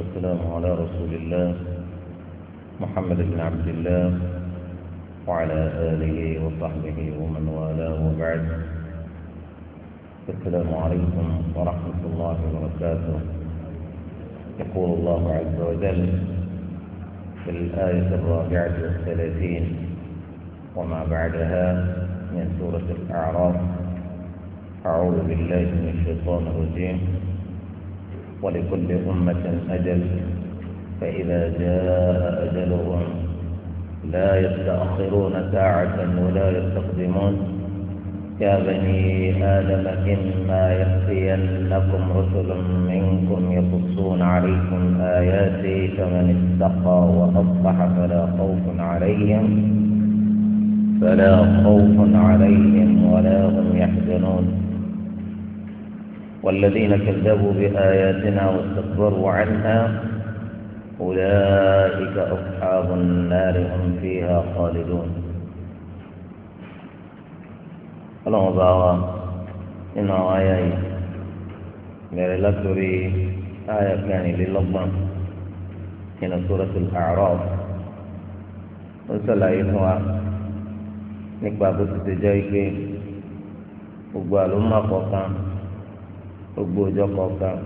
والسلام على رسول الله محمد بن عبد الله وعلى آله وصحبه ومن والاه وبعد السلام عليكم ورحمة الله وبركاته يقول الله عز وجل في الآية الرابعة والثلاثين وما بعدها من سورة الأعراف أعوذ بالله من الشيطان الرجيم ولكل أمة أجل فإذا جاء أجلهم لا يستأخرون ساعة ولا يستقدمون يا بني آدم إما يأتينكم رسل منكم يقصون عليكم آياتي فمن اتقى وأصلح فلا خوف عليهم فلا خوف عليهم ولا هم يحزنون والذين كذبوا بآياتنا واستكبروا عنها أولئك أصحاب النار هم فيها خالدون اللهم بارك إن آية مرلتري آية ثانية لله هنا سورة الأعراف وصلى إخوة نكبر بسجايك وقالوا ما فوقان gbogbo ọjọ́ kọ̀ọ̀kan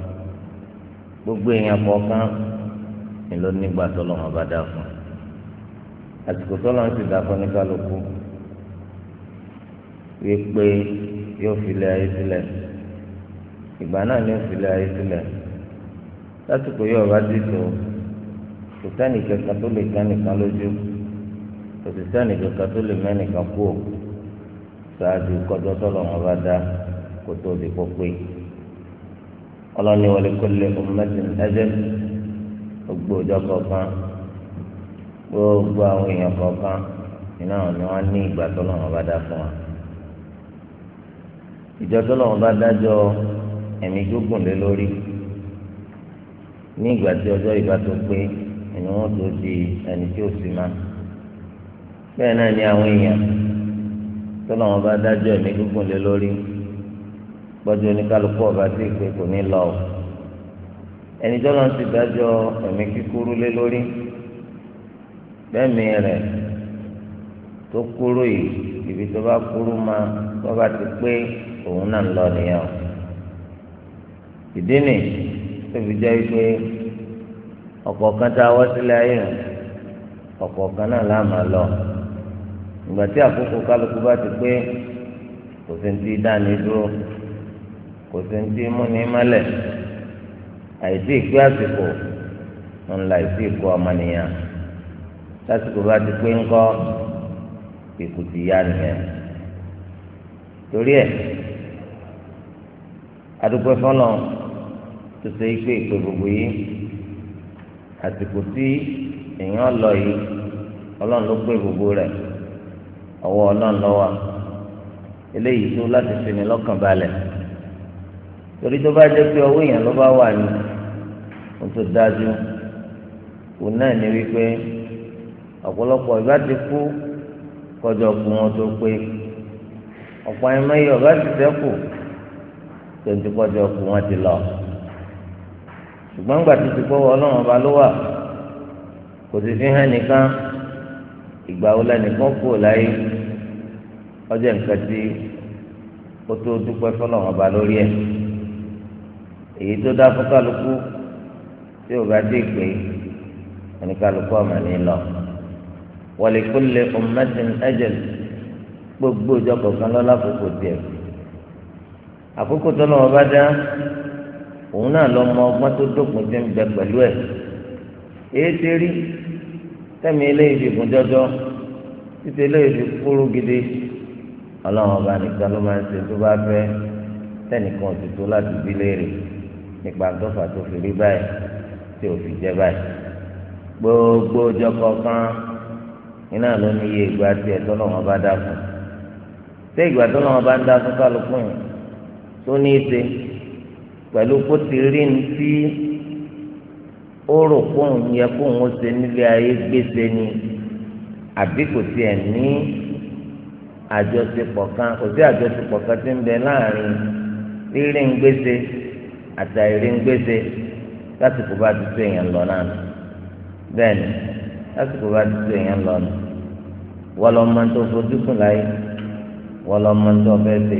gbogbo èèyàn kọ̀ọ̀kan ni ló nígbà tó lọ́wọ́ bá dá fún àsìkò tó lọ́wọ́ sì dá fún ní kálukú wípé yóò filẹ̀ ayé sílẹ̀ ìgbà náà ni yóò filẹ̀ ayé sílẹ̀ lásìkò yóò bá dìtò kò sẹ́ni kankan tó lè kán nìkan lójú kò sì sẹ́ni kankan tó lè mẹ́nìkan kú ò ṣáájú kọjọ́ tó lọ́wọ́ bá dá kó tó di pópé ọlọ́ni wọlé kọlẹ̀ ọmọdún ẹ̀dẹ́m gbogbo ọjọ́ kọ̀ọ̀kan gbogbo àwọn èèyàn kọ̀ọ̀kan iná wọn ni wọn ní ìgbà tó lọ́wọ́ bá dá fún wa ìjọ tó lọ́wọ́ bá dájọ́ ẹ̀mí gbógun lé lórí ní ìgbà tí ọjọ́ ìbá tó pé ẹni wọn tó di ẹni tí ó sì má bẹ́ẹ̀ náà ni àwọn èèyàn tó lọ́wọ́ bá dájọ́ ẹ̀mí gbógun lé lórí gbọ́dọ̀ oníkálukú ọba tí ìpè kò ní lọ ẹni tó lọ́n ti dájọ́ ẹ̀mí kíkúrú lé lórí bẹ́ẹ̀mí rẹ̀ tó kúrú yìí ibi tó bá kúrú ma tó bá ti pé òun náà ń lọ nìyẹn o ìdí nì tó fi jẹ́ pé ọ̀kọ̀ọ̀kan tá a wọ́ sílẹ̀ ayé rẹ̀ ọ̀kọ̀ọ̀kan náà là máa lọ ìgbà tí àkókò kálukú bá ti pé kò sí ti dá ní dúró kò sí ní tí múni mọ́lẹ̀ àìsí ìpé àsìkò ńlá àìsí ìkó ọmọnìyàn lásìkò bá ti pé ńkọ́ ìkù ti yá nìyẹn torí ẹ̀ adúgbò fọlọ́ tó ṣe ìpè ìpè gbogbo yìí àsìkò tí èèyàn lọ yìí ọlọ́run ló pé gbogbo rẹ̀ ọwọ́ ọlọ́run lọ́wọ́ eléyìí tó láti fi ní lọ́kàn balẹ̀ torí tó bá jẹ́ pé ọwọ́ èèyàn ló bá wà ní o tó dájú kò náà ní wípé ọ̀pọ̀lọpọ̀ ìbá ti kú kọjọ fún wọn tó pé ọ̀pọ̀ ẹ̀mẹ́yẹ ọ̀gá ti sẹ́kù tó ń ti kọjọ fún wọn ti lọ ṣùgbọ́n gbà tó ti kọ́wọ́ ọlọ́run ọba ló wà kò sì fi hàn nìkan ìgbà wo lẹ́nìkan kú láyé ọjọ́ nǹkan tí ó tó dúpẹ́ fọlọ́run ọba lórí ẹ̀ èyí tó dá fún kálukú tí ò bá dé pé oníkálukú ọmọ ní lọ walikulli ummatin ajal gbogbo ìjọ kọ̀ọ̀kan lọ́la kókò tiẹ̀ àkókò tó lọ́wọ́ bá dá òun náà lọ mọ ọgbọ́n tó dókun tí ń bẹ pẹ̀lú ẹ̀ èyí ti rí tẹ́mi eléyìí fi gùn jọjọ títí eléyìí fi kúrú gidi ọlọ́run ọba nìkan ló máa ń ṣe tó bá fẹ́ tẹ́nìkan ò láti bí léèrè nípa ntọ́fà tó fi rí báyìí tí ò fi jẹ́ báyìí gbogbo ọjọ́ kọ̀ọ̀kan iná ló ní iye ìgbà tí ẹ̀ tọ́lọ́wọ́n bá dá fún ṣé ìgbà tọ́lọ́wọ́n bá ń dá fún kálukú yìí tó ní í ṣe pẹ̀lú kó ti rí ní tí ó rò kóun yẹ kóun ó ṣe nílé ayé gbèsè ni àbí kò tiẹ̀ ní àjọṣepọ̀ kan kò sí àjọṣepọ̀ kan tí ń bẹ láàrin rírí gbèsè. àtàrí ń gbèsè lásìkò bá ti tó èèyàn lọ náà bẹ́ẹ̀ ni lásìkò bá ti tó èèyàn lọ nù wọ́n lọ tó fojú sùn láyé wọ́n lọ tó ọbẹ̀ ṣe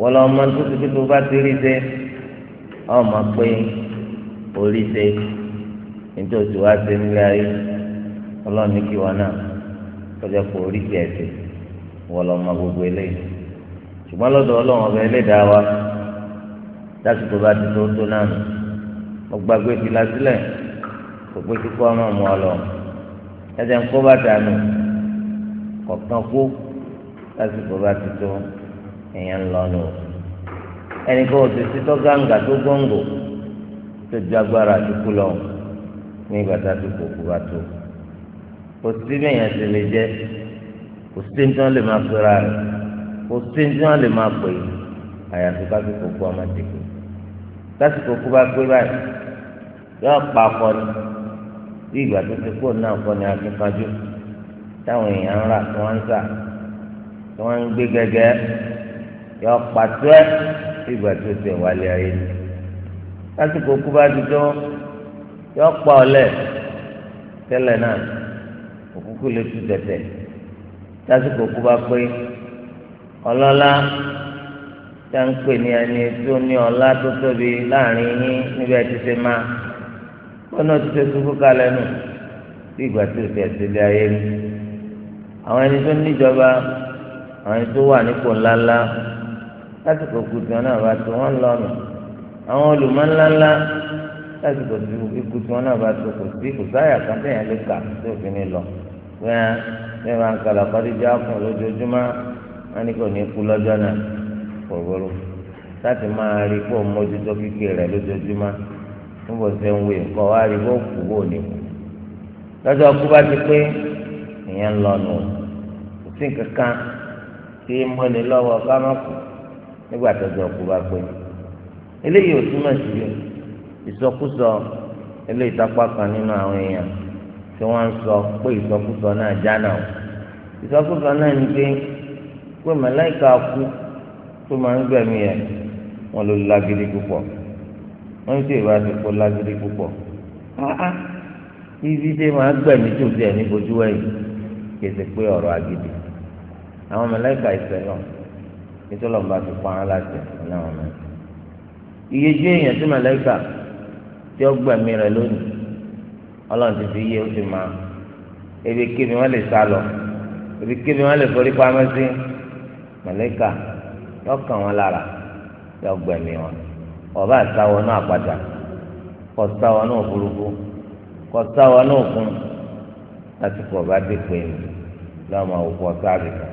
wọ́n lọ tó ti tó bá ti rí ṣe ọmọ pé orí ṣe nítòsí wá ṣe ń ọlọ́ọ̀ni kí wọn náà tọ́jà pé wa. lásìkò bá ti tó tó náà nù mo gbàgbé fìlà sílẹ̀ kò pé kíkọ́ ọmọ mu ọ lọ ẹsẹ̀ ń kó bàtà nù kọ̀ọ̀kan kú lásìkò bá ti tó ìyẹn ń lọ nù ẹnì kan ò sì sí tó gáǹgà tó gbòǹgò tó ju agbára àdúgbò lọ ní ìgbà tá a ti kò kú bá tó kò sí bẹ́yẹn sì lè jẹ́ kò sí tí wọ́n lè máa pera rẹ̀ kò sí tí wọ́n lè máa pè é àyàfi ká fi kò kú ọmọ tèkè lásìkò kú bá gbé báyìí yóò pa akọ ni bí ìgbà tó ti kú náà kọ ni akínkanjú táwọn èèyàn ń rà tí wọ́n ń tà tí wọ́n ń gbé gẹ́gẹ́ yóò pàtó ẹ bí ìgbà tó ti wálé ayé ni lásìkò kú bá ti tó yóò pa ọ̀lẹ tẹ́lẹ̀ náà òkúkú lè tu tẹ̀tẹ̀ lásìkò kú bá pé ọlọ́lá tá ń pè ní ẹni tó ní ọlá tó tóbi láàrin yín níbẹ̀ ti ṣe máa kọ́nà ti ṣe ṣubú kalẹ̀ nù bí ìgbà tí o ti ẹ̀sìn ilé ayé rí àwọn ẹni tó níjọba àwọn ẹni tó wà nípò ńláńlá lásìkò kùtù náà bá tó wọn lọ́nà àwọn olùmọ̀ ńláńlá lásìkò ikú tí wọn náà bá tó kò sí kò sáyà kan téèyàn lè kà tó fi ní lọ wíwá ní ìwà ń kalà kọ́díjà kùn lójoojúmọ́ wọn ni kò ní kú lọ́jọ́ náà. kòkòrò láti máa rí kó mójútó kíkè rẹ̀ lójoojúmọ́ níbo ṣe ń wé nǹkan wá rí kó kú wò ní kú lọ́jọ́ kú bá ti pé ìyẹn ń lọ nù kò sí nǹkan kan tí ń mọ́ni lọ́wọ́ ká má kú nígbà kú bá pé eléyìí ò túmọ̀ sí ìsọkúsọ eléyìí kan nínú àwọn èèyàn tí wọ́n ń sọ pé ìsọkúsọ náà tó máa ń gbẹ̀mí ẹ̀ wọn ló lágídí púpọ̀ wọn ti ìwà ti kó lágídí púpọ̀ ibi tí máa gbẹ̀mí tó ti ẹ̀ ní bojú ẹ̀yìn kèsì pé ọ̀rọ̀ àgídí àwọn mẹlẹ́kà ìṣẹ̀lọ̀ nítorí ọ̀nba ti pa ara láti ọ̀nà àwọn mẹ́rin iye ju èèyàn tí mẹlẹ́kà tí ó gbẹ̀mí rẹ̀ lónìí ọlọ́run ti fi yé ó ti máa ebi kí ni wọ́n lè sá lọ ebi kí ni lè forí pamọ́ sí mẹlẹ́kà. yọ kàn wọn lára yọ gbẹ̀mí wọn ọba àtàwọn náà àpàtà kọ sáwọn náà burúkú kọ sáwọn náà kún lásìkò ọba dé pé ní lọ́mọ òkú ọ̀sáàbì kan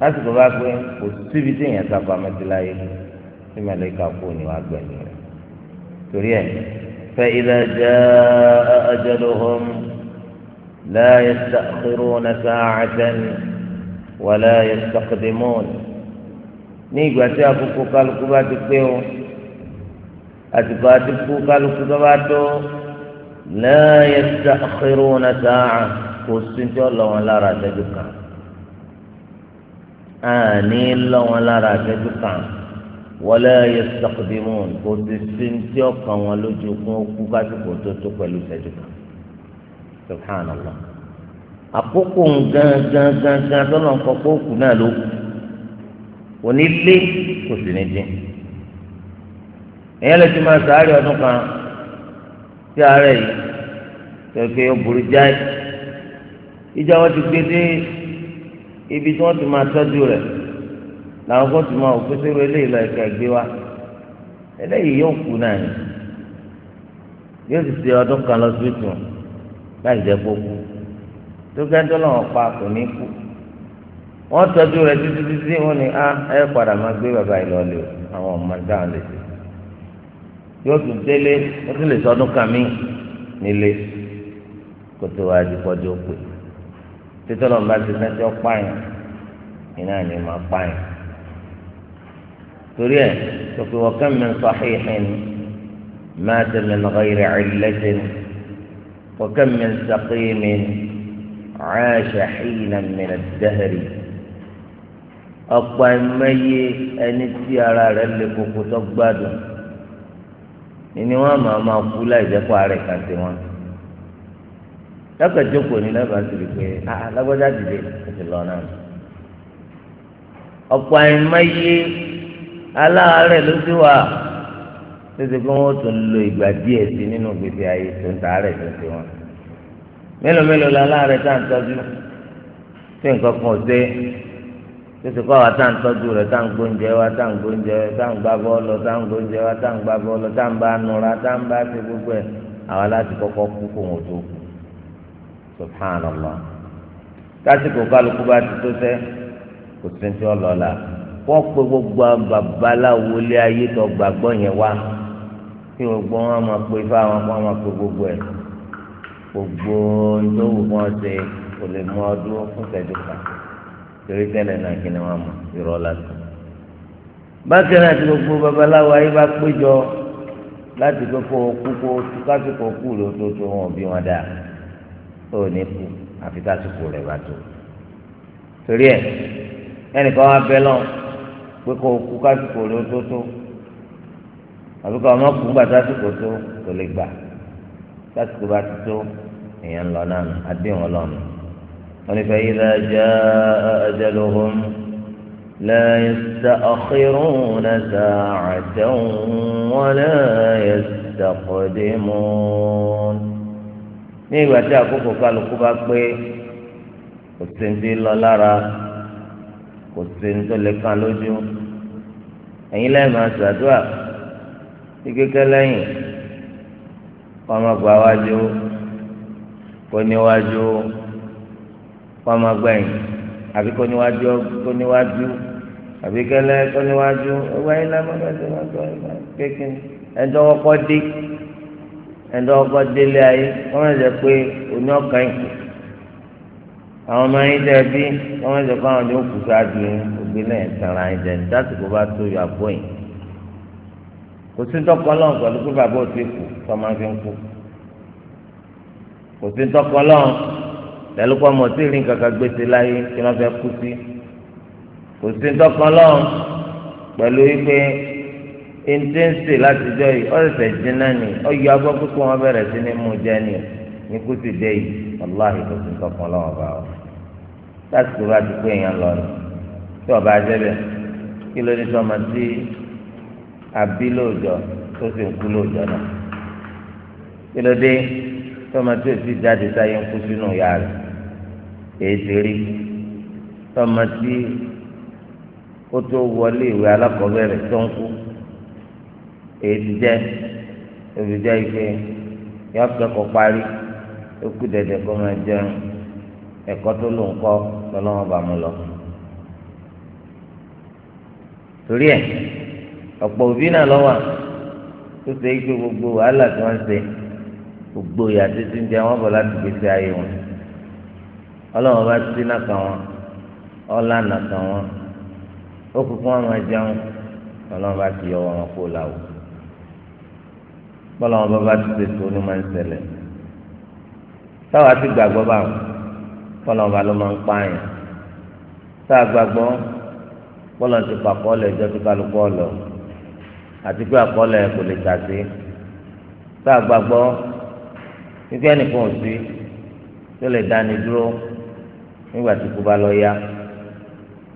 lásìkò bá pé kò síbi tí èèyàn sábà mẹ́tìláyé tí mẹ́lẹ́kà kú ni wàá gbẹ̀mí rẹ̀ torí ẹ̀ فإذا جاء ní ìgbà tí àkókò kálukú bá ti pé o àtìkò àtìkù kálukú tó bá tó la yasta'khiruna sa'a kò síjọ́ lọ wọn lára àtẹ́jú kan àní lọ wọn lára àtẹ́jú kan wala yastaqdimun kò sí síjọ́ kan wọn lójú kún okú kásìkò tó tó pẹ̀lú ìtẹ́jú kan subhanallah àkókò gangan gangan tó lọ kọ́ kó náà ló kù. kò ní lé kò sì ní dín èyàn lè ti máa sàárè ọdún kan tí ààrẹ yìí sọ pé jáì ti gbé ibi tí wọn ti máa tọ́jú rẹ̀ làwọn kan ti máa òfin sórí eléyìí lọ ẹka gbé wa eléyìí yóò kú náà ni yóò sì kan lọ sí ìtùn láì jẹ́ kó kú tó gẹ́ńtọ́ lọ́wọ́ pa kò wọ́n tọ́jú rẹ̀ títí títí wọ́n ní á ah, ẹ padà máa gbé bàbá yìí lọ́ọ́ lé o àwọn ọmọ dáhùn lè ṣe yóò tún délé ó tún lè sọdún kan mí nílé kó tó wá di pọ́jọ́ pé títí ọlọ́run bá ti sẹ́ńtẹ́ ọ̀páyìn iná ni mà páyìn torí ẹ̀ tọ́pẹ́ wọ́n kàn mí sọ́hìhìn máa tẹ̀lé nàgọ́ yìí rẹ̀ ẹ̀lẹ́sìn wọ́n kàn mí sàkéyìn mi ààṣà xìyìn mi nà dẹ́hẹ̀rì ọ̀pọ̀ ẹ̀mẹ́yẹ ẹni tí ara rẹ̀ lè koko tó gbádùn ìní wọn máa máa kú láì jẹ́ kó ara ẹ̀ kà sí wọn lọ́kàjókòó ni lẹ́bàá sì rí pé alágbọ́dá ah, dìde ó ti lọ náà ọ̀pọ̀ àìmọye aláàárẹ̀ ló ti wà títí pé wọ́n tún lo ìgbà díẹ̀ sí nínú gbèsè ayé tó ń tààrẹ̀ tó ń ti wọn mélòó mélòó la aláàárẹ̀ tá à ń tọ́jú tí nǹkan kan ò tètè kọ́ àwọn táwọn tọ́jú rẹ̀ táwọn gbóúnjẹ wa táwọn gbóúnjẹ táwọn gbá bọ́ọ̀lù táwọn gbóúnjẹ wa táwọn gbá bọ́ọ̀lù táwọn bá nura táwọn bá ti gbogbo ẹ̀ àwọn aláti kọ́kọ́ kú kó wọn tó kú subhanallah kásìkò kálukú bá ti tó sẹ́ kò sí ti ọlọ́la wọ́n pe gbogbo babaláwo lé ayé tó gbàgbọ́ yẹn wá kí gbogbo wọn máa pe ifá wọn kó wọn máa pe gbogbo ẹ̀ gbogbo ìdówó torí tẹ́lẹ̀ náà kí ni wọ́n mọ̀ irọ́ lásán. bákan náà tí gbogbo babaláwo ayé bá péjọ láti pé kó kú kó kásìkò kú lótótó wọn bí wọn dáa ó ní kú àfi kásìkò rẹ̀ bá tó. torí ẹ ẹnìkan wá bẹ lọ pé kó kú kásìkò lótótó àbí kó ọmọ kú gbà sásìkò tó kò lè gbà sásìkò bá ti tó èèyàn lọ náà àdéhùn ọlọ́run wọn فإذا جاء أجلهم لا يستأخرون ساعة ولا يستقدمون ní ìgbà tí àkókò kálukú bá pé kò sí ní ti lọ lára kò sí ní tó lè kán lójú ẹ̀yin lẹ́yìn máa ṣàdúrà ní kékeré lẹ́yìn kọ́ ọmọ gbà wájú kó níwájú kọ́ máa gbẹ̀yìn àbí kọ́ níwájú kọ́ níwájú àbí kẹlẹ́ kọ́ níwájú ọgbà yín lábọ́ lọ́sẹ̀ máa gbọ́ kékin ẹ̀dọ́ ọkọ̀ dé ẹ̀dọ́ ọkọ̀ délé ayé wọ́n mọ̀ jẹ́ pé oní ọ̀kan ìkù àwọn ọmọ yín jẹ́ bí wọ́n mọ̀ jẹ́ pé àwọn yóò kù sáájú ògbé náà tẹ̀ra yín jẹ́ nígbàtí kò bá tó yọ àbọ̀ yìí kò sí tọkọ lọ́n pẹ̀lú pé bàbá òtí kù tọ́ máa fi ń kú kò sí tọkọ lọ́n pẹ̀lú kó ọmọ tí ìrìn kankan gbèsè láyé kí wọ́n fẹ́ kú sí kò sí ntọ́kan lọ́hùn pẹ̀lú wípé intense látijọ́ yìí ọ̀sẹ̀ jìnnà ni ọ̀yọ́ agbọ́ pé kó wọ́n bẹ̀rẹ̀ sí ní mú jẹ́ ni ní kú sì dé yìí wàláhì kò sí bá wọn. láti tó ti pé èèyàn lọ ni tí ọba ajẹ́bẹ̀ kí ló ní sọmọ tí àbí lóòjọ́ tó sì ń kú lóòjọ́ náà kí ló dé sọmọ tí ò sì jáde sáyé ń kú sínú ìyá èsì rí tọ́mọ tí ó tó wọlé ìwé alákọ̀ọ́bẹ̀rẹ̀ tó ń kú èsì jẹ́ òbí jẹ́ ike yọ kẹ́kọ̀ọ́ parí ó kú dẹ̀dẹ̀ kó máa jẹun ẹ̀kọ́ tó lò ń kọ́ lọ́lọ́wọ́ bá mu lọ. torí ẹ̀ ọ̀pọ̀ òbí náà lọ́wọ́ tó ṣe é gbé gbogbo wàhálà tí wọ́n ṣe gbogbo ìyá títí ń jẹ wọ́n bọ̀ láti gbèsè ayé wọn ọlọ́run bá sí nàkà wọn ọlá nàkà wọn ó kúkú wọn máa jẹun ọlọ́run bá ti yọ wọn kó làwọ bọ́lọ́run bá bá ti tètè ó ní máa ń ṣẹlẹ̀ táwa ti gbàgbọ́ bá wọn bọ́lọ́run bá ló máa ń pààyàn táwa gbàgbọ́ bọ́lọ́run ti pa kọ́ọ̀lẹ̀ ìjọ tó kálukú ọ̀lọ́ àti pé àkọọ́lẹ̀ kò lè tà sí táwa gbàgbọ́ wípé ẹnìkan ò sí tó lè dáni dúró nígbà tí kò bá lọ yá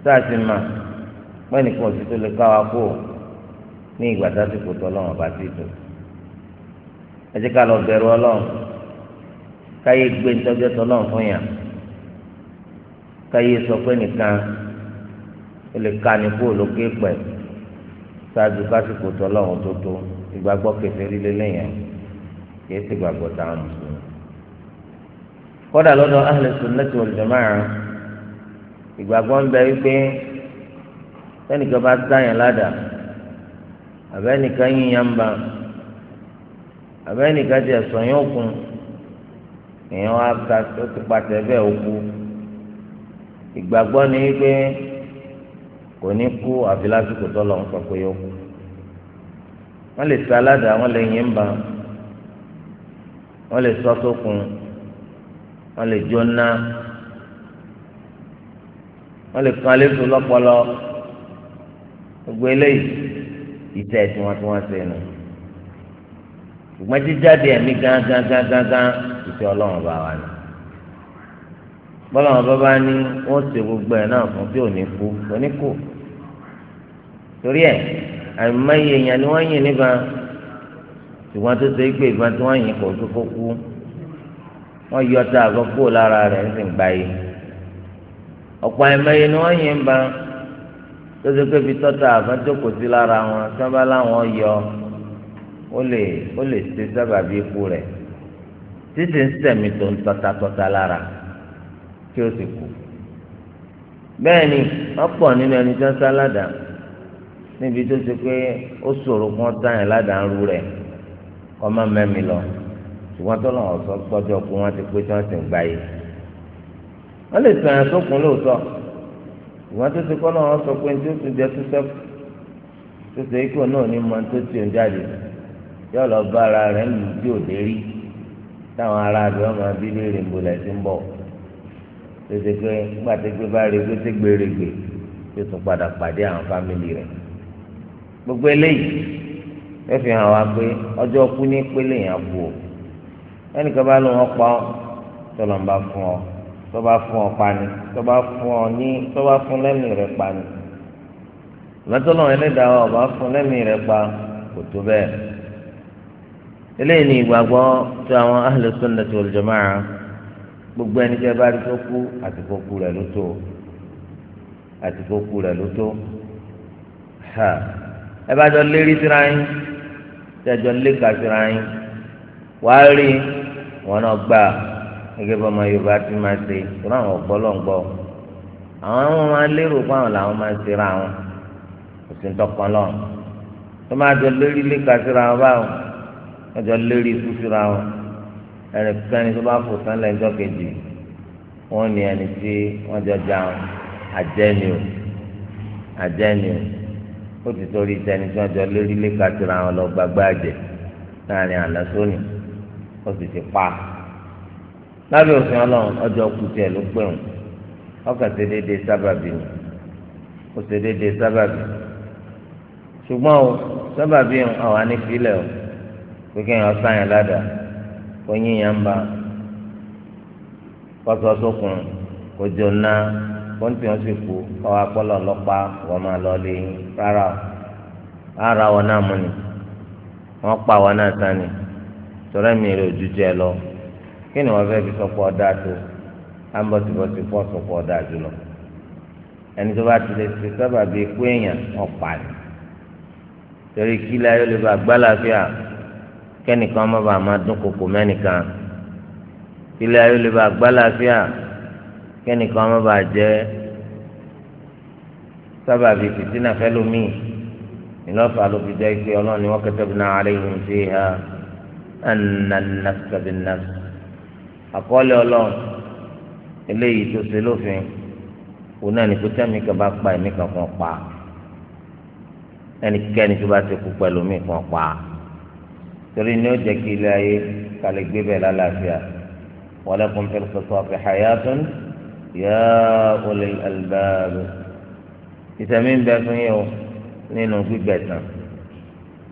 sáà ti mà pé nìkan òsì tó lè ká wa kó ní ìgbà sásìkò tó ọlọ́run ọba ti tó ẹ jẹ́ ká lọ bẹ̀rù ọlọ́run káyé gbé ntọ́jọ́ tó ọlọ́run fún yàn káyé sọ pé nìkan ó lè ká ní kó lókè pẹ̀ ṣáájú kásìkò tó ọlọ́run tó tó ìgbàgbọ́ kẹfẹ́ líle lẹ́yìn kì í ṣègbàgbọ́ táwọn mùsùlùmí kódà lọ́dọ̀ ahlu sunnati wal jama'a ìgbàgbọ́ ń bẹ wípé ẹnìkan bá dáyàn ládàá àbẹ́nìkan yíyan bá àbẹ́nìkan tiẹ̀ sọ̀yìn òkun èèyàn wá ka tó ti pàtẹ bẹ́ẹ̀ òkú ìgbàgbọ́ ni wípé kò ní kú àfi lásìkò tó lọ́n sọ pé yóò wọ́n lè sa aládàá wọ́n lè yín bá wọ́n lè sọ́ sókun. So wọ́n lè jóná wọ́n lè kan àlejò lọ́pọlọ gbogbo eléyìí ìtẹ́ tí wọ́n ti wọ́n ṣe nù ṣùgbọ́n jíjáde ẹ̀mí gángan gángan gán ìtẹ́ ọlọ́run bá wà ní bọ́lọ́run bá bá ní wọ́n ṣe gbogbo ẹ̀ náà fún bí òní kú òní kù torí ẹ̀ àìmọye èèyàn ni wọ́n yìn níbà ṣùgbọ́n tó ṣe é pé ìbọn tí wọ́n yìn kò tó kó kú wọ́n yọ ọta àgọ́ kúrò lára rẹ̀ ń sìn gba yìí ọ̀pọ̀ àìmọye ni wọ́n yìn ń tó ṣe pé ibi tọ́ta àgọ́ jókòó sí lára wọn sábà láwọn yọ ó lè ó lè ṣe sábàbí ikú rẹ̀ títí ń sẹ̀mí tó ń tọ́tatọ́ta lára kí ó sì kú bẹ́ẹ̀ ni wọ́n pọ̀ nínú ẹni tó ń sá ládàá níbi tó ṣe pé ó ṣòro kí táyà ládàá ń rú rẹ̀ kọ́ má mẹ́mi lọ. ṣùgbọ́n tó lọ́wọ́ sọ gbọ́jọ́ pé wọ́n ti pé tí wọ́n sì ń gba yìí wọ́n lè sọ ẹ̀yàn sókun lóòótọ́ ṣùgbọ́n tó ti kọ́ lọ́wọ́ sọ pé tí ó tún jẹ túnṣẹ́ tó ṣe ikú náà ní mọ tó ti ń jáde yóò lọ bá ara rẹ̀ lù tí ò dé rí táwọn ará rẹ̀ ọmọ bí léèrè ń bolẹ̀ bá rí tó pàdé àwọn fámìlì rẹ̀ gbogbo eléyìí ẹnìkan bá lò wọn pa ọ tọlọ ń bá fún ọ tó bá fún ọ pani tó bá fún ọ ní tó bá fún lẹ́mìí rẹ pani lọ́tọ́lọ́ ẹlẹ́dàá ọ bá fún lẹ́mìí rẹ pa kò tó bẹ́ẹ̀ eléyìí ni ìgbàgbọ́ tó àwọn ahlu sunnati wal jamaa gbogbo ẹni tẹ́ bá rí tó kú àtìkó kú rẹ̀ ló tó àtìkó kú rẹ̀ ló tó ha ẹ bá jọ lérí síra yín tẹ́ jọ lé ka síra yín wàá rí i wọn náà gbà gẹ́gẹ́ bá ọmọ yorùbá ti máa ṣe ìrọ̀ àwọn ọ̀gbọ́lọ́ngbọ́ àwọn àwọn máa lérò pé àwọn làwọn máa ṣe ra wọn kò sí tọkàn lọ tó máa jọ lórí léka síra wọn báwọn wọn jọ lórí ikú síra wọn ẹnìkan tó bá fò sánlẹ̀ ẹjọ́ kejì wọn ní ẹni tí wọn jọ já wọn àjẹni o àjẹni o ó ti torí tẹni tí wọn jọ lórí léka síra wọn lọ gbàgbà jẹ láàrin àná sóni. ó sì ti pa lábẹ́ òfin ọlọ́run ọjọ́ kù tiẹ̀ ló pé òun ṣe déédéé sábàbí ni ó ṣe déédéé sábàbí ṣùgbọ́n o sábàbí o pé kéèyàn sáyẹn ládàá kó yíyan bá kọ́sọ́ sókun kó jóná kó ń sì kú wọ́n máa lọ lé yín rárá o rárá wọn náà mú ni wọ́n pa wọn tọrọ ẹ̀mí rẹ̀ ojú jẹ lọ kí ni wọ́n fẹ́ fi sọpọ ọdá tó ambọsibọsi fọ sọpọ ọdá jùlọ ẹni tó bá ti lè fi sábà bí ikú èèyàn ọ̀pá ni torí kí láyé ó lè bá gbálàfíà kẹ́nìkan má bàa máa dún kòkò mẹ́nìkan kí láyé lè bá gbálàfíà kẹ́nìkan má bàa jẹ́ sábà bí fìtínà fẹ́lómi ìlọ́fà ló fi jẹ́ pé ọlọ́run wọ́n kẹtẹ́ bí náà àárẹ̀ yìí hàn an-nafsa bin-nafs àkọọ́lẹ̀ ọlọ́run eléyìí tó ṣe lófin òun náà ní pété mi kan bá pa ẹ̀mí kan kan pa ẹnikẹ́ni tó bá ti kú pẹ̀lú mi kan pa torí ni ó jẹ́ kí ilé ayé kalẹ̀ gbé bẹ̀ lálàáfíà wa lakum fil qisasi hayatun ya ulil albab ìsẹ̀mí ń bẹ fún yín o nínú gbígbẹ̀sán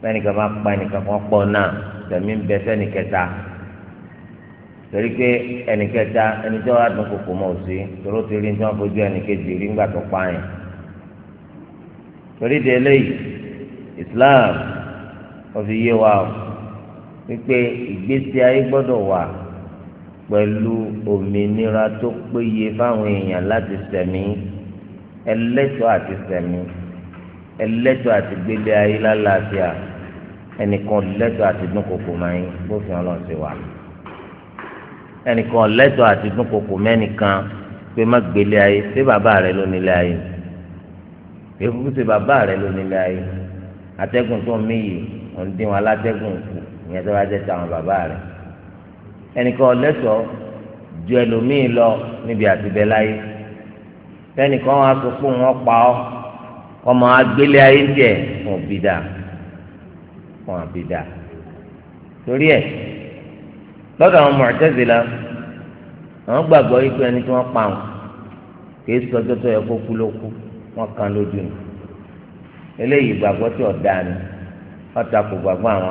lẹ́nìkan bá pa ẹnìkan kan pọ̀ náà tẹ̀mí ń bẹ sẹ́ni kẹta torí pé ẹnì kẹta ẹni tí wọ́n á dún kòkò mọ̀ sí toró ti rí ní wọ́n fojú ẹnì kejì rí ńgbà tó pààyàn torí de eléyìí Islam wọ́n fi yé wa o wípé ìgbésí ayé gbọ́dọ̀ wà pẹ̀lú òmìnira tó péye fáwọn èèyàn láti sẹ̀mí ẹlẹ́tọ̀ọ́ àti sẹ̀mí ẹlẹ́tọ̀ọ́ àti gbélé ayé lálàáfíà. La ẹnìkan lẹ́tọ̀ àti dúnkokò máa ń bófin ọlọ́run ti wà ẹnìkan lẹ́tọ̀ àti dúnkokò mẹ́nìkan pé má gbélé ayé ṣé bàbá rẹ ló nílé ayé èkúkú ṣe bàbá rẹ ló nílé ayé atẹ́gùn tó ń míyì ń dín wọn alátẹ́gùn kù ìyẹn tó bá jẹ́ tàwọn bàbá rẹ ẹnìkan lẹ́tọ̀ ju ẹlòmíì lọ níbi àtibẹ́ láyé tẹnìkan wọn aṣọ fún wọn pa ọ ọmọ agbélé ayé tiẹ̀ fún òbí dáa. wọn àbí dà torí ẹ Lọdọ àwọn Mu'tazila àwọn gbàgbọ́ ikú ẹni tí wọ́n pa wọn kì í sọjọ́ tó yẹ kó kú ló kú wọ́n kan lójú ni eléyìí gbàgbọ́ tí ọ̀dà ni ọ̀tà kò gbàgbọ́ àwọn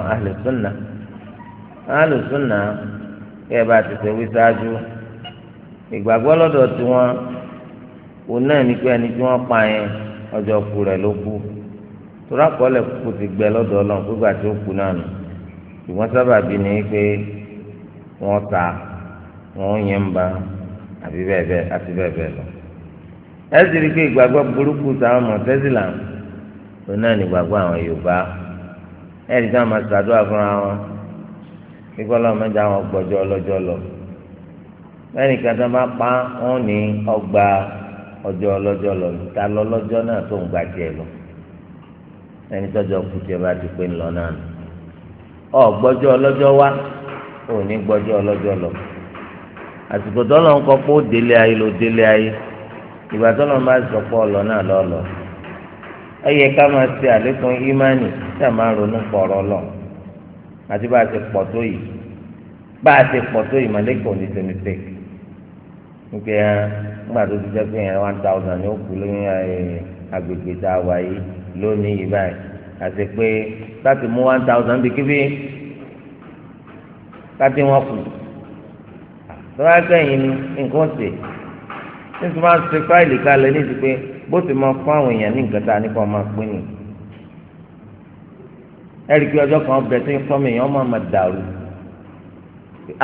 Ahlu torí àkọọ́lẹ̀ kúkú ti gbẹ lọ́dọ̀ ọlọ́run pé gbàtí ó kú náà nù ṣùgbọ́n ni pé wọ́n ta wọ́n yẹn ń ba àti bẹ́ẹ̀ bẹ́ẹ̀ àti bẹ́ẹ̀ bẹ́ẹ̀ lọ. ẹ sì rí i pé ìgbàgbọ́ burúkú táwọn mọ̀tẹ́sílà ló náà ní ìgbàgbọ́ àwọn Yorùbá ẹ ní sáà máa ṣàdúrà fúnra wọn kíkọ́ lọ́wọ́ mẹ́ta àwọn gbọ́jọ́ ọlọ́jọ́ lọ. lẹ́yìn kẹta bá pa wọ́n ní ọgbà ọjọ́ ọlọ́jọ́ lọ ta lọ́lọ́jọ́ náà tó ń gbàjẹ́ lọ. ẹni tọ́jọ́ kùtì bá ti pé ńlọ náà nù ọ gbọ́jọ́ ọlọ́jọ́ wá ò ní gbọ́jọ́ ọlọ́jọ́ lọ àsìkò tọ́lọ̀ ń pé ó délé ayé ló délé ayé ìgbà ń bá sọ pé lọ ẹ yẹ ká máa ṣe àlékún ímánì tí a máa ronú pọ̀rọ̀ lọ àti bá a ti pọ̀ a ti pọ̀ tó yìí ní nígbà tó ti jẹ́ pé lónìí yìí báyìí àti pé láti mú one thousand bí kébé láti wọn kù tọ́lá sẹ́yìn ni nǹkan ṣe nítorí wọn ṣe fáìlì kalẹ̀ ní ti pé bó ti máa fún àwọn èèyàn ní nǹkan tá a nípa máa pín ni ẹ̀rí pé ọjọ́ kan bẹ̀ tí ń fọ́ mi èèyàn máa máa dàrú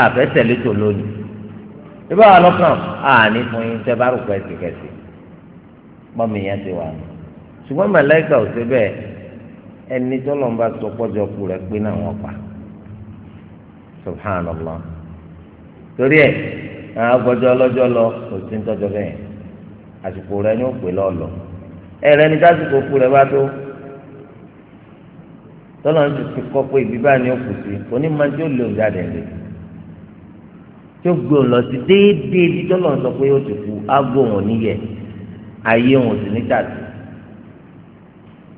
àfẹ́tẹ̀lé tó lónìí ìbáwá lọ́kàn àní fún yín tẹ́ bá rò pẹ́ tìkẹ́tì pọ́n mi yẹn ti wà ní ṣùgbọ́n màláìka ò ṣe bẹ́ẹ̀ ẹni tó lọ́nba sọ pọ́jọ kù rẹ̀ pé náà wọ́n pa subhanallah torí ẹ̀ àwọn agbọ́jọ́ ọlọ́jọ́ lọ kò sí ń tọ́jọ́ bẹ́ẹ̀ àsìkò rẹ̀ ni ó pè lọ́ọ̀lọ́ ẹ̀rẹ́ ni dásìkò kù rẹ̀ bá tó tọ́lọ́ ń ti kọ́ pé ibi ni ó kù sí onímọ̀ tí ó lè jáde lè tí ó lọ sí déédéé tí tọ́lọ́ sọ pé ó ti kú ágbó níyẹ ayé òun sì ní tàbí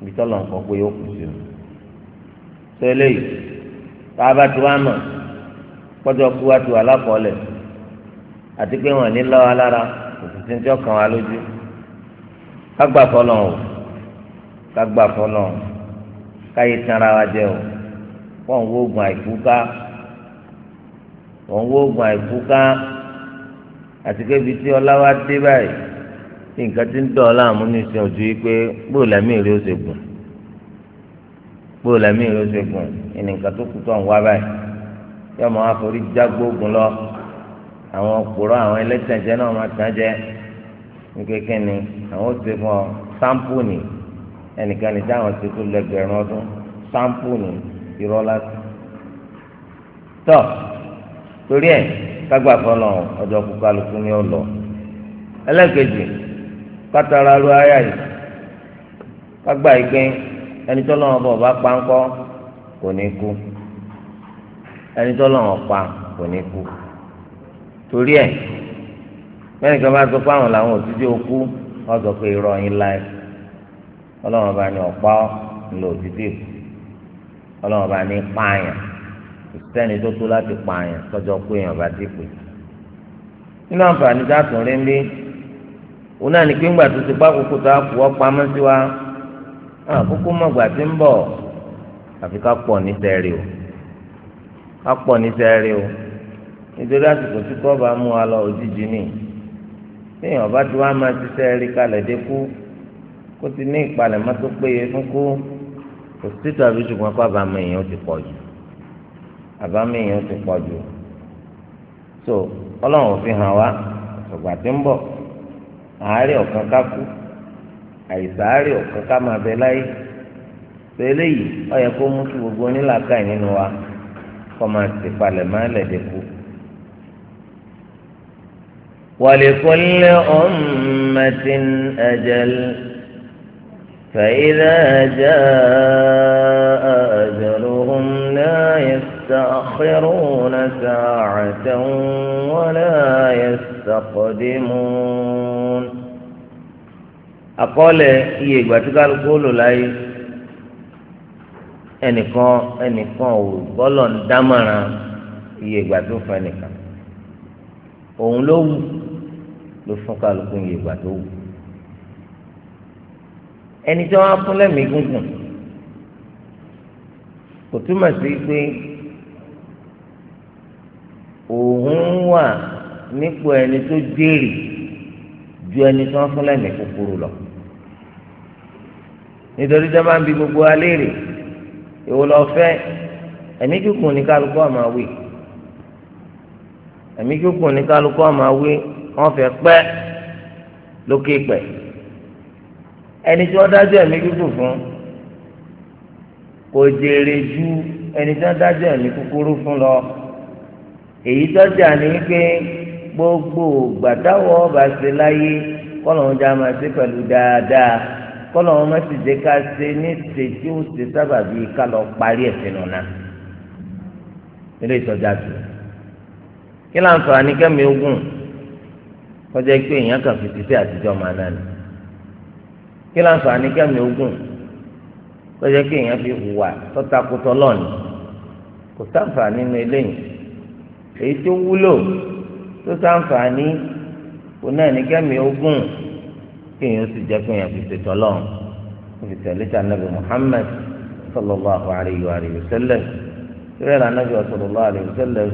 ibi tọ́lọ̀ ń sọ pé yóò kù sí o tẹ́lẹ̀ yìí tá a bá ti wá mọ̀ kpọ́jọ́ kú wá ti wà lákọọ́lẹ̀ àti pé wọ́n ní lọ́wọ́ lára òtítí tí ọkàn wa lójú kágbà fọlọ́ o kágbà fọlọ́ o káyé tanra wa jẹ o wọ́n wo oògùn àìkú ká wọ́n wo oògùn àìkú ká àti pé ibi tí ọlá wa dé báyìí. nǹkan tí ń dọ̀ ọ́ láàmú nísìnyí ojú yìí pé bó lẹ́mí rí ó ṣe gùn bó lẹ́mí ó ṣe gùn tó kù tó ń wá báyìí lọ àwọn àwọn náà máa tàn jẹ́ ní kékeré ni àwọn ó ṣe fún ọ sáǹpù ni ẹnìkan ní táwọn ti tó lẹgbẹ̀rún ọdún sáǹpù irọ́ láti tọ́ torí ẹ̀ kágbà fọlọ́ ọjọ́ kúkálukú ni ó kátàrà lu ayà yìí kágbà ìgbín ẹni tó lọ́wọ́ bọ̀ bá pa ńkọ́ kò ní kú ẹni tó lọ́wọ́ pa kò ní kú torí ẹ̀ mẹ́rin kan bá sọ pé àwọn làwọn òtítí okú wọ́n sọ pé irọ́ yín láì ọlọ́wọ́n bá ní ọ̀pá ńlọ òtítí kù ọlọ́wọ́n bá ní pààyàn ìsẹ́ni tó tó láti pààyàn tọ́jọ́ pé èèyàn bá ti pè nínú àǹfààní dátùn rí ń bí òun náà ní pé ńgbà tó ti pa àkókò tó a fò pamọ́ sí wa àkókò mọ̀gbà tí ń bọ̀ àfi ká pọ̀ ní sẹ́ẹ̀rì o ká pọ̀ ní sẹ́ẹ̀rì o nítorí àsìkò tí kò bá mú wa lọ òjijì ni téèyàn bá ti wá máa ti sẹ́ẹ̀rì kalẹ̀ dé kú kó ti ní ìpalẹ̀mọ́ tó péye fún kú kò sí ṣùgbọ́n kó àbámọ̀ èèyàn ti pọ̀ jù àbámọ̀ èèyàn ti pọ̀ jù so ọlọ́run fi hàn wá ọ̀gbà tí ń bọ̀ àárẹ̀ ọ̀kan ká kú àìsàárẹ̀ ọ̀kan ká máa bẹ láyé tó eléyìí ó yẹ kó mú kí gbogbo onílàákàyè nínú wa kó máa ti palẹ̀ máa lẹ̀dẹ̀ kú. ولكل أمة أجل فإذا جاء أجلهم لا يستأخرون ساعة ولا يستقدمون àkọọ́lẹ̀ iye ìgbà tí kálukú lò láyé ẹnìkan ẹnìkan ò bọ́lọ̀ ń dámọ̀ràn iye ìgbà tó fún ẹnìkan òun ló wù ló fún kálukú iye ìgbà tó wù ẹni tí wọ́n á fún lẹ́mìí gúngùn kò sí pé òun wà nípò ẹni tó ju ẹni tí fún lẹ́mìí kúkúrú lọ nítorí tó máa ń bi gbogbo wa léèrè èwo lọ fẹ́ ẹ̀mí kíkùn ní kálukú àmà wí ẹ̀mí kíkùn ní kálukú àmà wí wọ́n fẹ́ pẹ́ lókè pẹ́ ẹni tí wọ́n dájú ẹ̀mí kíkùn fún kò jèrè ju ẹni tí wọ́n dájú ẹ̀mí kúkúrú fún lọ èyí tọ́jà ní pé gbogbo gbàdáwọ̀ ọba ṣe láyé kọ́lọ́hún já máa ṣe pẹ̀lú dáadáa kọ́lọ̀ wọn mẹ́sì jẹ́ ká ṣe ní ṣe tí ó ṣe sábà bíi ká lọ parí ẹ̀sìn nùnà nílé ìtọ́jà tó kí láǹfààní kẹ́mi ogun kọjá pé èèyàn kàn fi ti sí àtijọ́ máa náà ni kí láǹfààní kẹ́mi ogun kọjá pé èèyàn fi hùwà tọ́takùtọ̀ lọ́ọ̀nì kò sáǹfààní nínú eléyìí èyí tó wúlò tó sáǹfààní kò náà ní ogun kéèyàn sì jẹ́ kéèyàn fi ṣètò ọlọ́run fi tẹ̀lé tí anabi muhammed sallallahu alayhi wa sallam ìrẹ́ la anabi sallallahu alayhi wa sallam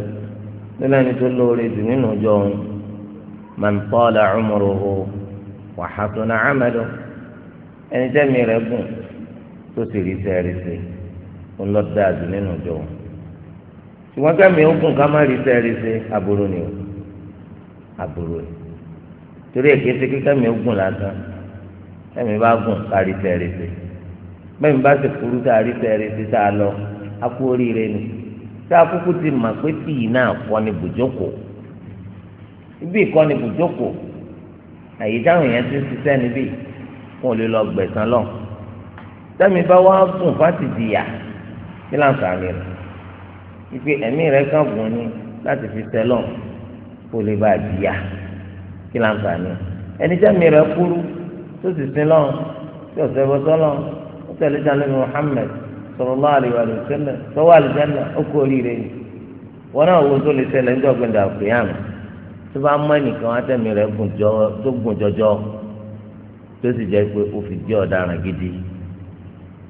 nínú ẹni tó lóore jù nínú ọjọ́ òun man tala umruhu wa hasuna amaluhu ẹni tẹ́mi rẹ̀ gùn tó sì rí sẹ́ẹ̀rì sí ń lọ dáa jù nínú ọjọ́ òun ṣùgbọ́n kẹ́mi ó gùn ká má rí sẹ́ẹ̀rì sí aburú ni o aburú ni torí ẹ̀ kéésì kíkẹ́ mi gùn lásán ẹ̀mí bá gùn kárí tẹ̀rẹ̀tẹ̀ bẹ́ẹ̀ni bá ti kúrú tá a rí tẹ̀rẹ̀tẹ̀ tá a lọ a kú oríire ni tá a kúkú ti mà pé tíì náà kọ́ ni bùjókòó ibi ìkọ́ ni bùjókòó àyè táwọn èèyàn ti ń ṣiṣẹ́ níbí kó lè lọ gbẹ̀sán lọ tẹ́mi bá wá gùn fásitì dìyà kí láǹfààní rẹ̀ ìpè ẹ̀mí rẹ̀ kàn gùn ni láti fi tẹ́ lọ kó lè bá a dìyà kí láǹfààní ẹni jẹ́mi rẹ̀ kúrú tó sì sin lọ́n tí ọ̀sẹ̀ bọ́ sọ́lọ́ ó tẹ̀lé sàlẹ̀ Muhammad sallallahu alaihi wa sallam tọ́wọ́ àlùjáná ó kú oríire yìí wọn náà wo tó lè ṣẹlẹ̀ ń dọ̀gbìn dàgbìyàn tó bá mọ ẹnìkan átẹ̀mí rẹ̀ tó gùn jọjọ tó sì jẹ́ pé ó fi jẹ́ ọ̀daràn gidi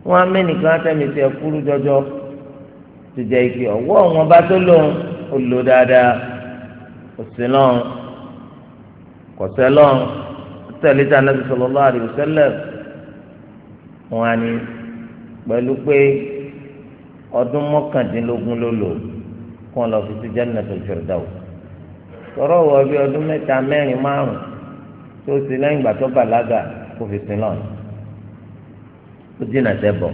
wọn amẹ́nìkan átẹ̀mí tiẹ̀ kúrú jọjọ tó jẹ́ pé ọwọ́ wọn bá tó lóun ó lò dáadáa òsínlọ́run kọ̀sẹ́lọ́ tẹ̀lé tí anabi sallallahu alaihi wasallam wọn á ní pẹ̀lú pé ọdún mọ́kàndínlógún ló lò kó wọn lọ fi sí Jannatul Firdaus tọrọ wọ bí ọdún mẹ́ta mẹ́rin márùn tó ti lẹ́yìn ìgbà tó bàlágà kó fi sin lọ ó dínà sẹ́bọ̀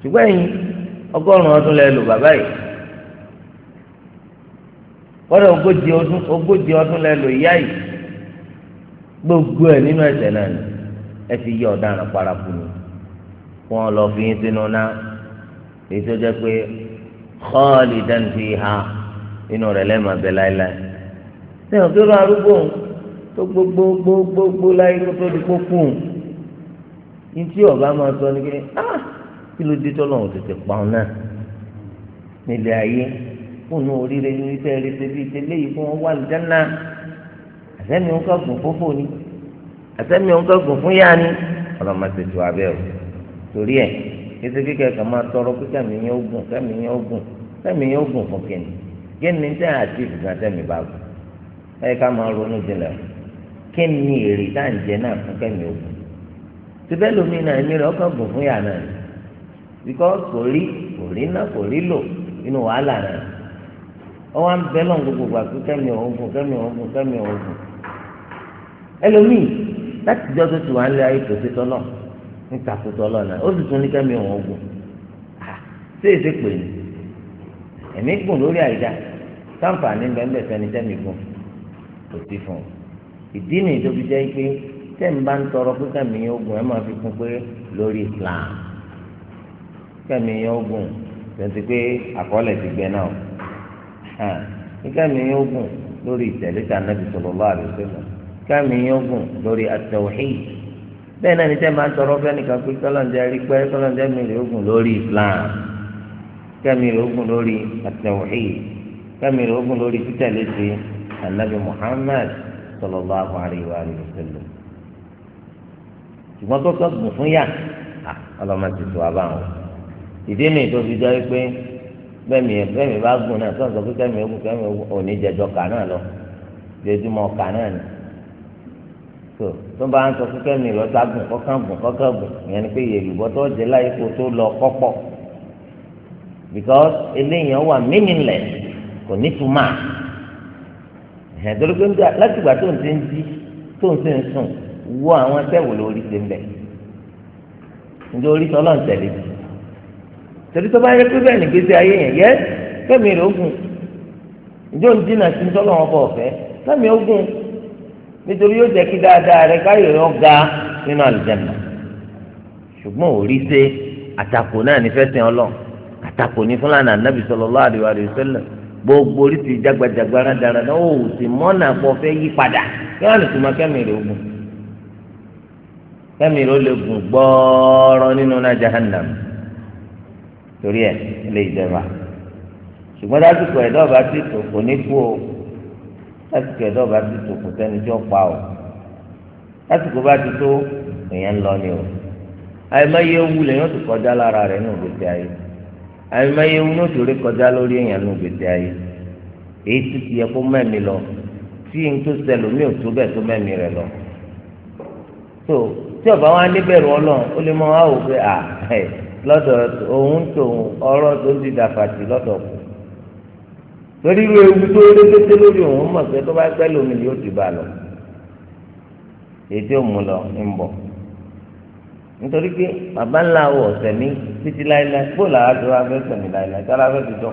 ṣùgbọ́n ẹ̀yin ọgọ́rùn-ún ọdún lẹ lò bàbá yìí wọ́n lọ ogójì ọdún lẹ lò ìyá yìí gbogbo ẹ̀ nínú ẹ̀ṣẹ̀ náà ni ẹ ti yí ọ̀daràn paraku ni wọn lọ fi yín sínú náà èyí tó jẹ́ pé khalidan fiha inú rẹ̀ lẹ́ẹ̀ma bẹ láéláé sẹ́yìn kí ló arúgbó tó gbogbogbogbogbò láyé kó tó di kó ntí ọba máa sọ ni pé ah kí ló dé tọ́lọ́hún tètè pa ọ́n náà nílé ayé fóònù oríire ní iṣẹ́ rẹ̀ ṣe bí ìṣẹ̀lẹ̀ yìí fún wọn wà àtẹ́mi ń kọ́gùn fún ní àtẹ́mi ń fún yá ni ọlọ́mọdé tó abẹ́ o torí ẹ̀ kété kíkẹ́ kan máa tọrọ pé kẹ́mi yẹn ó gùn kẹ́mi yẹn ó gùn kẹ́mi yẹn ó gùn fún tẹ́ àti ìfúnná tẹ́mi bá gùn ẹ̀ ká máa ronú jinlẹ̀ èrè tá à ń jẹ náà fún kẹ́mi ó gùn síbẹ̀ lómi náà rẹ̀ gùn fún ẹlòmíì láti jọ́ tó ti wà nílé ayé kòsí tọ́lọ̀ níta kó tọ́lọ̀ náà ó sì tún ní kẹ́mi òun ogun ṣé èsè pè ní ẹ̀mí gùn lórí àyíká sáǹfààní bẹ́ẹ̀ sẹ́ni tẹ́mi gùn kò sí fún un ìdí nìyí tó fi jẹ́ pé tẹ́mi bá ń tọrọ pé kẹ́mi ogun ẹ̀ máa fi kún pé lórí Islam kẹ́mi ogun tẹ̀sí pé àkọọ́lẹ̀ ti gbẹ náà kẹ́mi ogun lórí ìtẹ̀lẹ́ta Nábì sallallahu alaihi wasallam káàmì yín ogun lórí at-tawhid bẹ́ẹ̀ náà ní sẹ́ máa ń tọrọ fẹ́nìkan pé kọ́lọ́njẹ́ rí mi ogun lórí Islam káàmì rè ogun lórí at-tawhid káàmì rè lórí títẹ̀lé anabi Muhammad sallallahu alayhi ṣùgbọ́n tó gùn fún yà ọlọ́mọ ti ìdí tó fi jẹ́ pé bẹ́ẹ̀mi bẹ́ẹ̀mi bá gùn náà pé kẹ́mi kẹ́mi ogun kà náà lọ jẹjúmọ́ kà náà so tó bá ń sọ fún kẹ́mi lọ́sà gùn kọ́kàn ìyẹn ni pé yèlùbọ́ tó jẹ́ láyé kó tó lọ kọ́pọ̀ because eléyìí wà meaningless kò ní túmọ̀ ẹ̀hẹ́n tó ló gbé ń dà láti ìgbà tó ń ti ń jí tó ń ti ń sùn wọ àwọn tẹ́wò lórí ṣe ń bẹ̀ ǹjẹ́ orí sọ lọ́n tẹ̀lé bi tó bá yẹ pé bẹ́ẹ̀ nítorí yóò jẹ́ kí dáadáa rẹ káyọ̀ yọ ga nínú àlùjánnà ṣùgbọ́n òrí ṣe àtakò náà ní fẹ́sẹ̀ ọlọ́run àtakò ní fúlàní ànábì sallallahu alaihi wa sallam gbogbo orí ti jágbajàgba dára náà ó sì mọ́nà pọ̀ fẹ́ yí padà kí wọ́n lè túmọ̀ kẹ́mi rẹ̀ ogun kẹ́mi rẹ̀ ó lè gùn gbọ́ọ́rọ́ nínú náà jahannam torí ẹ̀ lè jẹba ṣùgbọ́n dásìkò ẹ̀dọ́ ọba ti kò ní kú o lásìkò ẹ̀dọ́ bá ti tó kò sẹ́ni tí ó pa o lásìkò bá ti tó èèyàn ń lọ ni o àìmọye ewu lèèyàn ti kọjá lára rẹ̀ nínú gbèsè ayé àìmọye ewu ní òṣèré kọjá lórí èèyàn nínú gbèsè ayé èyí tó ti yẹ kó mẹ́mi lọ tí n tó ṣẹlẹ̀ mi ò tó bẹ́ẹ̀ tó mẹ́mi rẹ̀ lọ tó tí ọba wa níbẹ̀rù ọlọ́run ó lè mọ àwọn à lọ́dọ̀ òun tòun ọ̀rọ̀ tó ń di dàfàtì lọ́dọ̀ kù torí irú ewu tó rékété lórí òun mọ̀ pé tó bá pẹ́ lómi yóò ti bá lọ ètò òmù lọ ń bọ̀ nítorí pé bàbá ńlá wọ̀ sẹ̀mí títí láéláé bó làá tó wá fẹ́ sẹ̀mí láéláé tó wá fẹ́ ti tọ́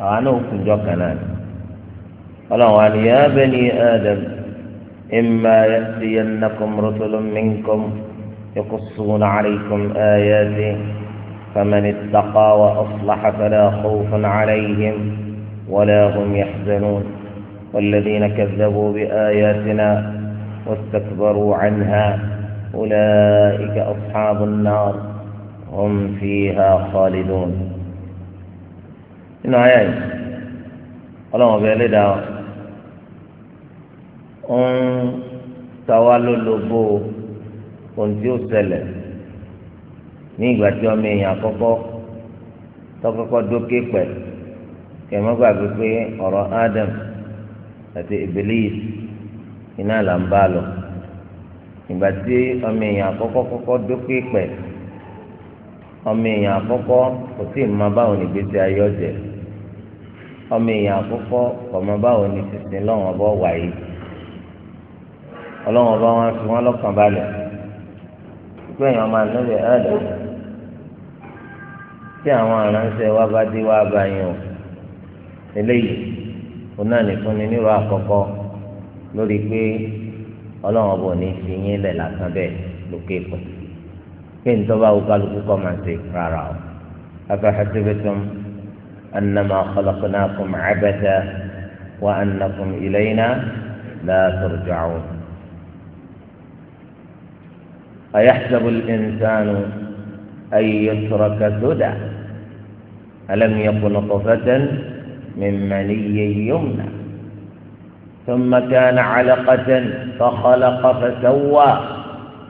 àwa náà kùn jọ kàn náà ọlọ́run àníyá bẹ́ ni adam imma ya'tiyannakum rusulun minkum yaqussuna alaykum ayati. فمن اتقى وأصلح فلا خوف عليهم ولا هم يحزنون والذين كذبوا بآياتنا واستكبروا عنها أولئك أصحاب النار هم فيها خالدون إن آيات الله بيلدا أن توالوا اللبو كنت يسلم ní ìgbà tí ọmọ èèyàn àkọ́kọ́ tọ́kọ́kọ́ dókè pẹ̀ kẹmọ́ gbàgbé pé ọ̀rọ̀ Adam àti Iblis iná là ń bá lọ ìgbà tí ọmọ èèyàn kọ́kọ́ dókè pẹ̀ ọmọ èèyàn àkọ́kọ́ kò tí ì máa báwọn ìgbésí ayé ọ̀jẹ̀ ọmọ èèyàn àkọ́kọ́ kò máa báwọn ní sísìn bọ́ wáyé bá wọn fi tí àwọn aránṣẹ́ wa bá dé wá bá yín o eléyìí òun náà nìkan ni nírò àkọ́kọ́ lórí pé ọlọ́run ọbọ ní fi yín lẹ̀ lásán bẹ́ẹ̀ lókè pọ̀ pé tọ́ba àwọn kálukú kọ́ máa ṣe rárá o afahasibitum annama khalaqnakum abatha wa annakum ilayna la turja'un. ayahsabu al-insanu an yusraka suda. ألم يكن نطفة من مني يمنى ثم كان علقة فخلق فسوى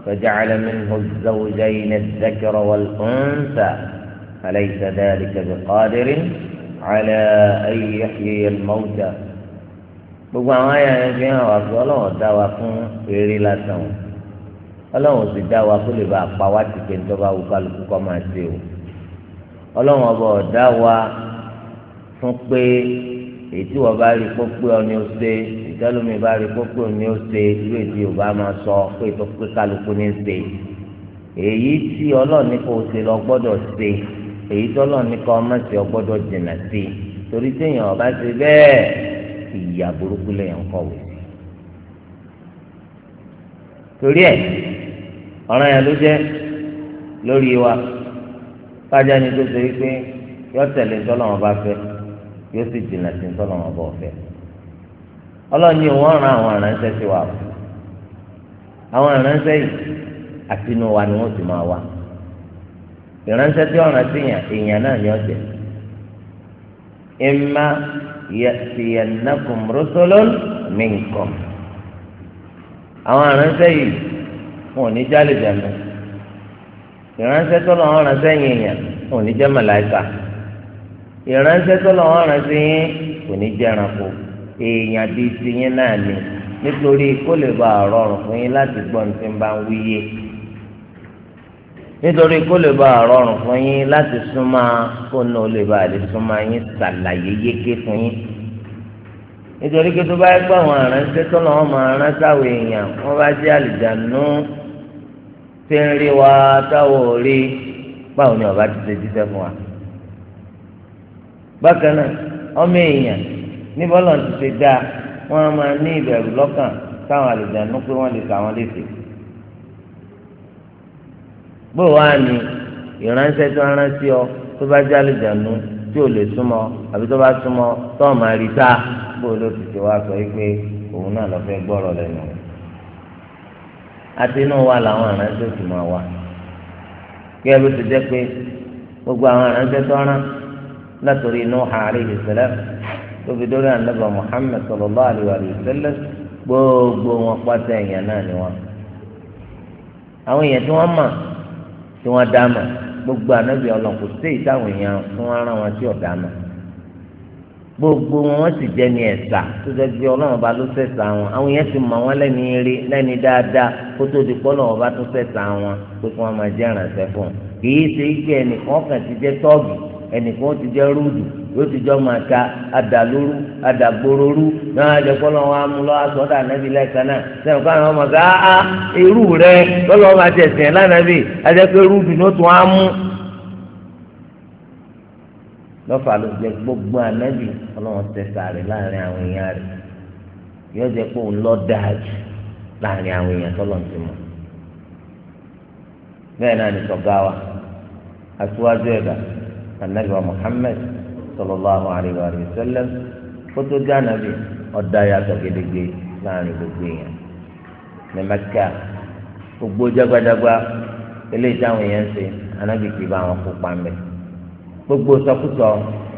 فجعل منه الزوجين الذكر والأنثى أليس ذلك بقادر على أن يحيي الموتى gbogbo àwọn ayé àyàn fi hàn wá pé ọlọ́run dá wa fún eré lásán o ọlọ́run sì dá wa kó lè bá a pa wá ti pé ní tó bá wù kálukú kọ́ máa ṣe o. ọlọ́run ọba ọ̀dá wa fún pé ètí wọn bá rí pópé ọ ní ó ṣe ìtẹ́lómi bá rí pópé ọ ní ó ṣe irú èdè yorùbá máa sọ pé ètò pé kálukú ní ṣe èyí tí ọlọ́run ní kò ṣe lọ gbọ́dọ̀ ṣe èyí tí ọlọ́run ní kò má ṣe ọ gbọ́dọ̀ jìnnà sí torí téèyàn ọba ṣe bẹ́ẹ̀ ìyà burúkú lèèyàn kọ̀wé torí ẹ̀ ọ̀ràn yẹn ló jẹ́ lórí wa. kájà ni tó ṣe wípé yọ tẹ̀lé ntọ́lọ́wọ́n bá fẹ́ yóò sì jìnnà sí ntọ́lọ́wọ́n bá fẹ́ ọlọ́run ni wọ́n àwọn sí wa àwọn aránṣẹ́ yìí àti inú wa ni wọ́n sì máa wá ìránṣẹ́ tí ọ̀ràn sí yàn èèyàn náà ni ìmá àwọn yìí wọn ò ní jálè ìránṣẹ́ tó lọ́wọ́ ránṣẹ́ yẹn yẹn kò ní jẹ́ màláìka ìránṣẹ́ tó lọ́wọ́ ránṣẹ́ yẹn kò ní jẹ́ ẹranko èèyàn bíi ti yín náà ni nítorí kó lè bá a rọrùn fún yín láti gbọ́ ní ti bá ń wíyé nítorí kó lè bá a rọrùn fún yín láti súnmọ́ kó nà ó lè bá a lè súnmọ́ yín ṣàlàyé yéké fún yín nítorí kí tó bá yẹ pé àwọn ìránṣẹ́ tó lọ́wọ́ máa ránṣẹ́ àwọn èèyàn wọ́n bá jẹ́ àlìjánu tí ń rí wa táwọn ò rí báwo ni ọba ti ṣe jíṣẹ́ fún wa. bákan náà ọmọ èèyàn ní bọ́lọ̀ ti ṣe dáa wọ́n á máa ní ìbẹ̀rù lọ́kàn táwọn àlùjánu pé wọ́n lè ta wọn léṣe. bóò wá ní ìránṣẹ́ tí wọ́n rántí ọ tó bá jẹ́ àlùjánu tí ò lè súnmọ́ àbí tó bá súnmọ́ tó ọ̀ máa rí ta bóò ló ti ṣe wá sọ yìí pé òun náà lọ fẹ́ gbọ́rọ̀ lẹ́nu rẹ̀ àti inú wa làwọn aránṣẹ́ ti máa wà kí ẹ bó ti jẹ́ pé gbogbo àwọn aránṣẹ́ tó rán látòrí Nuh alayhi salam tóbi dórí ànábà Muhammad sallallahu alayhi wa gbogbo wọn pátá èèyàn náà ni wọn àwọn èèyàn tí wọ́n mọ̀ tí wọ́n dá mọ̀ gbogbo ànábì ọlọ́kùn sí ìtàwọn èèyàn tí wọ́n rán wọn tí ọ̀dá mọ̀. gbogbo wọn wọn sì jẹ ní ẹsà tó jẹ pé Ọlọ́run ọba ló sẹsà wọn àwọn yẹn ti mọ wọn lẹni rí lẹni dáadáa kó tó di pọ tó sẹsà wọn pé kí wọn máa jẹ fún un kìí ṣe ti jẹ tọọgì ẹnìkan ti jẹ rúdù yóò ti jọ máa ta adàlóru adàgbòrórú náà jẹ nàbí náà àwọn ọmọ ká á irú rẹ lọlọrun àti ẹsẹ lánàbí lọ́fà ló jẹ gbogbo ànábì ọlọ́run tẹ̀sà rẹ̀ láàrin àwọn èèyàn rẹ̀ yóò jẹ́ pé òun lọ dáa jù láàrin àwọn èèyàn tọ́lọ̀ ti mọ̀ bẹ́ẹ̀ náà ni sọ̀gá wa aṣíwájú ẹ̀dá ànábì wa Muhammad sallallahu alayhi wa sallam kótó dé ànábì ọ̀dà yàtọ̀ gédégbé láàrin gbogbo èèyàn ní Mẹ́kà gbogbo jágbájágbá eléyìí táwọn èèyàn ń ṣe ànábì kì í bá wọn kópa mẹ́ta gbogbo sọkúsọ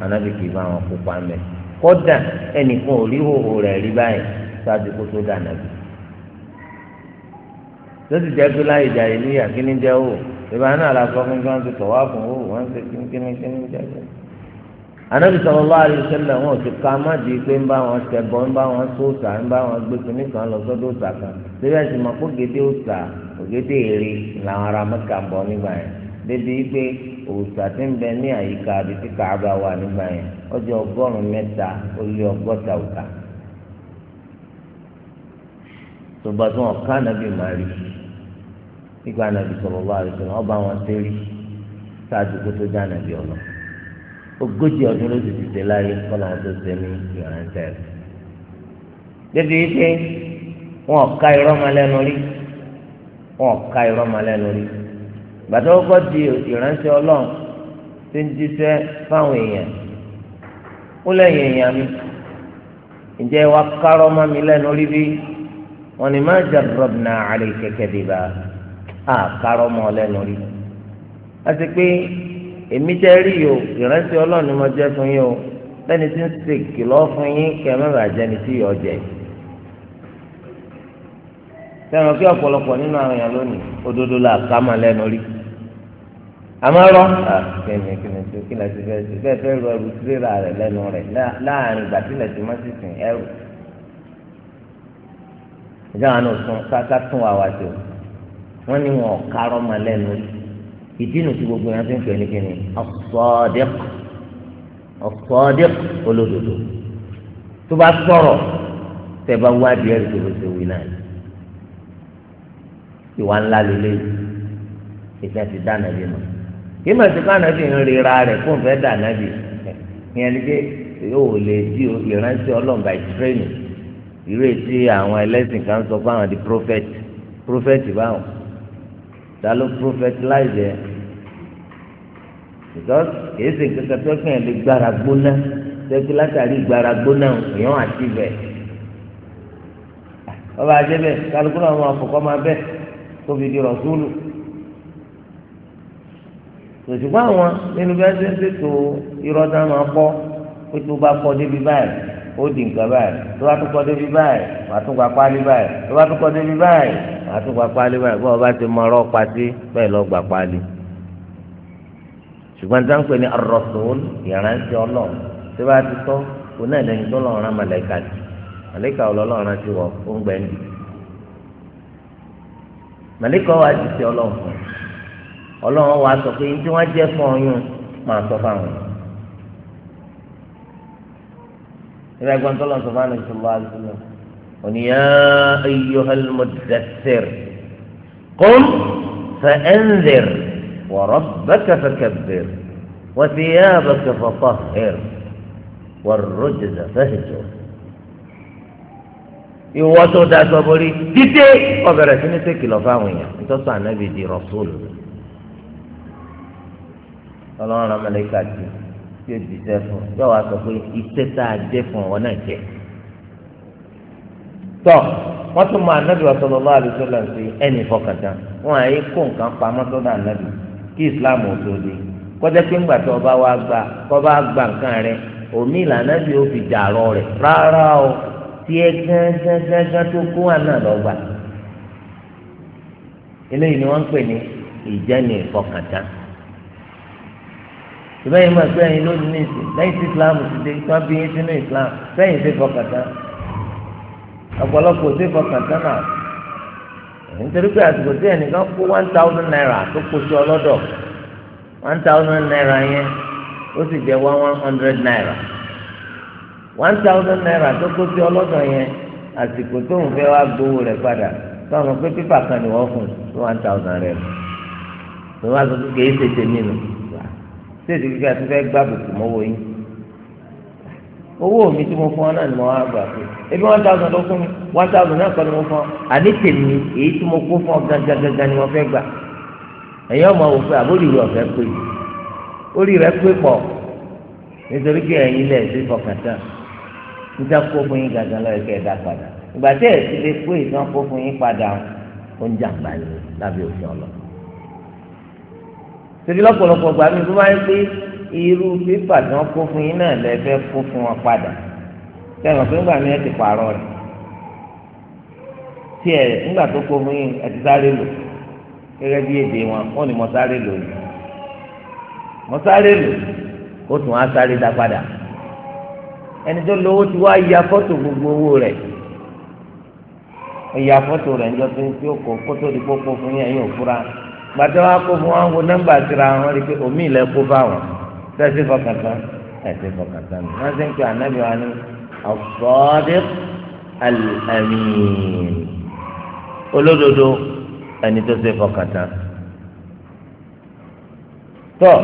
ànábì kì í bá wọn kópa mẹ kódà ẹnìkan ò rí hòhò rẹ̀ rí báyìí ṣáàjú kó tó dànù bí lọ́sì jẹ́ pé láyé ìjà ìlú yà kí ni jẹ́ o ìbá náà la sọ fún kí wọ́n ti tọ̀ wá fún o wọ́n ti kí ni kí ni kí ni jẹ́ o. ànábì ti ka má di pé ń bá wọn tẹ̀bọ ń bá wọn tó sà ń bá wọn gbé kínní kan lọ sọ́dọ̀ sà kan síbẹ̀ sì mọ̀ kó gédé òsà ògédé èrè làwọn ará mẹ́ka bọ̀ nígbà yẹn. débi igwe òòṣà ti ń bẹ ní àyíká àbí tí kàába wà nígbà yẹn ó jẹ́ ọgọ́rùn ó lé ọgọ́ta òkà tó bá tó wọn ká nàbì máa rí nígbà nàbì sọ̀rọ̀ wá rí sọ̀rọ̀ ọba wọn ti rí sáájú kó tó dá nàbì ọ̀nà ogójì ọdún ló ti ti tẹ láyé wọn tó ṣe ní gbàtà ó kọ́ di ìránṣẹ́ ọlọ́run tí ń jíṣẹ́ fáwọn èèyàn ó lẹ́yìn èèyàn mi ǹjẹ́ wa kárọ́ mọ́ mi lẹ́nu rí bí wọn ni máa jà rọ̀bìnà àlè kẹ̀kẹ́ bíbá a kárọ́ mọ́ ọ lẹ́nu rí àti pé èmi jẹ́ rí o ìránṣẹ́ ọlọ́run ni mo jẹ́ fún yín o lẹ́ni tí ń ṣe kìlọ̀ fún yín kẹ́mẹ́rà jẹ́ni tí yọ̀ jẹ́ sẹ́wọ̀n kí ọ̀pọ̀lọpọ̀ nínú àwọn èèyàn lónìí òdodo la ká mọ́ lẹ́nu rí àmọ́ rọ kíni kíni tó kí lẹ́sìn fẹ́ sí bẹ́ẹ̀ fẹ́ rọ ẹrù tirẹ́là rẹ̀ lẹ́nu rẹ̀ láàrin ìgbà tí lẹ́sìn má sì sìn ẹrù. ìjà wọn sún káká tún wa wá sí o wọn ní wọn kárọ́ ma lẹ́nu ìdí nu ti gbogbo yẹn fi ń pè ní kíni ọ̀sọ́ọ̀dẹ́k ọ̀sọ́ọ̀dẹ́k olódodo tó bá sọ̀rọ̀ tẹ bá wádìí ẹ̀rù tó ló ṣe wí náà ìwà ńlá lélẹ́yìí ìfẹ́ ti dáná bí mọ́ kí mà sí káwọn nàbì ń rira rẹ̀ kó n fẹ́ dà nàbì ìyẹn ni pé yóò lè di ìrántí ọlọ́run by training ìrè tí àwọn ẹlẹ́sìn kan sọ pé àwọn di prophet prophet báwọn ta ló prophet láì jẹ because kìí ṣe nǹkan kan tó kàn lè gbára gbóná tẹ́kí látàrí gbára gbóná èèyàn àti bẹ̀. ọba àjẹbẹ kálukú náà máa fọkọ́ máa bẹ̀ kó fi di rọ̀súlù tòṣùgbọ́n àwọn nínú bí wọ́n ṣe ń ṣètò irọ́ dá máa kọ́ pé tó bá kọ́ débi báyìí ó di nǹkan báyìí tó bá tún kọ́ débi báyìí wàá tún gba páálí báyìí tó bá tún kọ́ débi báyìí wàá tún gba páálí báyìí bọ́ọ̀ bá ti mọ ọ̀rọ̀ patí bẹ́ẹ̀ lọ gba páálí. ṣùgbọ́n tí wọ́n ń pè ní ar ìrántí ọlọ́run tí bá ti tọ́ òun náà ọlọ́run wa sọ pé tí wọ́n jẹ́ fún ọyún máa sọ fáwọn. ìrẹ́ ẹgbọ́n tó lọ́n sọ fún àwọn ìṣòro àdúgbò ònìyà ayyuhal muddaththir qum fa'anzir wa rabbaka fakabbir wa thiyabaka fatahhir war-rujza fahjur. ìwọ́ tó daṣọ borí dídé ọ̀bẹ̀rẹ̀ sínú ní sèkìlọ̀ fáwọn èèyàn nítorí sọ ànábì di rọ́sùlù. ọlọ́run rán màláíkà jù tí ó jíṣẹ́ fún yóò wá sọ pé iṣẹ́ tá a jẹ́ fún ọ náà jẹ́ tọ́ wọ́n tún mọ ànábì sallallahu alaihi wasallam sí ẹnì fọkàntán wọn àyè kó nǹkan pamọ́ sọ́dọ̀ ànábì kí islam ò tó dé kọjá pé ńgbà tó ọba wa gba kọba gba nǹkan rẹ òmí ìlànà bí ó fi dàrọ rẹ rárá o tiẹ̀ gángangangan tó kó wà náà lọ gbà eléyìí ni wọ́n ń pè ní ìjẹ́ni ìfọkàntán. ìbẹ́yìn mọ̀ pé ẹ̀yin lónìí ní ìsìn lẹ́yìn tí Islam ti dé tí bí yín sínú Islam sẹ́yìn ṣe fọkàn tán ọ̀pọ̀lọpọ̀ ṣe náà nítorí pé àsìkò tí ẹnìkan kó one thousand naira tó kó ọlọ́dọ̀ one thousand naira yẹn ó sì jẹ́ one one hundred naira one thousand naira tó kó ọlọ́dọ̀ yẹn àsìkò tó ń fẹ́ wá gbowó rẹ̀ padà tọ́mọ pé pépà one thousand rẹ̀ lọ́wọ́ àti kéé ṣe tèmi tí èsì kíkẹ́ àti fẹ́ gbá bùkù mọ́wọ́ yín owó mi tí mo fún ọ náà ni mo wá gbà pé ebi one thousand ló fún mi one thousand náà kọ́ ni mo fún ọ àní tèmi èyí tí mo kó fún ọ gangan ni mo fẹ́ gbà ẹ̀yin ọmọ wò pé àbórí rẹ̀ ọ̀fẹ́ pé orí rẹ̀ pé pọ̀ nítorí pé ẹ̀yin lẹ̀ sí fọkàntán níta kó fún yín gangan lọ́yẹ̀ kẹ́ ẹ̀ dá padà ìgbà tí ẹ̀ ti lè pé ìtàn kó fún yín padà ó ń jàǹbá yín lábẹ́ òfin ọlọ́ọ̀ torí lọpọlọpọ gbà mi tó máa ń pé irú pépà tí wọn kó fún yín náà fẹ kó fún wọn padà sẹ́wọ̀n pé ńgbà ẹ ti pààrọ̀ rẹ tí ẹ ńgbà tó kó fún yín ẹ ti sáré lò gẹ́gẹ́ bí èdè wọn sáré lò yìí sáré lò tún ya gbogbo owó ń jọ pé tí ó kó di fún gbàtẹ́ wa kó fún wa ń wo nọ́mbà tira wọn rí i pé omi ilẹ̀ kó bá wọn tẹ́sí fọkàn tán ẹ̀sí fọkàn tán ni wọ́n ti ń pè ànábì wa ní as-sadiq al-amin olódodo ẹni tó ṣe fọkàn tán. tọ́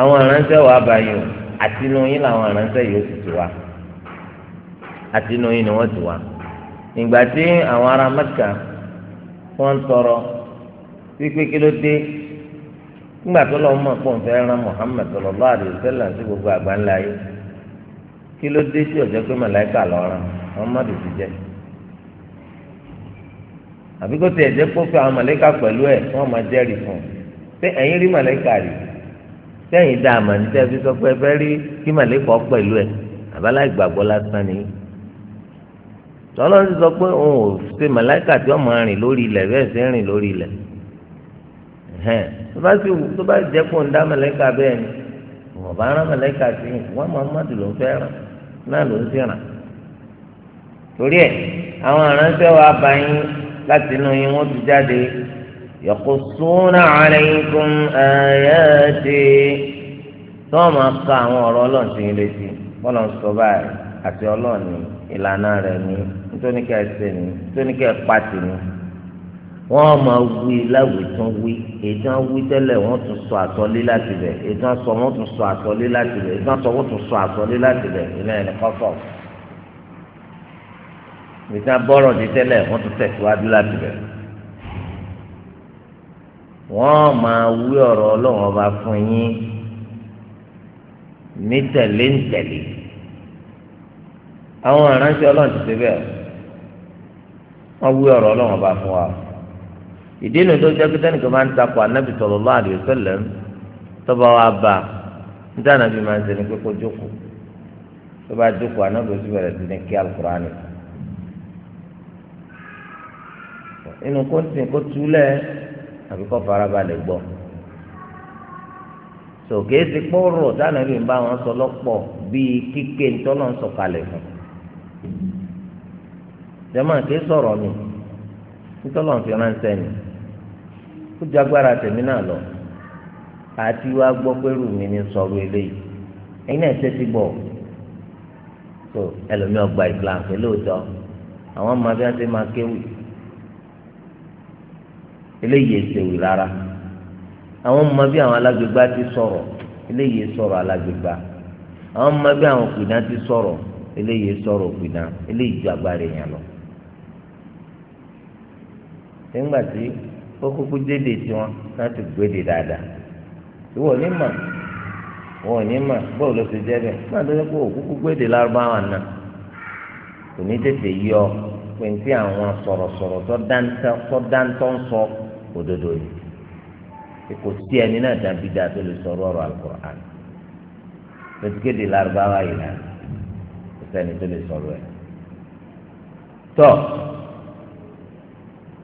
àwọn aránṣẹ́ wàá báyìí o àtinú yín làwọn aránṣẹ́ yìí ó sì ti wá àtinú yín ni wọ́n ti wá ìgbà tí àwọn ará Mẹ́kà wọ́n ń tọrọ wípé kí ló dé nígbà tó lọ́wọ́ mọ̀ pọ̀ nfẹ́ ran Muhammad sallallahu alaihi wasallam sí gbogbo àgbáńlá yìí kí ló dé tí ọ̀jọ́ pé màláìkà lọ ran Muhammad ti jẹ́ àbí kó tiẹ̀ jẹ́ kó fi àwọn màláìkà pẹ̀lú ẹ̀ wọ́n máa jẹ́rìí fún un pé ẹ̀yin rí màláìkà rí sẹ́yìn dá àmà ní tẹ́ fi sọ pé ẹ fẹ́ rí kí màláìkà pẹ̀lú ẹ̀ àbálá ìgbàgbọ́ lásán nìyí tọ́lọ́ ti sọ pé òun ò ṣe màláìkà tí wọ́n hẹn tó bá sì wù tó bá jẹ kó ń dá mẹlẹka bẹ́ẹ̀ ni wọn bá rán mẹlẹka sí i wọn muhammadu ló ń fẹ́ rán náà ló ń sì rán torí ẹ àwọn aránṣẹ́ wa bá yín láti inú yín wọn ti jáde yaqussuna alaykum ayati tó wọn máa ka àwọn ọ̀rọ̀ Ọlọ́run sí yín létí bọlọ ń sọ báyìí àti Ọlọ́run ní ìlànà rẹ̀ ní nítorí kẹ ẹsẹ nítorí kẹ ẹ wọn máa wí láwùjọ wí ètò wí tẹ́lẹ̀ wọ́n tún sọ àsọlé láti bẹ̀ ètò sọ wọ́n tún sọ àsọlé láti bẹ̀ ètò sọ wọ́n tún sọ àsọlé láti bẹ̀ ìlànà ẹni kọ́kọ́ ètò bọ́rọ̀ di tẹ́lẹ̀ wọ́n tún tẹ̀síwájú láti bẹ̀ wọ́n máa wí ọ̀rọ̀ ọlọ́run ọba fún yín ní tẹ̀lé ń tẹ̀lé àwọn aránṣẹ́ ọlọ́run ti ṣe bẹ́ẹ̀ wọ́n wí ọ̀rọ̀ ọlọ́run ọba fún wa ìdí nu tó jẹ́ pé tẹ́nìkan máa ń takò ànábì sallallahu alaihi wasallam tọ́ba wa bá níta ànábì máa ń sẹ́ni pé kó jókòó tó bá jókòó ànábì oṣù bẹ̀rẹ̀ sí ní kí alukurani inú kó tì kó túlẹ̀ àbí kó farabalẹ̀ gbọ́ sòkè é ti kpọ́rọ̀ tánàbí ń bá wọn sọ lọ́pọ̀ bíi ńtọ́nà sọ̀kalẹ̀ fún jẹ́mọ̀ kí sọ̀rọ̀ mi fi ó ju agbára tèmi náà lọ àti wá gbọ́ pẹ́rù mi ní sọ̀rọ̀ eléyìí ẹ̀yin náà tẹ́tí bọ̀ tó ẹlòmíràn gba ìgbàlá lóòótọ́ àwọn ọmọ abẹ́rẹ́ ti máa kéwì eléyìí èsèwì rárá àwọn ọmọ bí àwọn alágbègbè ti sọ̀rọ̀ eléyìí sọ̀rọ̀ alágbègbè àwọn ọmọ bí àwọn òpìdá ti sọ̀rọ̀ eléyìí sọ̀rọ̀ òpìdá eléyìí ju agbára ó kúkú dédè tiwọn láti gbédè dáadáa ìwọ ní mà wọn ò ní mà bóòlù ló ti jẹ bẹ́ẹ̀ má tó yẹ kó òkúkú gbédè lárúbáwá náà kò ní tètè yọ pé ní tí àwọn sọ̀rọ̀sọ̀rọ̀ tó dáńtọ́ ń sọ òdodo yìí kò sí ẹni náà dàbí dáa tó lè sọ̀rọ̀ ọ̀rọ̀ alukur'an lọ́sígẹ́dẹ̀ lárúbáwá yìí náà kò sẹ́ni tó lè sọ̀rọ̀ ẹ̀ tọ́.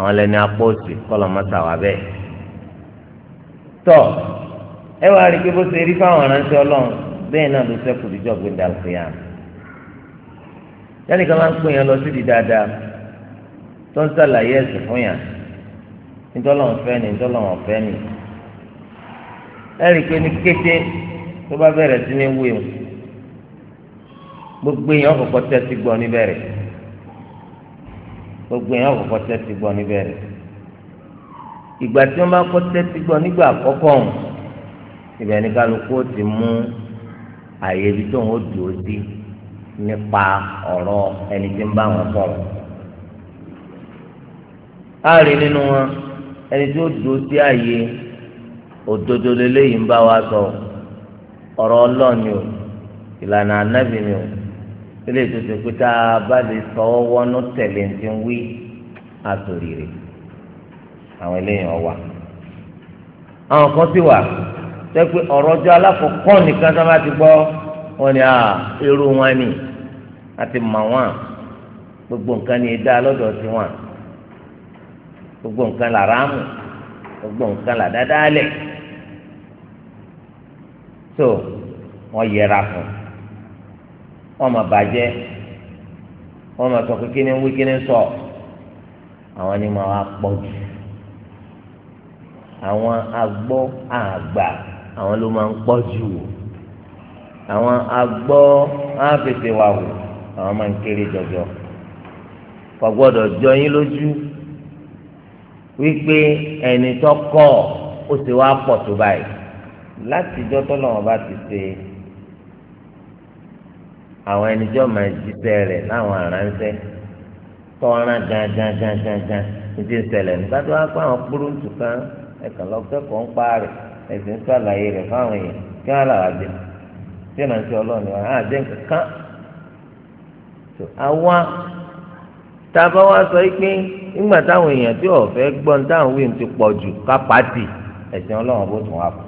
àwọn lẹni apọ́ọ̀sì kọlọ́mọ́sà wà bẹ́ẹ̀. tọ́ ẹ wá rí pé bó ṣe rí fáwọn aránṣẹ́ ọlọ́run bẹ́ẹ̀ náà ló ṣẹ́kù díjọ́ gbé dàlùfẹ́yà. yẹ́nì kan máa ń pè yẹn lọ sídìí dáadáa tó ń sàlàyé ẹ̀sìn fún yàn nítọ́lọ́run fẹ́ ni nítọ́lọ́run ọ̀fẹ́ ni. ẹ rí pé ní kété tó bá bẹ̀rẹ̀ sí ní wíwù gbogbo èèyàn kọ̀ọ̀kan tẹ́sí gbọ́ níbẹ̀rẹ̀ gbogbo yẹn ọkọ tẹ́tí gbọ ìgbà tí wọ́n bá kọ́ tẹ́tí gbọ́ nígbà àkọ́kọ́ kálukú ó ti mú àyè ibi tó ń dùn ó sí nípa ọ̀rọ̀ ẹni tí ń bá wọn sọ̀rọ̀ rí nínú wọn ẹni tí ó dùn o ìlànà anábì o. tẹ́lẹ̀ tó ṣe pé tá a bá lè sọ ọ́ wọnú tẹ̀lé ti ń wí àtòrìrè àwọn eléyìí ọ̀wà àwọn kan sì wà tẹ́ pé ọ̀rọ̀jọ́ alákọ̀ọ́kọ́ nìkan tó bá ti gbọ́ wọn ni irú wọn ni àti mọ̀ wọn gbogbo nǹkan ni dá lọ́dọ̀ sí wọn gbogbo nǹkan là ráàmù gbogbo nǹkan là dáadáa lẹ̀ tó wọ́n yẹra fún un wọ́n máa bàjẹ́ wọ́n máa sọ pé kíni wí kíni sọ àwọn ni máa wá pọ̀ jù àwọn agbọ́ àgbà àwọn ló máa ń pọ̀ jù àwọn agbọ́ àfẹsẹ̀ wà wò àwọn máa ń kéré jọjọ kò gbọ́dọ̀ jọ yín lójú wípé ẹni tó kọ́ ó ti wá pọ̀ tó báyìí látijọ́ tọ́lọ́wọ́n bá ti ṣe àwọn ẹni tí wọ́n máa jíṣẹ́ rẹ̀ láwọn aránṣẹ́ tọ́ran gangangangangan títí ìṣẹ̀lẹ̀ nígbà tó wá pé àwọn kúrúǹtù kan ẹ̀kan lọ́kẹ́kọ̀ọ́ ń pa rẹ̀ ẹ̀sìn sàlàyé rẹ̀ fáwọn èèyàn kí wọ́n làwọn àjẹ tí ìrìn àti ọlọ́run ni wọ́n á jẹ́ kankan. àwa tá a bá wá sọ pé nígbà táwọn èèyàn tí ò fẹ́ gbọ́n táwọn wíwọ́n ti pọ̀ jù ká pàtì ẹ̀sìn ọlọ́run bó tún wá kù.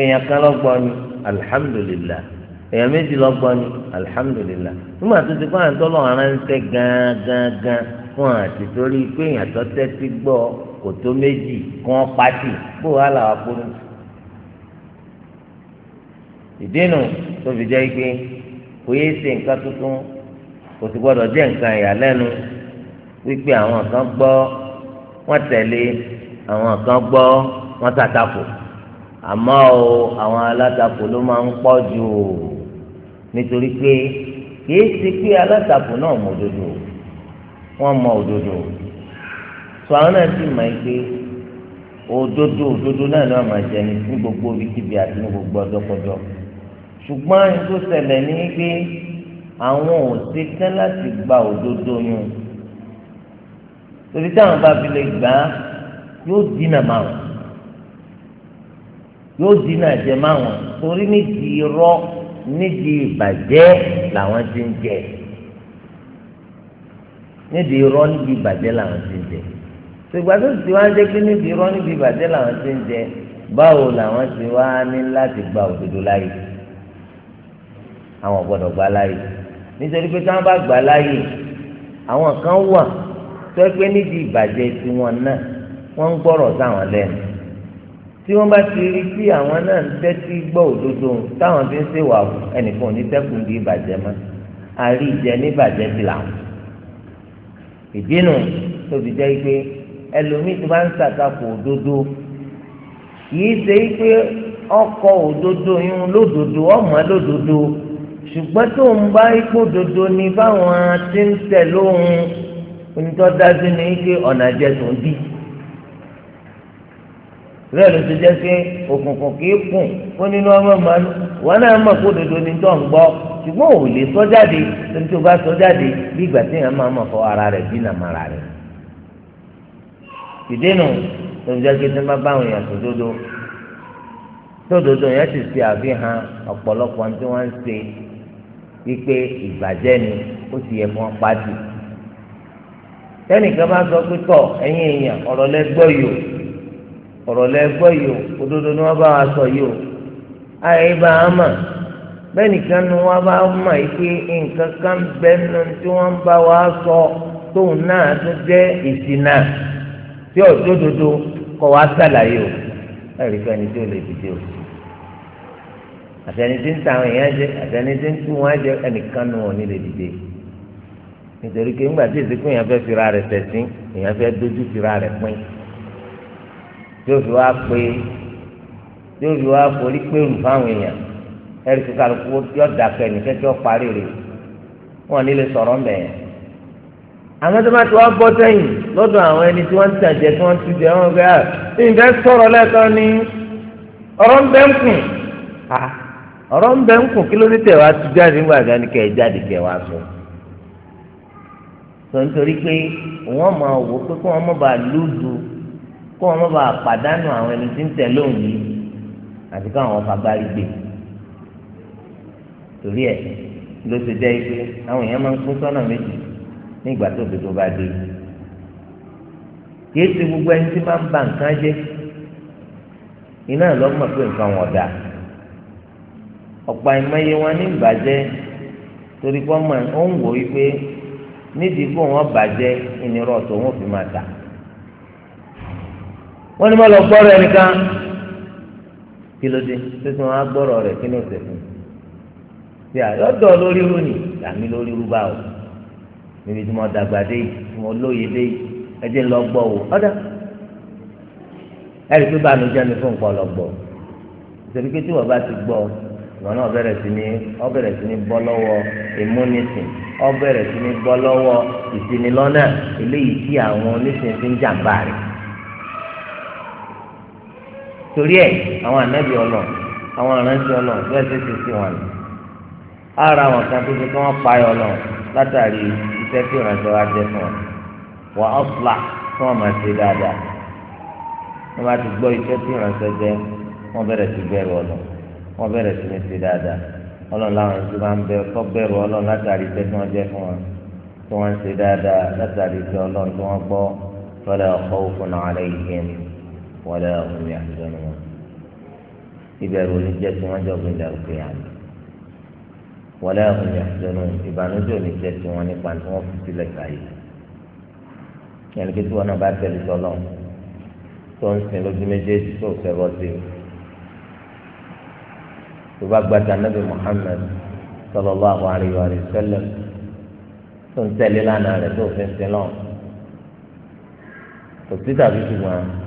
èèyàn kan lọ́gbọ́n ni alihamudulilayi èèyàn méjì lọ́gbọ́n ni alihamudulilayi nígbà tó ti fáwọn tó lọ́wọ́ aránṣẹ́ gángan fún àti torí pé èèyàn tó tẹ́tí gbọ́ kò tó méjì kán pátì kó wàá làwọn akóró. ìdínú tó fi jẹ́ pé kò yéé ṣe nǹkan tuntun kò sì gbọ́dọ̀ jẹ́ nǹkan ìyàlẹ́nu wípé àwọn kan gbọ́ wọ́n tẹ̀lé àwọn kan gbọ́ wọ́n tàtàkù àmọ́ o àwọn alátakò ló máa ń pọ̀ jù o nítorí pé kìí ṣe pé alátakò náà mọ òdodo wọn mọ òdodo sọ àwọn náà sì mọ pé òdodo òdodo náà ni wọn máa jẹ ní ní gbogbo ibikíbi àti ní gbogbo ọjọkọjọ ṣùgbọ́n ní tó ṣẹlẹ̀ ní pé àwọn ò ṣe tán láti gba òdodo yun torí táwọn bá fi lè gbà á yóò dínà máwọn yóò dínà jẹ máwọn torí ní rọ nídìí ìbàjẹ́ làwọn ti ń jẹ nídìí irọ́ nídìí ìbàjẹ́ làwọn ti ń jẹ ṣùgbọ́n tó ti wá ń jẹ́ pé nídìí irọ́ nídìí ìbàjẹ́ làwọn ti ń jẹ báwo làwọn ti wá ní láti gba òdodo láyè àwọn gbọ́dọ̀ gba láyè nítorí pé táwọn bá gbà láyè àwọn kan wà tó pé nídìí ìbàjẹ́ tiwọn náà wọ́n ń gbọ́rọ̀ sáwọn lẹ́nu tí wọ́n bá ti rí tí àwọn náà ń tẹ́tí gbọ́ òdodo táwọn fi ń ṣèwà ẹnìkan ò ní tẹ́kùn di ìbàjẹ́ mọ́ àrí ìjẹ níbàjẹ́ ti làwọn. ìdínú tó fi jẹ́ pé ẹlòmíì tó bá ń ṣàtakò òdodo kìí ṣe pé ọkọ̀ òdodo yún lódodo ọmọ lódodo ṣùgbọ́n tó ń bá ipò òdodo ni báwọn ti ń tẹ̀ lóhun onítọ́ dájú ni pé ọ̀nà jẹ tó ń dì rẹ ló ti jẹ́ pé òkùnkùn kì í kùn kó nínú ọmọ màánu wọn náà mọ̀ kó dodo ní tó ń gbọ́ ṣùgbọ́n ò lè sọ jáde lórí tó bá sọ jáde bí ìgbà tí èèyàn máa mọ̀ fọ ara rẹ̀ bí nàmọ́ ara rẹ̀. ìdènà ló ń jẹ́ pé tí wọ́n bá bá àwọn èèyàn tó dodo tó dodo yẹn ti ṣe àfihàn ọ̀pọ̀lọpọ̀ tí wọ́n ń ṣe wípé ìbàjẹ́ ni ó ti yẹ mọ́ pàdé. tẹ́nìkan bá sọ pé tọ̀ ọ̀rọ̀ lẹ́gbọ́ yìí o òdodo ni wọ́n bá wa sọ yìí o àyè bá a mà bẹ́ẹ̀ nìkan ni wọ́n bá mà yìí pé nǹkan kan bẹ́ẹ̀ nù tí wọ́n bá wa sọ tóun náà tó jẹ́ ìsìnà tí òdodo kọ́ wa sàlàyé o ẹ̀rí o àtẹni ń ta àwọn èèyàn jẹ tí ń wọn jẹ ẹnìkan nù wọn ní lè dìde nítorí pé ńgbà tí èsì fira rẹ̀ tẹ̀sí èèyàn fẹ́ fira rẹ̀ pín. tí ó fi wá pé tí ó fi wá forí pérù fáwọn èèyàn ẹ̀rí tó kálukú yọ dàkẹ́ nìkẹ́ tí ó parí rè wọ́n nílé sọ̀rọ̀ mbẹ̀ yẹn. àwọn tó bá ti wá bọ́ sẹ́yìn lọ́dọ̀ àwọn ẹni tí wọ́n ti tàn jẹ tí wọ́n ti jẹ wọn gbé à ah, ǹjẹ́ sọ̀rọ̀ lẹ́ẹ̀kan ni ọ̀rọ̀ ń bẹ́ ń kùn ọ̀rọ̀ ń bẹ́ ń kùn kí ló ní tẹ̀ wá tu jáde ńgbà gani kẹ̀ jáde kẹ̀ wá sọ tó nítorí pé wọ́n máa wò pé kí wọ́n má bàa lóòdù kó wọn bá pàdánù àwọn ẹni tí ń tẹ̀ lóhùn yìí àti káwọn fagbárí gbé torí ẹ̀ ló ti jẹ́ pé àwọn èèyàn máa ń kún sọ́nà méjì nígbà tó dodo bá dé gbogbo ẹni tí máa ń ba nǹkan jẹ́ iná ló pé nǹkan wọn dà ọ̀pọ̀ ìmọ̀ye wọn ní ìbàjẹ́ torí pé wọ́n ń wò wípé nídìí wọn bàjẹ́ fi máa dà. wọ́n ní má lọ gbọ́rọ̀ ẹnìkan kí ló dé tó ti wọn á gbọ́rọ̀ rẹ̀ kí ní ọ̀sẹ̀ fún ti àyọ̀dọ̀ lórí rú ni làmí lórí rú báwò níbi tí mo dàgbà dé yìí tí mo lóye dé yìí ẹ jẹ́ ń lọ gbọ́ wò ọ̀dà ẹ̀rí pé báà ló jẹ́ mi fún nǹkan lọ gbọ́ ìṣèlú pé tí wọ́n bá ti gbọ́ wọn náà bẹ̀rẹ̀ sí ní ọ bẹ̀rẹ̀ sí ní bọ́ lọ́wọ́ ìmúnisìn ọ bẹ̀rẹ̀ sí ní bọ́ lọ́wọ́ ìsinilọ́nà eléyìí tí àwọn oníṣẹ́ fi ń jàǹbá rẹ̀ torí ẹ àwọn ànábì ọlọ àwọn aránṣẹ́ ọlọ bẹ́ẹ̀ ṣe ṣe sí wọn ara wọn kan tó ṣe kí wọn pa ẹ ọlọ látàrí iṣẹ́ tí ìrànṣẹ́ wa jẹ fún ọ wọn ọsùlà tí wọn máa ṣe dáadáa wọn bá ti gbọ́ iṣẹ́ tí ìrànṣẹ́ jẹ wọn bẹ̀rẹ̀ sí bẹ̀rù ọlọ wọn bẹ̀rẹ̀ sí ní ṣe dáadáa ọlọ́run láwọn ẹni tó bá ń bẹ kọ bẹ̀rù ọlọ́run látàrí iṣẹ́ tí wọn jẹ fún wọn tí wọn ṣe dáadáa látàrí iṣẹ́ ọlọ́run tí wọn gbọ́ fọlẹ ọkọ òfin àlẹ ولا هم يحزنون ìbẹ̀rù ní jẹ́ tí wọ́n jọ gbé ní àrùkè àná wala hum yahzanun ìbànújẹ́ ní jẹ́ tí wọ́n nípa tí wọ́n fi sílẹ̀ káyé yẹn kí tí wọ́n náà bá tẹ̀lé sọ́lọ́ tó ń sin lójú méjèèjì tó fẹ́ bọ́ sí i tó bá gbàtà nàbì Muhammad sallallahu alaihi wa sallam tó ń tẹ̀lé lánàá rẹ̀ tó fi ń sin lọ́wọ́ kò sí tàbí ṣùgbọ́n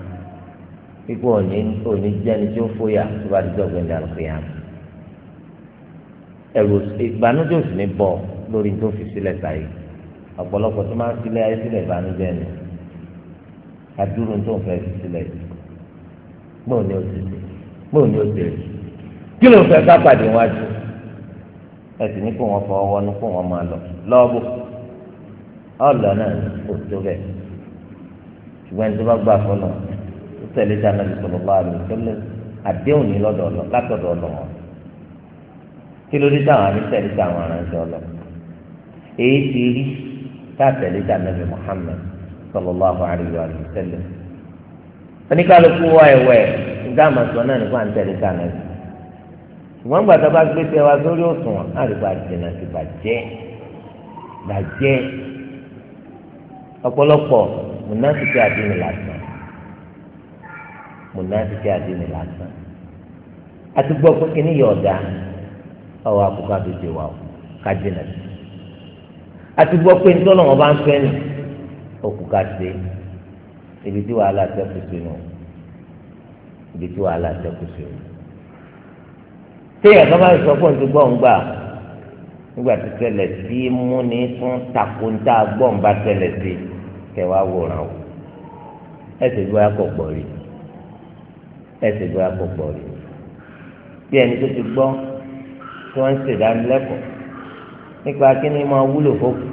pípọ̀ òní òní jẹ́ni tí ó fóyà tó bá dídọ́ gbẹ̀ndẹ̀ àlùkìyàn ẹ̀rù ìbànújẹ́ òsì ní bọ̀ lórí tó fi sílẹ̀ sáyé ọ̀pọ̀lọpọ̀ tó máa ń sílẹ̀ ayé sílẹ̀ ìbànújẹ́ ni adúrún tó ń fẹ́ fi sílẹ̀ gbọ́n ní oṣù gbọ́n ní oṣù rẹ̀ kí ló ń fẹ́ ká pàdé wájú ẹ̀sìn ní kó wọn fọ ọwọ́ ní kó wọn máa lọ lọ́ọ̀bù ọ̀lọ́ náà kò bẹ̀ ṣùgbọ́n ẹni tó bá gbà fọlọ́ tó tẹ̀lé dáná lè sọ̀rọ̀ bá mi tẹ́lẹ̀ àdéhùn ní lọ́dọ̀ ọ̀lọ́ látọ̀dọ̀ ọ̀lọ́ wọn kí ló dé táwọn àmì tẹ̀lé táwọn aránṣẹ́ ọlọ́ èyí ti rí tá tẹ̀lé dáná lè Muhammad sọ̀rọ̀ bá wọn àríwá mi tẹ́lẹ̀ oníkálukú wá ẹ̀wẹ̀ ìdáàmà sọ náà nípa ń tẹ̀lé dáná lè ṣùgbọ́n gbàtà bá gbé tẹ wa sórí òṣùwọ̀n àríwá ìdènà ti bàjẹ́ bàjẹ́ ọ̀pọ̀lọpọ̀ mùnàfíkì àdínì lásán àti gbọ́ pé kíní yọ ọ̀dà ọwọ́ àkókò àbíjẹ wà ó kájínà sí àti gbọ́ pé nítorí wọn bá ń fẹ́ nì òkú ká ṣe ibi tí wàhálà tẹ́kù sí nù ibi tí wàhálà tẹ́kù sí nù téèyàn kan bá sọ pé nítorí gbọ́n gbà nígbà tí tẹ́lẹ̀ sí múni fún takuntà gbọ́n bá tẹ́lẹ̀ sí kẹwàá wòran o ẹ̀ ṣèjú wa kọ̀ pọ̀ rí i ẹsẹ̀ bóyá kò pọ̀ rí bí ẹni tó ti gbọ́ tí wọ́n ń ṣèdánilẹ́kọ̀ọ́ nípa kíni máa wúlò fókù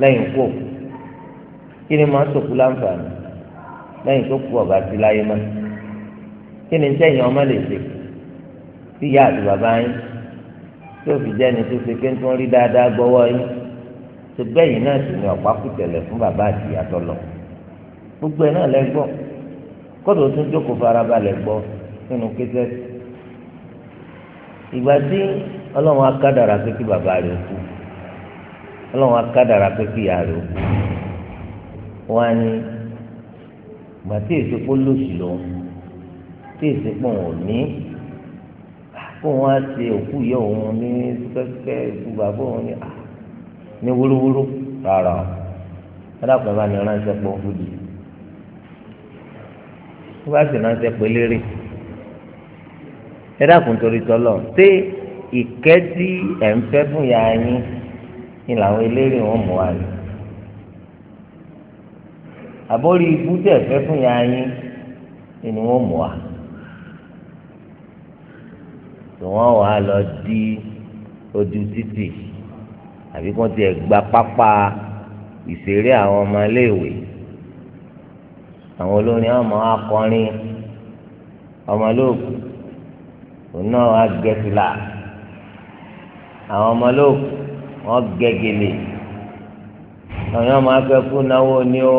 lẹ́yìn kú òkú kíni máa sòkú láǹfààní lẹ́yìn tó kú ọ̀gá sí láyé mọ́ kíni sẹ́yìn ọmọ lè ṣe tí ìyá àti bàbá yín tí ó fi jẹ́ ẹni tó ṣe pé tí wọ́n rí dáadáa gbọ́wọ́ yín tó bẹ́yìn náà sì ni ọ̀pá kùtẹ̀lẹ̀ fún bàbá àti ìyá tọ́lọ̀ gbogbo ẹ̀ náà lẹ́gbọ́n kótó tún jókòó farabalẹ̀ gbọ́ nínú kẹsẹ́tì ìgbà tí ọlọ́run akádàrà pé kí bàbá rẹ̀ kú ọlọ́run akádàrà pé kí ìyá rẹ̀ kú wọ́n á ní ìgbà tí èsì pọ̀ lòsì lòun tí èsì pọ̀ wọn ò ní kó wọn á ṣe òkú yẹ òun ní kẹ́kẹ́ ìkú bàbá òun ní wúlúwúlú rárá ọ̀dà pẹ̀lú àmì ránṣẹ́ pọ̀ fúdi tó bá sì ránṣẹ́ pé lérè ẹ dákun torí tọlọ ṣé ìkẹ́ tí ẹ̀ ń fẹ́ fún ya yín ni làwọn eléré wọn mú wa ni àbórí ibú tẹ̀ fẹ́ fún ya yín ni wọ́n mú wa tí wọ́n wà lọ di ojú títì àbí kò tiẹ̀ gba pápá ìṣeré àwọn ọmọ àwọn olórin ọmọ akọrin ọmọlóòkù òun náà wá gẹ́sìlà àwọn ọmọlóòkù wọ́n gẹ́gẹ́lè àwọn ọmọ akẹ́kọ̀ọ́ náwó ni ó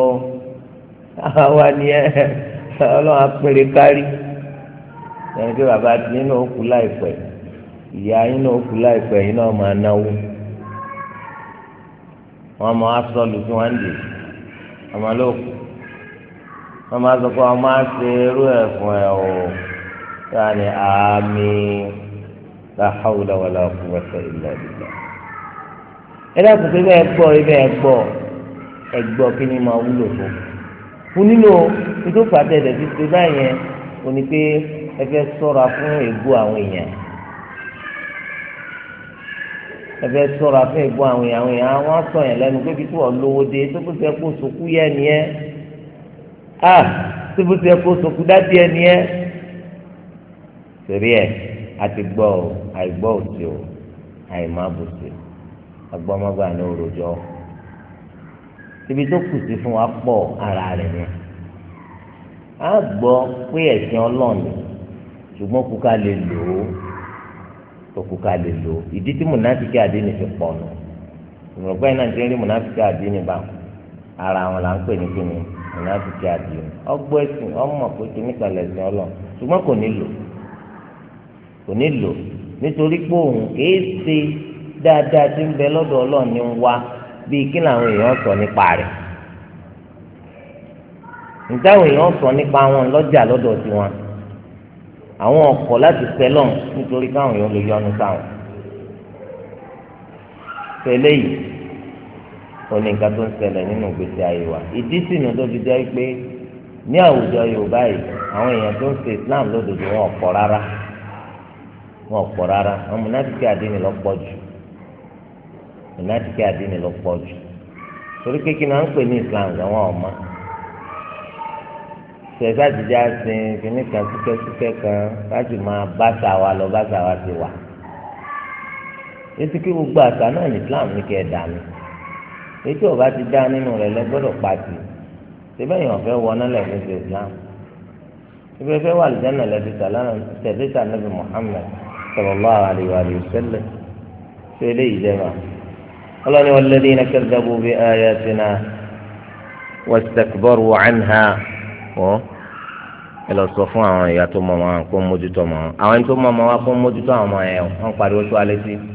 wá ní ẹ ọlọ́run apẹ̀rẹ̀ kárí ẹni pé bàbá yín náà ó láìpẹ́ ìyá yín náà láìpẹ́ yín náà máa náwó wọ́n máa sọ lùkú wọn ọmọlóòkù wọ́n máa sọ pé wọ́n máa ṣe irú ẹ̀ fún ẹ o yóò ní àmì la hawla wala quwwata illa billah. ẹ dákun pé bẹ́ẹ̀ gbọ́ bẹ́ẹ̀ gbọ́ ẹ gbọ́ kí ni máa wúlò fún fún nílò nítorí pàtẹ́ ẹ̀dẹ̀ ti ṣe báyẹn o ní pé ẹ fẹ́ sọ́ra fún ègbó àwọn èèyàn ẹ fẹ́ sọ́ra fún ègbó àwọn èèyàn àwọn èèyàn á wọ́n sọ yẹn lẹ́nu pé kí tí wọ́n lówó dé tó fẹ́ kó sòkú yẹn nìyẹn a síbùsì ẹ kó sòkú dádìí ẹ nìyẹn torí ẹ àti gbọ́ ọ àìgbọ́ òsì o àìmọ̀ àbòsí agbọmọgbà ní òròjọ ibi tó kù sí fún wa pọ̀ ara rẹ̀ ni a gbọ́ pé ẹ̀sìn ọlọ́ọ̀nì ṣùgbọ́n kúkà lè lò ó tó kúkà lè lò ó ìdí tí mùnàfíkì àdínì fi pọ̀ nù ìrọ̀gbẹ́ náà ti ń rí mùnàfíkì àdínì bá ara wọn là ń pè ní kíni mùnàfíkì àbí ọgbọ ẹ̀sìn ọmọ pé kí níkàlẹ̀ ẹ̀sìn ọlọ ṣùgbọ́n kò nílò kò nílò nítorí pé òun kìí ṣe dáadáa tí ń bẹ lọ́dọ̀ ni ní wá bíi kí làwọn èèyàn sọ nípa rẹ̀ èèyàn sọ nípa wọn tiwọn àwọn láti nítorí káwọn èèyàn lè yọnu sáwọn ó ní nǹkan tó ń ṣẹlẹ̀ nínú ìgbésí ayé ìdí sì ni tó fi jẹ́ pé ní àwùjọ yorùbá yìí àwọn èèyàn tó ń ṣe islam lódodo wọn ọ̀pọ̀ rárá wọn ọ̀pọ̀ rárá àwọn mùnádìkì àdínì lọ pọ̀ jù mùnádìkì àdínì lọ pọ̀ jù torí kékeré náà ń pè ní islam làwọn ọmọ sẹ̀sá ti já sin kìíní kan súkẹ́súkẹ́ kan láti máa báṣà wa lọ báṣà wa ti wà ètùkí gbogbo àṣà náà ní islam ní kẹ́ ẹ̀ ètò ọba ti dá nínú rẹ lẹ́gbọ́dọ̀ pàtì síbẹ̀yìn ọ̀fẹ́ wọná lẹ́fẹ́ sí islam síbẹ̀ fẹ́ wà lùdánà lẹ́fẹ́ tẹ̀lẹ́tà nàbì muhammed sallallahu alaihi wa sallam ṣe eléyìí dẹ́gbà ọlọ́ni walladhina kadhabu bi ayatina wastakbaru anha ọ́ ẹ lọ sọ fún àwọn ìyá tó mọ̀ wọn mójútó mọ̀ àwọn tó mójútó àwọn ọmọ yẹn wọn pariwo tó alẹ́ sí i.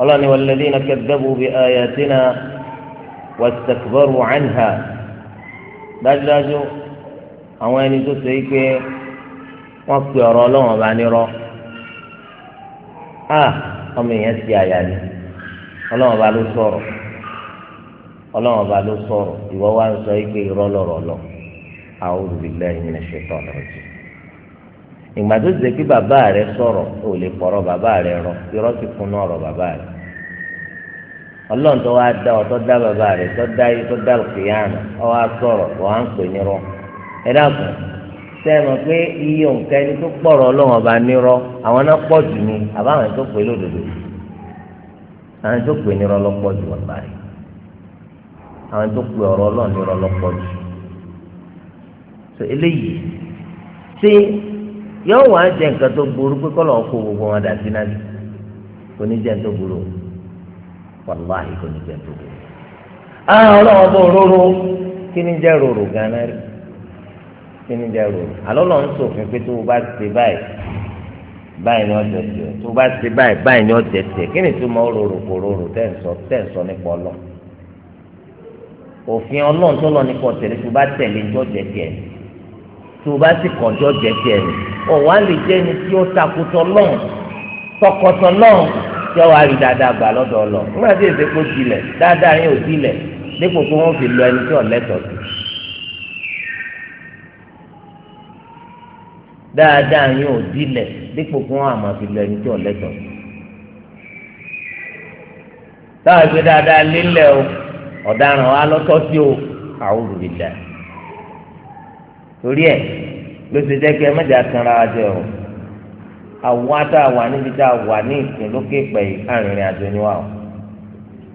ọlọ́ni walladhina kadzabu bi ayatina wastakbaru anha dájúdájú àwọn ẹni tó ṣe é pé wọ́n pe ọ̀rọ̀ ọlọ́wọ́n ọba nírọ́ a ọmọ èèyàn ti àyà ni ọlọ́wọ́n ọba ló sọ̀rọ̀ ọlọ́wọ́n ọba ló sọ̀rọ̀ ìwọ wa ń sọ é pé irọ́ lọ̀rọ̀ lọ a'udhu billahi minash shaitanir rajim ìgbà tó ṣe pé bàbá rẹ sọ̀rọ̀ ò lè fọ̀rọ̀ bàbá rẹ rọ irọ́ sì kún náà rọ bàbá rẹ ọlọ́run tó wáá dá ọ tó dá bàbá rẹ tó dá yìí tó dá òkèèyàn ọ wá sọ̀rọ̀ ọ wá ń pè nírọ́ ẹ dàpọ̀ sẹ́yìn pé iye nǹkan ẹni tó pọ̀rọ̀ ọlọ́run ọba nírọ́ àwọn náà pọ̀ jù ní àbáwọn tó pè lódodo àwọn tó pè nírọ́ lọ pọ̀ jù bàbá rẹ àwọn tó pè ọ̀rọ̀ ọlọ́run nírọ́ lọ pọ̀ jù yóò wá jẹ nǹkan tó burú pé kọ́lọ̀ kó gbogbo wọn dà sí náà kò ní jẹ tó burú wàláhì kò ní jẹ tó burú. àwọn ọlọ́wọ́n bọ̀ róró kí ni jẹ́ róró gan-an rí kí ni jẹ́ róró àlọ́ lọ́n ń sòfin pé tó o bá ti báyìí báyìí ni ó tẹ̀sí o tó o bá ti báyìí báyìí ni ó tẹ̀sí o kí ni tó máa rorò kò rorò tẹ̀ ń sọ tẹ̀ ń sọ nípa ọlọ́ òfin ọlọ́run tó nípa ọ̀tẹ̀lẹ́ tó o bá tẹ̀lé jọ́ jẹ́ tiẹ̀ tó o bá sì kàn jọ́ jẹ́ tiẹ̀ nìyí. ọ̀wá lè jẹ́ ẹni tí ó takùtọ̀ lọ́n tọkọtọ̀ lọ́n tí ọ̀wá rí dáadáa gbà lọ́dọ̀ lọ nígbà tí èsè kó dilẹ̀ dáadáa yẹn ò dilẹ̀ dípò kó wọ́n fi lọ ẹni tí ọ̀lẹ́tọ̀ sí. dáadáa yẹn ò dilẹ̀ dípò kó wọ́n àmọ́ fi lọ ẹni tí sí. táwọn ìgbé dáadáa lílẹ̀ o ọ̀daràn wa lọ́tọ́ sí ló ti jẹ́ kí ẹ mẹ́jọ atanra wa jẹ o àwọn ata wà níbi tá a wà ní ìsìn lókè pẹ̀ arìnrìn àjò ni wa o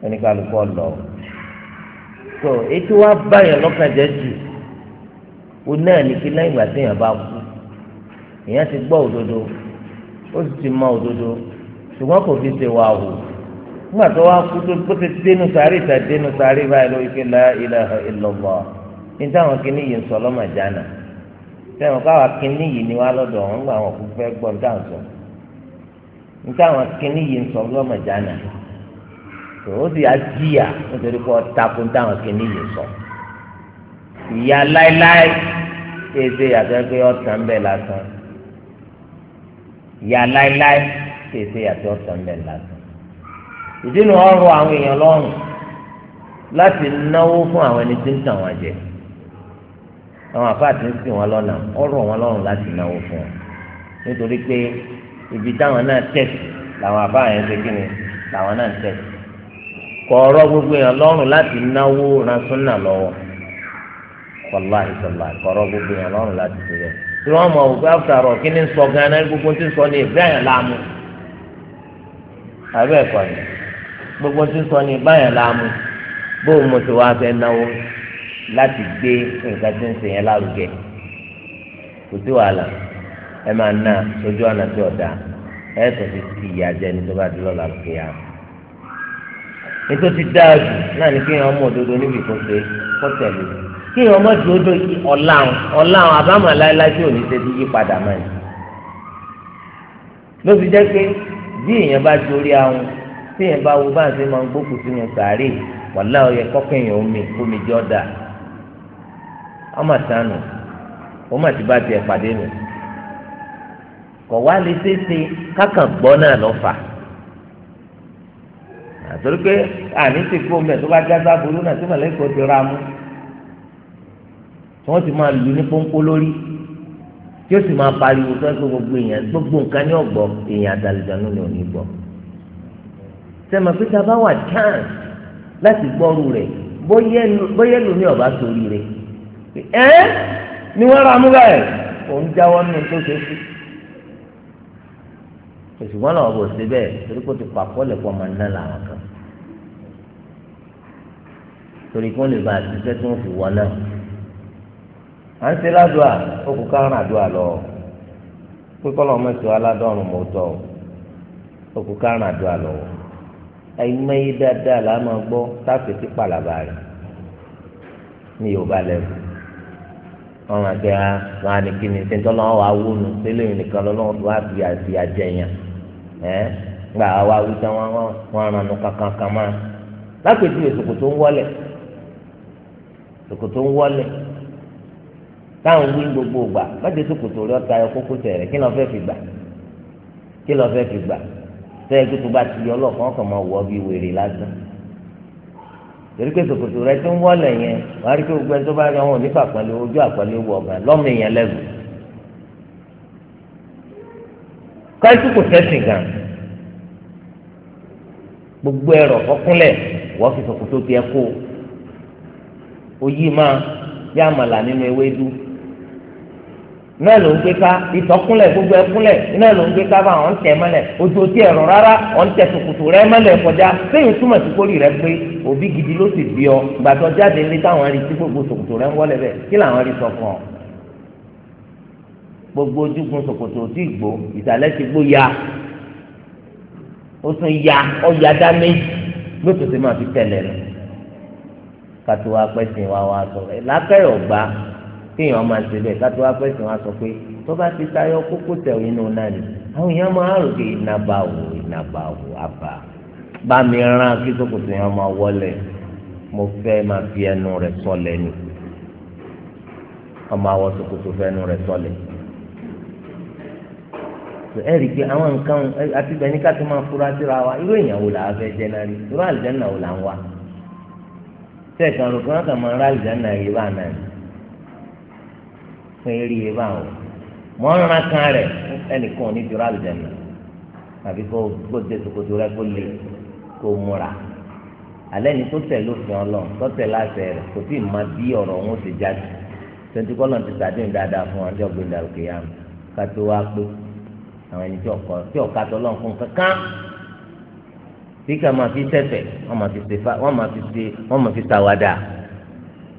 oníkàlùkù ọ̀lọ́ o tó etí wa báyọ̀ lọ́kàn jẹ́ jù o náà ní kí lẹ́yìn ìgbà téèyàn bá kú èèyàn ti gbọ́ òdodo ó sì ti mọ òdodo ṣùgbọ́n kò fi ṣe wa o nígbà tó wá kú tó kó ti dénú sáré ìta dénú sáré báyìí lórí kí la ilaha illallah ní kìíní yìí ń sọ lọ́mọ jánà sẹ́wọ̀n káwa kínní yìí ni wá lọ́dọ̀ wọn gba àwọn òkú fẹ́ gbọ́ níta sọ níta àwọn kínní yìí ń sọ lọ́mọ jánà tó o sì á jìyà nítorí pé ọ̀tako níta àwọn kínní yìí sọ ìyá láéláé kéde yàtọ̀ pé ọ̀tàn ń bẹ lásán ìyá láéláé kéde yàtọ̀ ọ̀tàn ń lásán ìdí nu ọrọ̀ àwọn èèyàn lọ́rùn láti náwó fún àwọn ẹni tí ń tàn wọn jẹ. àwọn àfáàtì ń sìn wọn lọ́nà ọ̀rọ̀ wọn lọ́rùn láti náwó fún wọn nítorí pé ibi táwọn náà tẹ̀sí làwọn àfáà yẹn ṣe kíni làwọn náà tẹ̀sí kọ gbogbo yẹn lọ́rùn láti náwó lọ́wọ́ kọlá kọ gbogbo yẹn lọ́rùn láti ṣe yẹn tí òkú gbogbo tí sọ ní ìbẹ́yẹn láàmú sọ ní láàmú láti gbé nǹkan tí ń ṣe yẹn lárugẹ kò sí wàhálà ẹ máa ná sójú ọ̀nà tí ọ̀dà ẹ tó ti ti ìyá jẹ ní tó bá di lọ́la lókè yá. ètò ti dáa jù náà ni kí èèyàn mú òdodo níbi kó ṣe kó tẹ̀lé kí èèyàn mọ̀ dúró dó ọ̀làwọn ọ̀làwọn àbámọ̀ aláìláì tí ò ní ṣe ti yí padà mọ́ ẹ̀. ló fi jẹ́ pé bí èèyàn bá dorí ahun tí èèyàn bá wo bá ń ṣe máa ń gbókùn sínú sàárè wàhálà ó kọ́kẹ́yìn omi omi jọ́ ọmọ sànù ọmọ tí bá tiẹ̀ pàdé nù kọ̀ wá lè ṣeéṣe kákan gbọ́ náà lọ fà àtòrí pé àní ti kó mẹ́ tó bá já sáburú náà tí mọ̀lẹ́kọ̀ọ́ ti ra mú tí wọ́n ti máa lù ní pọ́npọ́ lórí tí ó sì máa pariwo tó ẹgbẹ́ gbogbo èèyàn gbogbo nǹkan ní ọ̀gbọ́ èèyàn àdàlùdànù ni ò ní gbọ́ sẹ́mi pé tá a bá wà chance láti gbọ́rù rẹ̀ bóyá ẹlòmíì ọ̀bá sórí rẹ̀ ẹ́ ni wọ́n ra múlá ẹ̀ òun jáwọ́ nínú tó ṣe sí òṣùwọ́n náà bò sí bẹ́ẹ̀ torí kó ti pàpọ́ lẹ́pọ̀ máa ń ná làwọn kan torí kó lè bá àtijọ́ tí wọ́n fi wọ́n náà à ń ṣe ládùá ó kú kárùn àdúrà lọ pé kọ́lọ́ mẹ́sàn án aládọ́rùn mọ́ tọ́ ó kú kárùn àdúrà lọ àìmọye dáadáa là máa gbọ́ táfi sí pàlàbà rẹ̀ ní Yorùbá lẹ́bùn. wọn máa gbé ha wọn á kí ni ṣe ń tọ́lọ́ wa wó nu nìkan lọ́lọ́wọ́ tó wá àti àjẹyàn gba àwa wíjọ wọn wọn ràn kankan kan máa lápèjúwe ń wọlé ń wọlé táwọn wí gbogbo gbà kí lọ́ọ́ fẹ́ fi gbà kí lọ́ọ́ fẹ́ fi gbà tó ti yọ ọlọ́ọ̀kan máa wọ bí wèrè torí pé sòkòtò rẹ tó ń wọ́lẹ̀ yẹn wàá rí pé gbogbo ẹni tó bá yọ wọn ò ní fàpẹ́lẹ́ ojú àpẹ́lẹ́ wọ ọ̀gá lọ́mọ èèyàn lẹ́nu. káyọ̀tù kò sẹ́sìn gan gbogbo ẹ̀rọ fọkúnlẹ̀ wọ́n fi sòkòtò tiẹ̀ kó oyí máa yá àmàlà nínú ewédú náà ló ń gbé ká ìtọ́kúnlẹ̀ gbogbo ẹkúnlẹ̀ náà ló ń gbé ká bá ọ̀ ń tẹ̀ mọ́lẹ̀ ojú ti ẹ̀rọ rárá ọ̀ tẹ̀ tòkòtò rẹ mọ́lẹ̀ kọjá sẹ́yìn túmọ̀ sí kórì rẹ pé òbí gidi ló sì bí ọ gbàtọ́ jáde ní táwọn ẹni tí gbogbo tòkòtò rẹ ń wọlé bẹ́ẹ̀ kí làwọn ẹni sọ fún ọ. gbogbo ojúgun tòkòtò tí gbó ìsàlẹ̀ ti gbó ya ó tún ya ọ ya dá méjì ló tó ti máa fi kéèyàn ọmọ ṣe bẹ́ẹ̀ kátó wá pẹ́sìn wá sọ pé tó bá ti tayọ kókó tẹ̀ inú náà ni àwọn èèyàn máa rò pé ìnàbà wò bá mi rán kí sókòtò yẹn máa wọlé mo fẹ́ máa fi ẹnu ni ọmọ àwọ̀ sókòtò ẹnu ẹ rí i pé àwọn nǹkan àti ní ká tó máa fura wa irú èèyàn wò làá fẹ́ jẹ́ náà rí irú fún eré yẹn bá wọn mọ ọ̀ràn kan rẹ̀ ẹnìkan ò ní dúró àlùjẹ̀nà àbí kó gbòde tòkòtò rẹ kó lè kó múra alẹ́ ni tó tẹ̀ lófin ọlọ́run tó tẹ̀ láṣẹ rẹ̀ kò tí ì má bí ọ̀rọ̀ òun ti jáde tonti kọ́ lọ́n ti sàdéhùn dáadáa fún ọjọ́ gbẹ̀dẹ̀ òkè yá mi kátó wá pé àwọn ẹni tí ọkọ tí ọ̀ka tó lọ́n fún kankan bí ká máa fi tẹ̀tẹ̀ wọ́n máa fi ṣe wọ́n máa fi ṣe wọ́n máa fi ṣàwádà.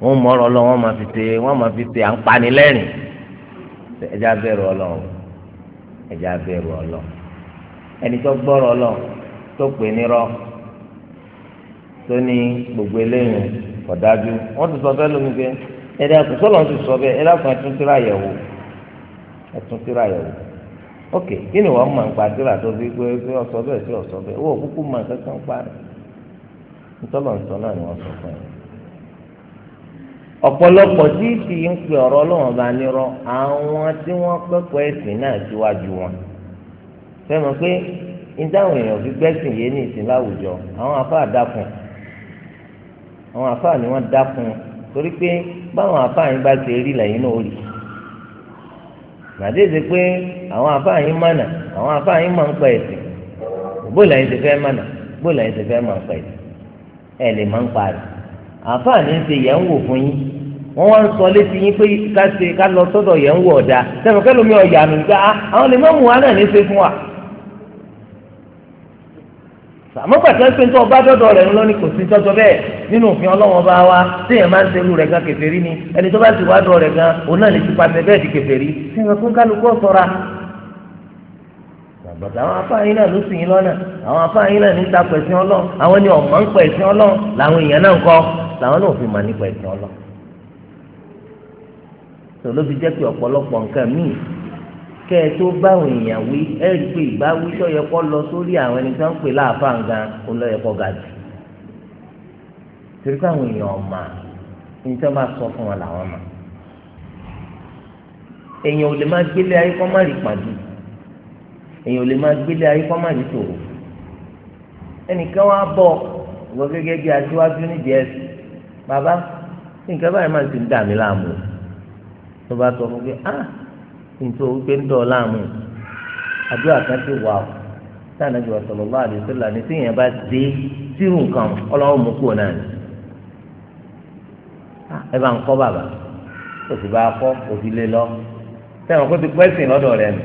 wọn mọ̀rọ̀ lọ wọn máa fi ṣe wọn máa fi ṣe à ń pani lẹ́rìn ẹja bẹ̀rù ọlọ́run ẹja bẹ̀rù ọlọ́run ẹni tó gbọ́rọ̀ ọlọ́run tó pè tó ní gbogbo eléyìn ọ̀dájú wọ́n ti sọ lómi pé ti sọ tíra ok kí ni wọ́n máa ń pa tíra tó fi pé sí máa kankan sọ fún ọ̀pọ̀lọpọ̀ tí ìsì ń pè ọ̀rọ̀ ọlọ́wọ́n bá nírọ̀ àwọn tí wọ́n pẹ́pọ̀ ẹ̀sìn náà síwájú wọn fẹ́mi pé ìdáhùn èèyàn fi gbẹ́sìn yé ní ìsìn láwùjọ àwọn àfáà dákun àwọn àfáà ni wọ́n dákun torí pé báwọn àfáà yín bá ṣe rí lẹ́yìn náà ó rí nàdéèdè pé àwọn àfáà yín mànà àwọn àfáà yín máa ń pa ẹ̀sìn bó lẹ́yìn ti fẹ́ mànà bó lẹ́yìn ti fẹ́ máa ń pa ẹ̀sìn ẹ̀ lè máa ń pa rẹ̀ àfáà ní ń ṣe yẹ̀ ń wò fún yín wọ́n wá ń sọ létí yín pé ká lọ sọ́dọ̀ yẹn ń wọ̀ ọ̀dà sẹ́fọ̀ kẹ́lómi ọ̀yà àmì nígbà ah, àwọn lè wa náà ní fún wa. àmọ́ pàtẹ́ pé tó ọba dọ́dọ̀ rẹ̀ ńlọ ni kò sí tọ́jọ́ bẹ́ẹ̀ nínú òfin ọlọ́wọ́n bá wa tí èèyàn máa ń rẹ̀ gan ni ẹni tó bá sì wá dọ̀ rẹ̀ gan òun náà lè ti pàṣẹ bẹ́ẹ̀ di náà ló sì yín lọ́nà àwọn náà ní ọlọ́run àwọn ni ọ̀mọ́ tòló fi jẹ́ pé ọ̀pọ̀lọpọ̀ nǹkan míì kẹ́ ẹ tó báwọn èèyàn wí ẹ rí i pé ìbáwí tó yẹ kó lọ sórí àwọn ẹni tó ń pè láàfáà gan kó lọ yẹ kó ga jù torí pé àwọn èèyàn ọ̀mà ní tí wọ́n bá sọ fún wọn làwọn mà èèyàn ò lè má gbélé ayé kó má rí pàdé èèyàn ò lè má gbélé ayé kó má rí tòrò ẹnìkan wá bọ̀ wọ́n gẹ́gẹ́ bí aṣíwájú nídìí ẹ̀sìn bàbá nǹkan báyìí máa ti ń dà mí láàmú o tó bá sọ fún pé ah nítorí o wípé ń dọ̀ láàmú àdúrà kan ti wà ó sáànà jù sallallahu alaihi wasallam ní tí yẹn bá dé sírù nǹkan ọlọ́wọ́ mú kúrò náà ni ah, ẹ bá ń kọ́ bàbá o sì bá kọ́ o sì lé lọ sẹ́wọ̀n kó ti pẹ́sìn lọ́dọ̀ rẹ̀ nù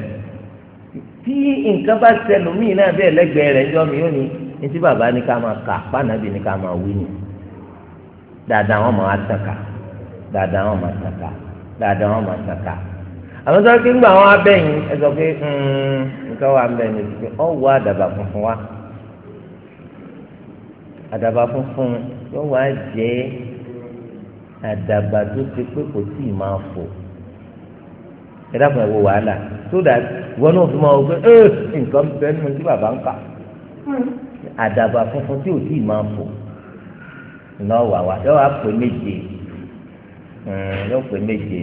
tí nǹkan bá sẹnu míì náà bẹ́ẹ̀ lẹ́gbẹ̀ẹ́ rẹ̀ jọ́ mi ó ní ní tí bàbá ní ká máa kà pànàbì ní ká máa wí ni dáadáa wọn máa tàn dáadáa wọn máa tàn dáadáa wọn máa sàkà àwọn sọ pé ńgbà wọn abẹ́yìn ẹ sọ pé hmm, nǹkan wà mbẹ́ ni pé ọ wọ àdàbà funfun wa àdàbà funfun yóò wá jẹ́ àdàbà tó ti pé kò tí ì máa fò ẹ dákun ẹ wo wàhálà so that ìwọ náà fi máa wọ pé ẹ eh, nǹkan bẹ́ẹ̀ nínú tí bàbá ń kà àdàbà funfun tí ò tí ì máa fò ìnáwó àwa yóò wá pè méje yóò pé méje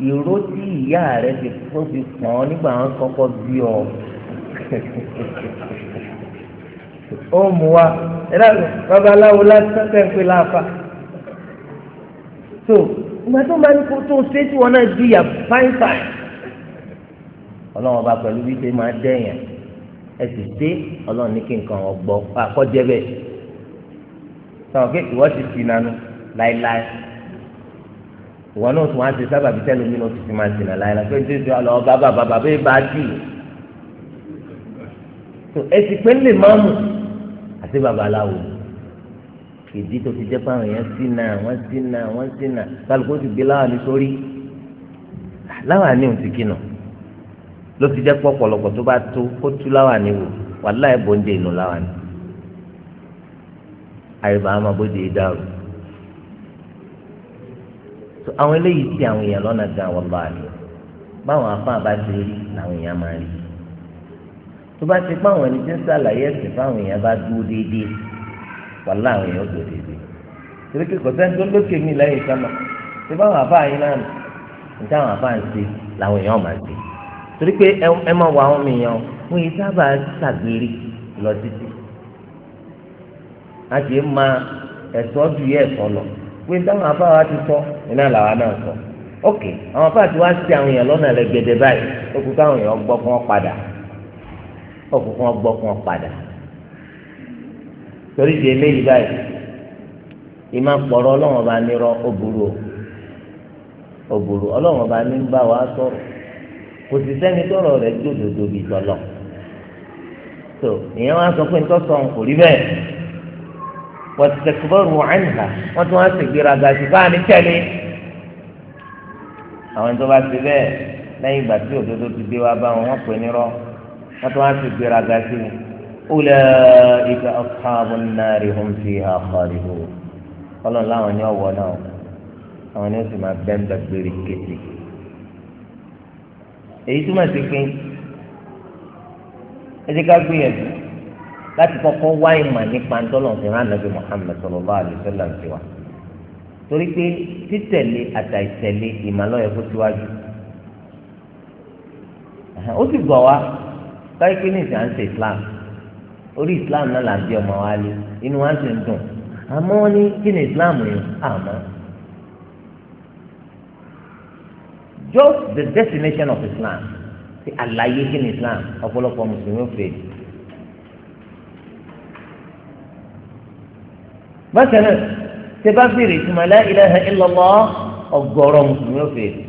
ìró tí ìyá rẹ ti kó fi kàn ọ́ nígbà wọn kọ́kọ́ bí ọ ó mú wa ẹ̀rọ babaláwo lásán tẹ̀ ń pè láàfà so ìgbà tó máa ní kó tó ṣe tí wọn náà jìyà fáin fáin ọlọ́wọ́n bá pẹ̀lú wípé máa dẹ́yìn ẹ sì dé ọlọ́run ní kí nǹkan ọgbọ́ àkọ́jẹ́ bẹ́ẹ̀ sọ pé ìwọ ti fi nanu láéláé ìwọ náà tún wá ṣe sábà bíi tẹ́lẹ̀ omi náà tún fi máa ṣe náà láéláé pé jésù ọlọ́ bàbá bàbá bẹ́ẹ̀ bá jù tó ẹtì pé lè máa mú àti babaláwo ìdí tó fi jẹ́ pé àwọn èèyàn sí náà wọ́n sí náà wọ́n sí náà kálukú ti gbé láwàní sórí láwàní ò ti kìnà ló fi jẹ́ pọ̀pọ̀lọpọ̀ tó bá tó ó tú láwàní wò wàláì bòńdè ìnù láwàní àyùbá àmàbòdè ìdárò àwọn eléyìí tí àwọn èèyàn lọ́nà gan wọ́n bá rí báwọn afáà bá ti rí làwọn èèyàn máa rí tó bá ti páwọn ẹni tí ń sàlàyé ẹ̀sìn fáwọn èèyàn bá dúró déédéé wà láwọn èèyàn dúró déédéé torí kí kòtẹ́ tó lókè mí lẹ́yìn sámà tí báwọn afáà yín náà ní táwọn afáà ń ṣe làwọn èèyàn máa ṣe torí pé ẹ máa wà àwọn èèyàn wọn yìí sábà ṣàgbére lọ títí àti máa ẹ̀sọ́ ju yẹ́ ẹ̀sọ́ lọ pé táwọn afáwa ti sọ iná làwa náà sọ ok àwọn afáwa ti wá sí àwọn èèyàn lọ́nà ẹlẹgẹdẹ báyìí ó kú káwọn èèyàn gbọ́ kún ọ padà ó kú kún ọ gbọ́ kún ọ padà torí di eléyìí báyìí ìmá pọ̀rọ̀ ọlọ́run ọba nírọ̀ ó burú ó burú ọlọ́run ọba ní ń bá wa sọ̀rọ̀ kò sì sẹ́ni tọ̀rọ̀ rẹ̀ jódodo bìí tọ̀lọ̀ tó ìyẹn wá sọ pé ń tọ́sọ̀ ń bẹ́ẹ̀ wọ́tẹ̀kùbọ́rù ẹ̀ńhà wọ́n tún wá sí ìgbéraga sí báàmì tẹ́lẹ̀. àwọn tó bá ti bẹ́ẹ̀ lẹ́yìn ìgbà tí òdodo ti dé wá bá wọn wọ́n pè nírọ́ wọ́n tún wá sí ìgbéraga sí i. ulẹ̀ ìgbà ọ̀káàbù náà rí hùm sí àkọ́rìbù ọlọ́run láwọn ní ọ̀wọ́ náà àwọn ní ó sì máa bẹ́ẹ̀ bẹ́ẹ̀ gbére kété. èyí túmọ̀ sí pé ẹ láti kọ́kọ́ wá ìmọ̀ nípa ntọ́lọ́nfin ránàbí Muhammad sallallahu alaihi wasallam tiwa torí pé títẹ̀lé àtàìtẹ̀lé ìmọ̀lọ́yẹ̀ kó síwájú ó sì gbọ̀ wá báyìí pé ní ìsìn à ń ṣe Islam orí Islam náà là ń bí ọmọ wa lé inú wa sì ń dùn àmọ́ wọ́n ní kí ni Islam yẹn àmọ́ just the destination of Islam ti àlàyé kí ni Islam ọ̀pọ̀lọpọ̀ mùsùlùmí fèèdì. bákan náà ṣe bá fèrè ìtumọ̀ la ilaha illallah ọgọ́rọ̀ mùsùlùmí ó fèrè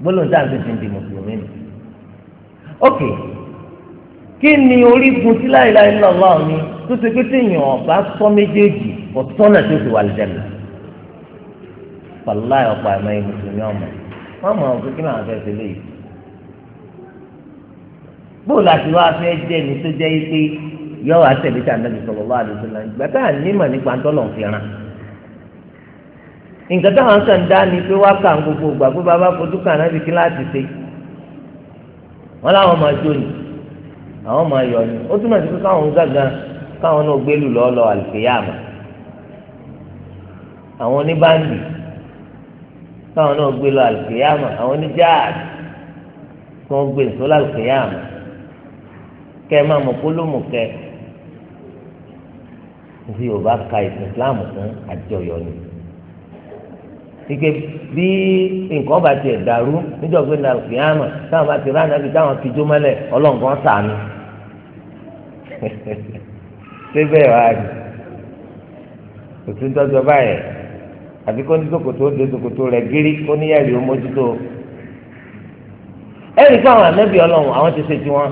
gbólóhùn tá à ń tètè di mùsùlùmí nù. ok kí ni orígun tí la ilaha illallah ni tó ṣe pé téèyàn ọba sọ méjèèjì ọ̀tọ́nà tó ti wà lẹ́nu pàlọ́ ọ̀pọ̀ àmọ́ mùsùlùmí ọmọ wọn mọ̀ ọ́n kékeré àwọn afẹ́fẹ́ léyìí bóòlù àti wá fẹ́ jẹ́ ni tó jẹ́ yọ wá tẹ̀lé tí anabi sallallahu alaihi wasallam ìgbà tá à ní mà nípa ntọ́lọ̀ ń fìràn nǹkan táwọn kan dá ni pé wá kà ń gbogbo ìgbà pé bàbá fojú kan kíláàsì ṣe máa jó ni àwọn máa yọ ni ó túmọ̀ sí pé káwọn gángan káwọn náà gbé lù lọ́ọ́ lọ àlùkìyàmà àwọn oníbàǹdì káwọn náà gbé lọ àlùkìyàmà àwọn oníjáàdì kí wọ́n gbé nìṣó lálùkìyàmà kẹ́ máa mọ̀ kólómù tí yorùbá ka ìsìn islam fún àjọyọ̀ ni ike bí nǹkan bá tiẹ̀ dàrú níjọba ìlà òkèèyàn táwọn bá ti rán àbí táwọn fi jó mọ́lẹ̀ ọlọ́nkan sànù síbẹ̀ wá ní òtún tọ́jọ́ báyẹn àbí kó ní ṣòkòtò ó de ṣòkòtò rẹ̀ gírí kó níyàrí ó mójútó ẹ̀rí fún àwọn ànábì ọlọ́run àwọn ti ṣe tiwọn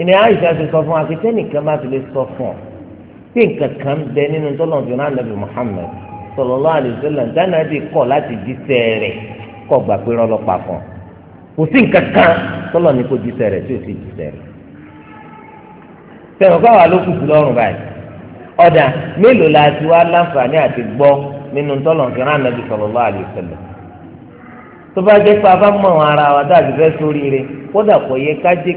ìní àìsàn ti sọ fún wa pé tẹ́nìkan bá fi lè sọ fún ọ pé nǹkan kan bẹ nínú tọ́lọ̀ fi rán ànábì sallallahu alaihi wasallam dáná ti kọ̀ láti jíṣẹ́ rẹ̀ kọ̀ gbà pé rán kan kò sí nǹkan kan tọ́lọ̀ ní kò jíṣẹ́ rẹ̀ tí ò sì jíṣẹ́ la ti wá láǹfààní àti gbọ́ nínú tọ́lọ̀ fi rán sallallahu alaihi wasallam tó bá jẹ́ pé a bá mọ àwọn ara wa dáàbí fẹ́ sórí kódà kò yẹ ká jẹ́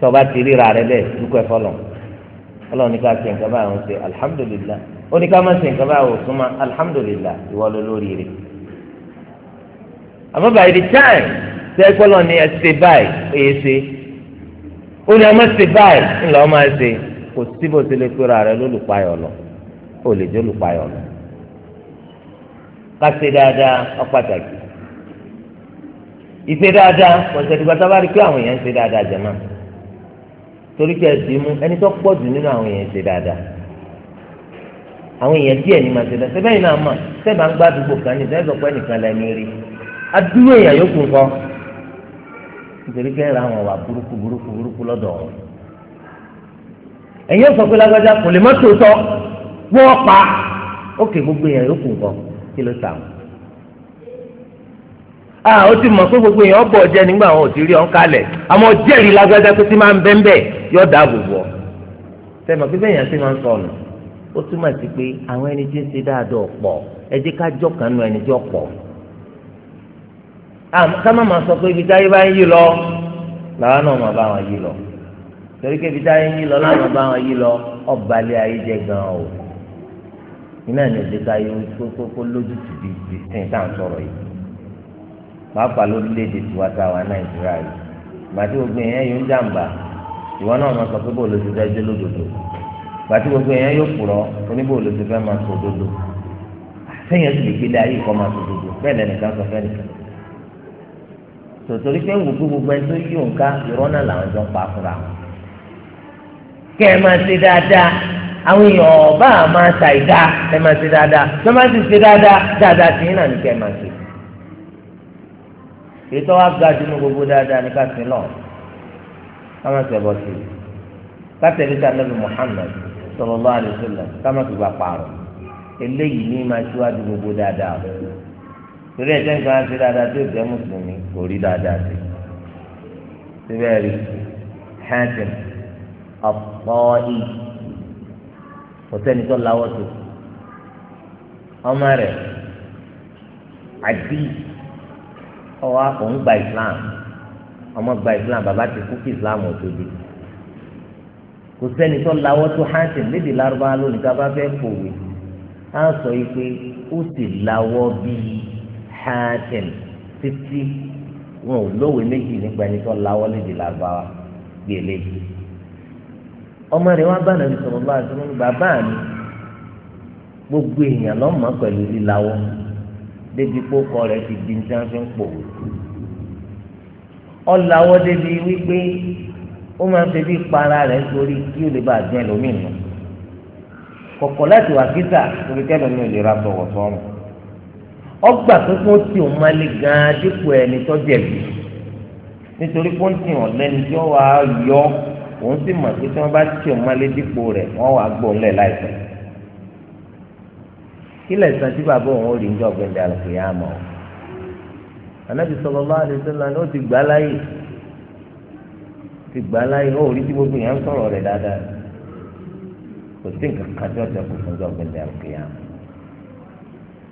tọba ti ríra rẹ bẹ́ẹ̀ dúkọ ẹfọ lọ Ọlọ́run ní ká ṣe nǹkan báyìí ń ṣe alihamudulilayi ó ní ká má ṣe nǹkan báyìí ò súnmọ́ alihamudulilayi ìwọ ló lórí rẹ àmọ́ by the time tẹ gbọlọ ní ẹsẹ báyìí èyí ṣe ó ní ọmọ ẹsẹ báyìí ńlọ ọmọ ẹsẹ kò sí bó ṣe lè pera rẹ lólùpayọ lọ ó lè jẹ olùpayọ lọ ká ṣe dáadáa ó pàtàkì ìṣe dáadáa kò ṣe dìgbà tá pé àwọn èèyàn ń ṣe dáadáa jẹ máa. torí kí ẹ dì í mú ẹni tó pọ̀ jù nínú àwọn èèyàn ṣe dáadáa àwọn èèyàn díẹ̀ ni màá ṣe dáadáa sẹ́bẹ̀yìn náà mà sẹ́bà ń gbá àdúgbò kan ní sẹ́bà pẹ́ nìkan lẹ́nu rí adúlé èèyàn yókù ńkọ́ nítorí kí ẹ ra àwọn wà burúkú burúkú burúkú lọ́dọ̀ wọn. ẹ̀yin sọ pé lágbájá kò lè mọ́tò sọ gbogbo èèyàn yókù kí ah o ti mọ̀ pé gbogbo èèyàn bọ̀ jẹ́ nígbà wọn ò ti rí ọ̀n kalẹ̀ àmọ́ lágbájá tó ti máa ń yọ pé ti máa ń ó túmọ̀ sí pé àwọn ẹni tí ń ṣe dáadọ́ ọ̀pọ̀ tí ká má máa sọ pé ibi táyé bá ń yí lọ làwọn náà máa bá wọn lọ torí pé ibi táyé ń lọ máa bá wọn lọ ayé gan o ní kó pàápàá lórílẹ̀‐èdè tiwa tá a wà nàìjíríà yìí gbàtí gbogbo èèyàn yóò ń jàǹbá ìwọ náà máa sọ pé bó ló ti fẹ́ jẹ́ lódodo gbàtí gbogbo èèyàn yóò purọ́ oníbò ló ti fẹ́ máa sọ òdodo sẹ́yìn sì lè gbélé ayé kọ́ máa sọ òdodo bẹ́ẹ̀ lẹ́nìkan sọ fẹ́ nìkan tòtòrí pé gbogbo gbogbo ẹni tó yí òǹkà irọ́ náà làwọn jọ pa fúnra wọn kẹ́ ẹ máa ṣe dáadáa àwọn èèyàn ọba máa ṣàìdá ẹ máa ṣe dáadáa tó máa ti ṣe dáadáa dáadáa tì ètò wa ga jù ní gbogbo dáadáa ní káàsì lọ káma sẹbọ sí i káàtẹ̀lé ta nàbì Muhammad sallallahu alaihi wasallam káma fi gbà pààrọ̀ eléyìí ní ma síwájú gbogbo dáadáa torí ẹ̀jẹ̀ ń kan ṣe dáadáa tó jẹ́ mùsùlùmí kò rí dáadáa sí síbẹ̀ rí Hatim at kò sẹ́ni tó lawọ́ tó ọmọ rẹ̀ Adi ọwọ́ àpò ń gba islam ọmọ gba islam bàbá ti kú kí islam ò tóbi kò sẹ́ni tó lawọ́ tó hansen lédè lárúbá lónìí tá a bá fẹ́ kọ̀wé á sọ yìí pé ó sì lawọ́ bíi hansen títí wọn ò lówe méjì nípa ẹni tó lawọ́ lédè lárúbá gbélé ọmọ rẹ̀ wá bá nàbí sọ̀rọ̀ bá a sọ bàbá mi gbogbo èèyàn lọ́mọ pẹ̀lú lílawọ́ débi kókọ rẹ̀ ti di ní sáfẹ́ ń pòwé ọ̀làwọ́ débi wípé ó máa ń febí para rẹ̀ sórí kí ó lè bá àdúrà lómi nù kọ̀kọ̀ láti wà kíta torí kẹ́lọ́mí ò lè ra sọ̀wọ̀ sọ́run ọgbà tó tún tì ó máa le gan-an ẹni tó jẹ̀bi nítorí pé ń tì wọ́n lẹ́ni tí wọ́n wá yọ òun sì mọ̀ pé tí wọ́n bá tì ó máa le dípò rẹ̀ wọ́n wá gbọ́ ńlẹ̀ láìpẹ́ kílẹ̀ sàn tí bàbá òun ó rí njọ́ gbẹ̀ndẹ̀ àlùkìyàmọ̀ ànábì sallallahu alaihi wasallam ó ti gbà láyè ti gbà láyè ó rí tí gbogbo yẹn ń sọ̀rọ̀ rẹ̀ dáadáa kò sí nǹkan kan tí wọ́n ti kú fún njọ́ gbẹ̀ndẹ̀ àlùkìyàmọ̀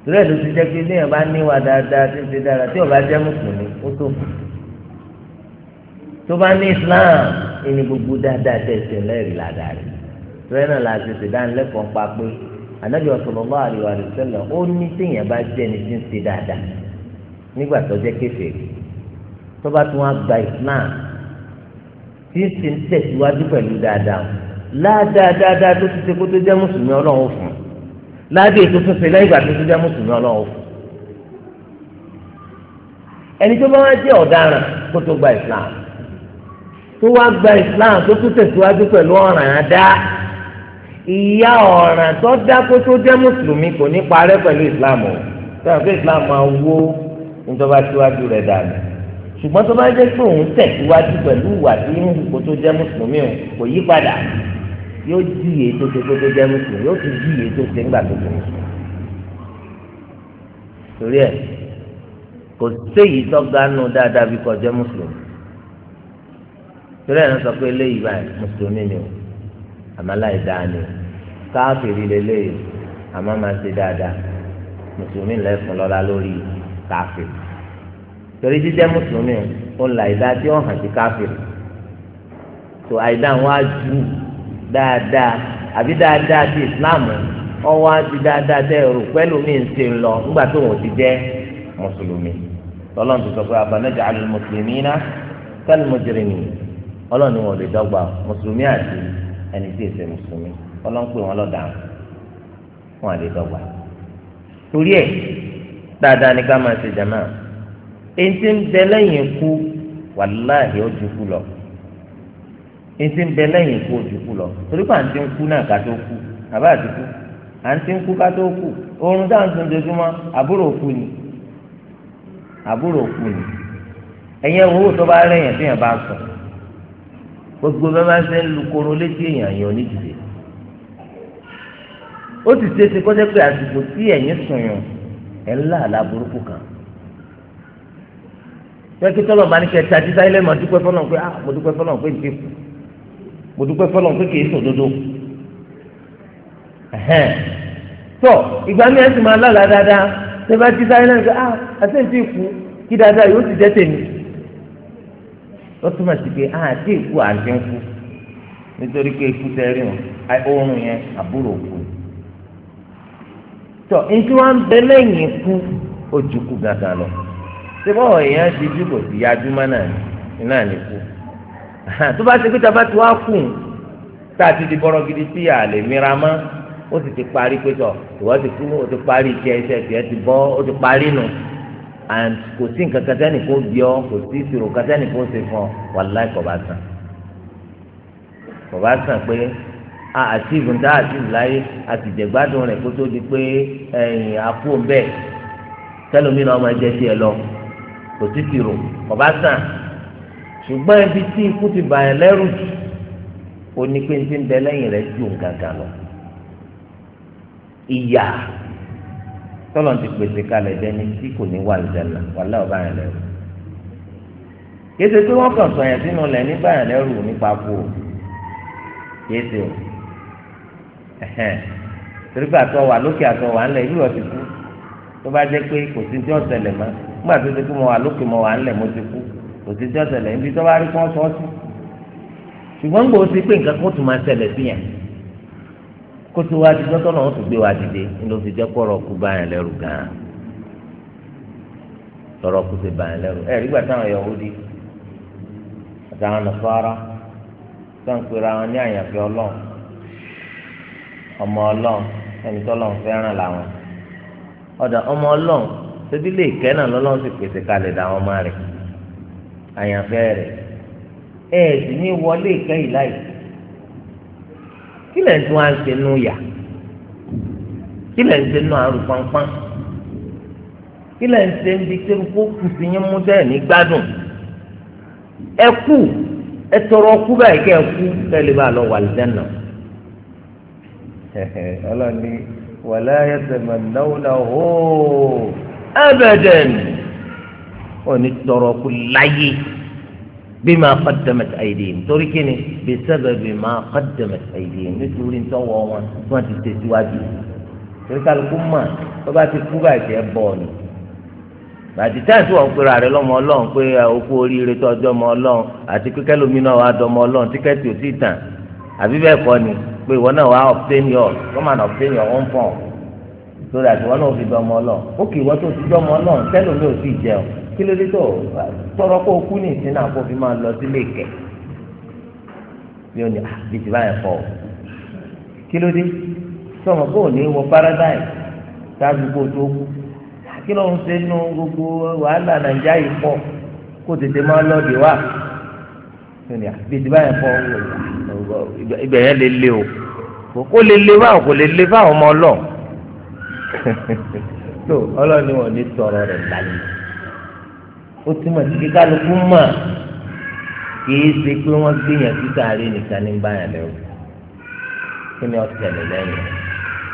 torí ẹ̀ ló ti jẹ́ pé léèyàn bá níwà dáadáa tí ń ṣe dára tí ó jẹ́ mùsùlùmí ó tó tó bá ní Islam ẹni gbogbo dáadáa tẹ̀sẹ̀ lẹ́rìí ládàá rẹ̀ torí ẹ̀ náà la ṣèdánilẹ́kọ̀ọ́ pa pé anabi ọsọlọlọ àríwá rẹ sẹlẹ ó ní téèyàn bá jẹ ẹni tí ń ṣe dáadáa nígbà tó jẹ kèfèrí tó bá tún wá gba islam tí ń ṣe ń tẹ̀síwájú pẹ̀lú dáadáa ládáadáa tó ti ṣe kó tó jẹ́ mùsùlùmí ọlọ́run fún ládé tó tún ṣe lẹ́yìn ìgbà tó tún jẹ́ mùsùlùmí ọlọ́run fún ẹni tó bá wá jẹ́ ọ̀daràn kó tó gba islam tó wá gba islam tó tún tẹ̀síwájú pẹ̀lú ọ̀ràn àdá ìyá ọ̀ràn tó dákó tó jẹ́ mùsùlùmí kò ní parẹ́ pẹ̀lú ìsìláàmù o sọ̀rọ̀ pé ìsìláàmù máa wó níjọba síwájú rẹ̀ dànù ṣùgbọ́n tó bá jẹ́ pé òun tẹ̀síwájú pẹ̀lú ìwà tí ń kó tó jẹ́ mùsùlùmí o kò yí padà yóò jíye tó ṣe kó tó jẹ́ mùsùlùmí yóò tún jíye tó ṣe ńgbà tó ṣe mùsùlùmí. torí ẹ kò séyìí tọ́gbà nù dáadáa bí kò jẹ́ mùsùlùmí torí ẹ̀ ń sọ pé eléyìí báyìí mùsùlùmí ni o àmọ́ láì dáa ni káàkiri lélẹ́yìn àmọ́ máa ṣe dáadáa mùsùlùmí lẹ́sùn lọ́la lórí káàkiri torí jíjẹ́ mùsùlùmí ó la ìdá tí ó hàn sí káàkiri tó àìdá wọn á ju dáadáa àbí dáadáa ti ìsìláàmù ọwọ́ á ti dáadáa tẹ ẹ̀rù pẹ́lú mi ń ṣe lọ nígbà tó wọ́n ti jẹ́ mùsùlùmí lọ́lọ́run ti sọ pé abanájà alùmùsùlùmí náà kẹ́lùmùjìrìmì ọlọ́run ni lè dọ́gba mùsùlùmí àti ẹni tí èsè mùsùlùmí ọlọ́npẹ̀ wọn lọ́dà fún àdédọ́gba torí ẹ̀ dáadáa ni ká máa ṣe jàmá èyí tí ń bẹ lẹ́yìn ikú wàláhì ó ju kú lọ èyí tí ń bẹ lẹ́yìn ikú ó ju kú lọ torí pé à ń ti ń kú náà ká tó kú àbá àti kú à ń ti ń kú ká tó kú oorun dáhùn tó ń dojúmọ́ àbúrò kú ni àbúrò kú ni ẹ̀yin owó tó bá rẹ̀yìn tí yẹn bá sùn gbogbo bá bá ṣe ń lu koro létí èèyàn yẹn onídìde ó sì ṣe é ṣe kọjá pé àsìkò tí ẹ̀yìn sùn yàn ẹ̀ ń lá àlá burúkú kan pẹ́kí tọ́lọ̀ bá ní kẹ́ tají sáyẹ́lẹ́ mọ̀ dúpẹ́ fọlọ́n pé ah mo dúpẹ́ fọlọ́n pé nìké kù mo dúpẹ́ fọlọ́n pé kìí sòdodo ẹ̀hẹ́n tọ́ ìgbà mi ẹ̀ sì máa lálàá dáadáa tẹ́ bá jí sáyẹ́lẹ́ pé ah àti ẹ̀ ti kú kí dáadáa yóò ti jẹ́ tèmi. ó túmọ̀ sí pé ah, àti ìkú àti ń kú nítorí pé ikú wọn oorun yẹn àbúrò kú tọ ntí wọn bẹ lẹ́yìn ikú ojú kú gàgà lọ ṣé báwọn èèyàn ti ju kò sí yájú mọ́ náà ní náà kú tó bá pé a ti wá kù tá a ti di bọ́rọ̀ gidi sí àlè mìíràn mọ́ ó sì ti parí ti kú ó ti parí iṣẹ́ and kò sí nǹkan kata ni kò bí ọ kò sí ìṣòro kata ni kò ṣe fún ọ wàláì kò bá sàn kò bá sàn pé a àtìvù ń tá àtìvù láyé àti jẹgbádùn rẹ kó tó di pé ẹyìn àpò ńbẹ tẹlómìnà ọmọ ẹjẹ tiẹ lọ kò sí ìṣòro kò bá sàn ṣùgbọ́n ibi tí ikú ti bàyàn lẹ́rù jù ó ní pé ní ti ń bẹ lẹ́yìn rẹ ju nǹkan kan lọ ìyá tọ́lọ̀ ti pèsè kalẹ̀ dẹni tí kò ní wà lùdẹ̀là wàlẹ́ ọba yẹn lẹ́rù kéde pé wọ́n kàn sọ̀yàn sínú lẹ̀ nígbà yẹn lẹ́rù nípa kú o kéde o torípé àtọ̀ wà lókè àtọ̀ wà ńlẹ̀ ìlú ọ̀sìn kú tó bá jẹ́ pé kò sí tí ó ṣẹlẹ̀ mọ́ nígbà tó ti kú mo wà lókè mo wà ńlẹ̀ mo ti kú kò sí tí ó ṣẹlẹ̀ níbi tó bá rí kí wọ́n sọ ọ́ sí ṣùgbọ́n gbòó sí pé nǹkan kó tún máa ṣẹlẹ̀ sí yẹn kótó wa ti dọ́tọ́ náà tún wa dìde nílò fi jẹ́ kọ́rọ̀ kú bá lẹ́rù gan-an tọrọ kú ti bá lẹ́rù ẹ̀ rí gbàtà àwọn Yahudi ní àyànfẹ́ ọlọ́run ọmọ ẹni tọ́lọ́run fẹ́ràn làwọn ọ̀dà ọmọ lè kẹ́ náà sì kí lẹ̀ ń tún wá ń ṣe nù yà kí lẹ̀ ń ṣe nù àrùn pánpán kí lẹ̀ ń ṣe ń di pé kó kù sí yín mú dẹ́ ní gbádùn ẹ kú ẹ tọrọ kú báyìí kẹ́ ẹ kú tẹ́lẹ̀ bá lọ wà lẹ́dẹ́ nà ọlọ́ni wàlá yẹtẹ̀mẹ̀ náwó náà hóó ẹ̀bẹ̀dẹ̀ ò ní tọrọ kú láyé bima qaddamat aydihim torí kí ni bi sababi ma qaddamat aydihim nítorí ntọ́wọ́ wọn tí wọ́n ti tẹ̀síwájú torí kálukú mọ̀ tó bá ti kú bàjẹ́ bọ̀ ni bàtí táyì tí wọ́n ń pera rẹ lọ́mọ ọlọ́run pé okú oríire tó ọjọ́ ọmọ ọlọ́run àti kíkẹ́ lómi náà wàá dọmọ ọlọ́run tíkẹ́ẹ̀tì ò tí ì tàn àbí bẹ́ẹ̀ kọ́ ni pé ìwọ náà wàá obtain your come obtain your own form so that ìwọ náà ò fi dọmọ ọlọ́run ó kì í wọ́n tó ti dọmọ ọlọ́run tẹ́lómi ò tí ì jẹun kí ló dé tó tọrọ kó kú ní ìsìn náà kó fi máa lọ sílé ìkẹ́ bí ó ní àbíjì ah, báyìí fọ kí ló dé sọmọ kó ní wọ paradise ṣáájú kó tó kú kí ló ń ṣe nu gbogbo wàhálà nàìjíríà yìí pọ̀ kó tètè máa lọ dé wá bí ní àbíjì ah, báyìí fọ ibẹ̀ yẹn lè le o kó lè le báwọn kò lè le báwọn ọmọ ọlọ tó ọlọ́ni wọn ní sọ̀rọ̀ rẹ̀ lálẹ́ ó túmọ̀ sí kí kálukú mọ̀ kìí ṣe pé wọ́n gbìyàn títà rí nìkan ní báyà lẹ́wọ̀ kí ni ọ̀sẹ̀ mi lẹ́yìn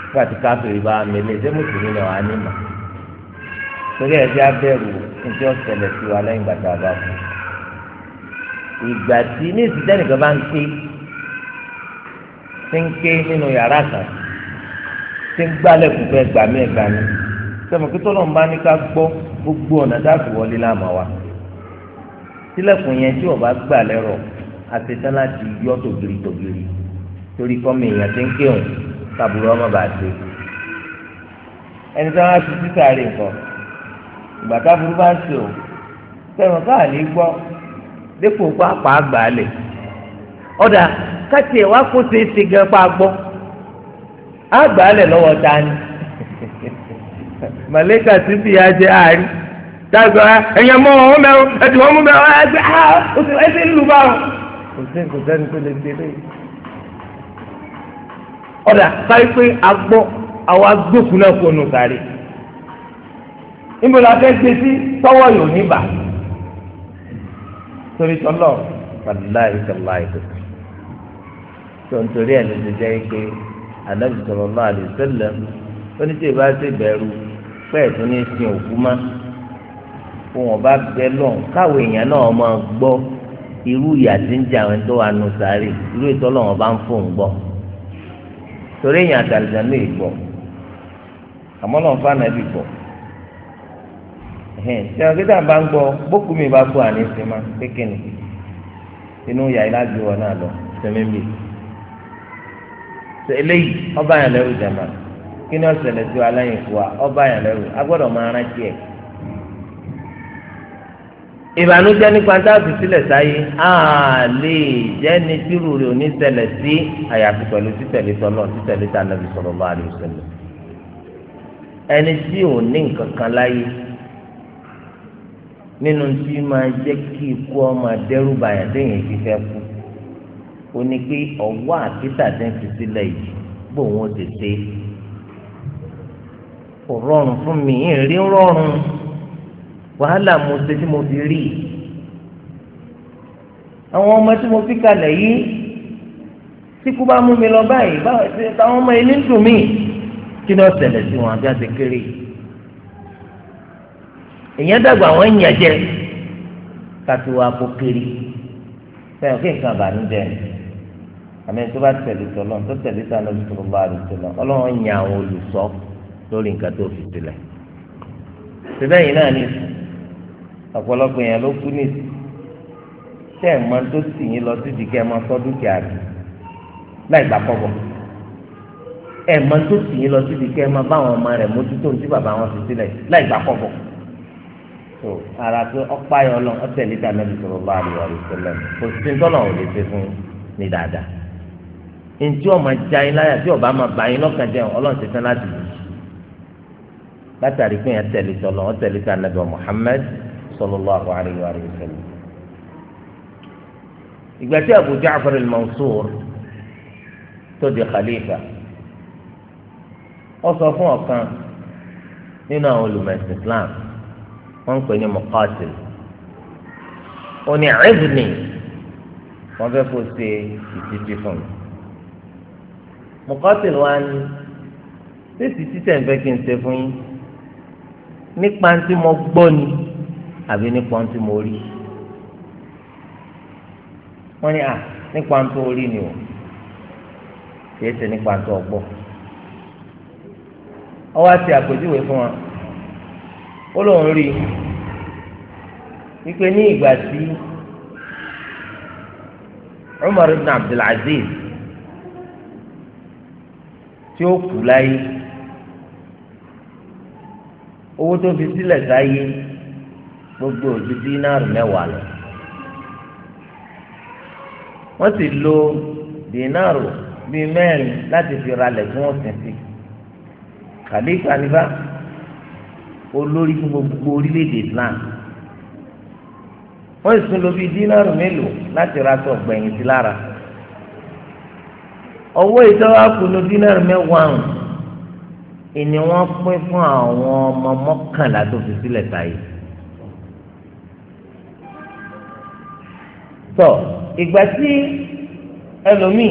nígbà tí káfíìrì bá mi lé ṣé mùsùlùmí náà wà ní mà torí ẹ̀ bí abẹ́rù ní ọ̀sẹ̀ lẹ̀ sí wa lẹ́yìn gbàtà bá fún ìgbà tí ní ìsìtẹ́ nìkan bá ń ké tí ń ké nínú yàrá kan tí ń gbálẹ̀kùn fẹ́ gbàmí ẹ̀gbàmí sọ̀rọ̀ kí tó lọ́n bá ní ká gbọ́. gbogbo ọ̀nà dáàbò wọlé láàmà wa sílẹ̀kùn yẹn tí ọba gbà lẹ́rọ̀ àtẹ̀tán láti yọ tògiri tògiri torí kọ́mi èèyàn ti ń kéwòn ọmọ bàá ṣe ẹni tí wọ́n á ti títà rè o sẹ́wọ̀n káà ní gbọ́ dépò pápá lẹ̀ ọ̀dà káti ẹ̀ wá kó gan pa gbọ́ màlẹ́kà tí fi ya jẹ àárín dáàbò ẹ̀yẹ mọ́ wọn mẹ́wọ́ ẹ̀dì wọn mú mẹ́wọ́ ẹ̀dì ẹ̀sìn lù bá wọn. kò sí kò sẹ́ni tó lè dé lẹ́yìn. ọ̀dà sáré pé agbọ́ àwọn agbókun náà kò nù sáré. níbo la fẹ́ gbé sí tọ́wọ́ yóò ní bà. torí tọ́lọ̀ wàláyé tọ́láyé tó tó nítorí ẹ̀ ló ti jẹ́ pé ànábì sallallahu alaihi wasallam oníṣẹ́ ìbá ti bẹ̀rù pẹ́ẹ́ tó ní sin òkú má kó wọn bá bẹ lọ́n káwọn èèyàn náà máa gbọ́ irú ìyà tí ń jẹ àwọn tó wà nù sáré irú ètò ọlọ́wọ́n bá ń fòun gbọ́ torí èèyàn àtàlùjá náà àmọ́ bí gbọ́ ṣé a bá ń gbọ́ bókú mi bá kú àní kékeré inú ìyá ilá gbé wọn náà lọ eléyìí ọba yẹn kí ni ọ̀sẹ̀lẹ̀ tí wà láyìn fún wa ọba yẹn lẹ́rù agbọ́dọ̀ máa rántí ẹ̀. ìbànújẹ́ nípa táàbù sílẹ̀ sáyé á lè jẹ́ ní tírù rẹ̀ oníṣẹ̀lẹ̀ sí àyàfi pẹ̀lú títẹ̀lé tọ́lọ̀ títẹ̀lé tànàbì sallallahu alaihi wasallam. ẹni tí ò ní nǹkan kan láyé nínú tí máa jẹ́ kí ikú ọmọ dẹ́rù bàyà téèyàn ti fẹ́ kú ó ní pé ọ̀wọ́ àkítà tẹ́ fi sílẹ̀ yìí bóun ó ti ṣe kò rọrùn fún mi ìrìn rọrùn wàhálà mo ṣe tí mo fi rí i àwọn ọmọ tí mo fi kalẹ̀ yìí tí kú bá mú mi lọ báyìí báwo ṣe táwọn ọmọ ilé ń dùn mí kí ni ó ṣẹlẹ̀ sí wọn àbí àti kéré èèyàn dàgbà àwọn èèyàn jẹ kátó wa kó kéré bẹ́ẹ̀ kí nǹkan àbànújẹ́ àmì tó bá tẹ̀lé tọ́lọ́ tó tẹ̀lé tọ́lọ́ tó bá rí tọ́lọ́ ọlọ́run yàn àwọn olùsọ́ lórí nǹkan tó fi tilẹ̀ síbẹ̀ yìí náà ní ọ̀pọ̀lọpọ̀ èèyàn ló kú ní tẹ́ ẹ̀ máa tó sì yín lọ sí ìdíkẹ́ máa sọ dúkìá rẹ̀ láì gbà kọ́bọ̀ ẹ̀ máa tó sì yín lọ sí ìdíkẹ́ máa bá àwọn ọmọ rẹ̀ mójútó ní tí bàbá wọn fi sílẹ̀ láì gbà kọ́bọ̀ tó ara pé ọ̀pá yọ lọ ọ̀tẹ̀lẹ̀ tá a nàbì sọ̀rọ̀ bá a lè wà kò sí tí ọba máa látàrí pé yẹn tẹ̀lé tọ́lọ́ wọn tẹ̀lé tà nàbẹ̀ Muhammad sallallahu alayhi wa sallam. ìgbà tí Abu Ja'far al-Mansur tó di khalifa ó sọ fún ọ̀kan nínú àwọn olùmọ̀ẹ̀sìn Islam wọ́n ń pè ní Muqatil ó ní ẹ̀ẹ́dìní wọ́n fẹ́ kó ṣe ìtìjú fún mi Muqatil wa ni títí títẹ̀ ń fẹ́ kí n ṣe fún yín nípa tí mo gbọ́ ni àbí nípa tí mo rí wọ́n ní à nípa tó rí ni o kìí ṣe nípa tó gbọ́ ọwọ́ àti àpèjúwe fún wa ó lóun rí wípé ní ìgbà tí Umar ibn Abdul Aziz tí ó kú láyé owó tó fi sílẹ̀ sáyé gbogbo òjò dínárì mẹ́wàá lọ wọ́n sì lo dínárì bíi mẹ́rin láti fi ralẹ̀ tí wọ́n sìn sí kàlífà nífà olórí fún gbogbo orílẹ̀-èdè Islam wọ́n sì tún lo bíi dínárì mélòó láti ra sọ gbẹ̀yìn sí lára ọwọ́ ìtọ́wá kùnú dínárì mẹ́wàá ọ̀hún ìní wọn pín fún àwọn ọmọ mọ́kànlá tó fi sílẹ̀ táyé. tọ ìgbà tí ẹlòmíì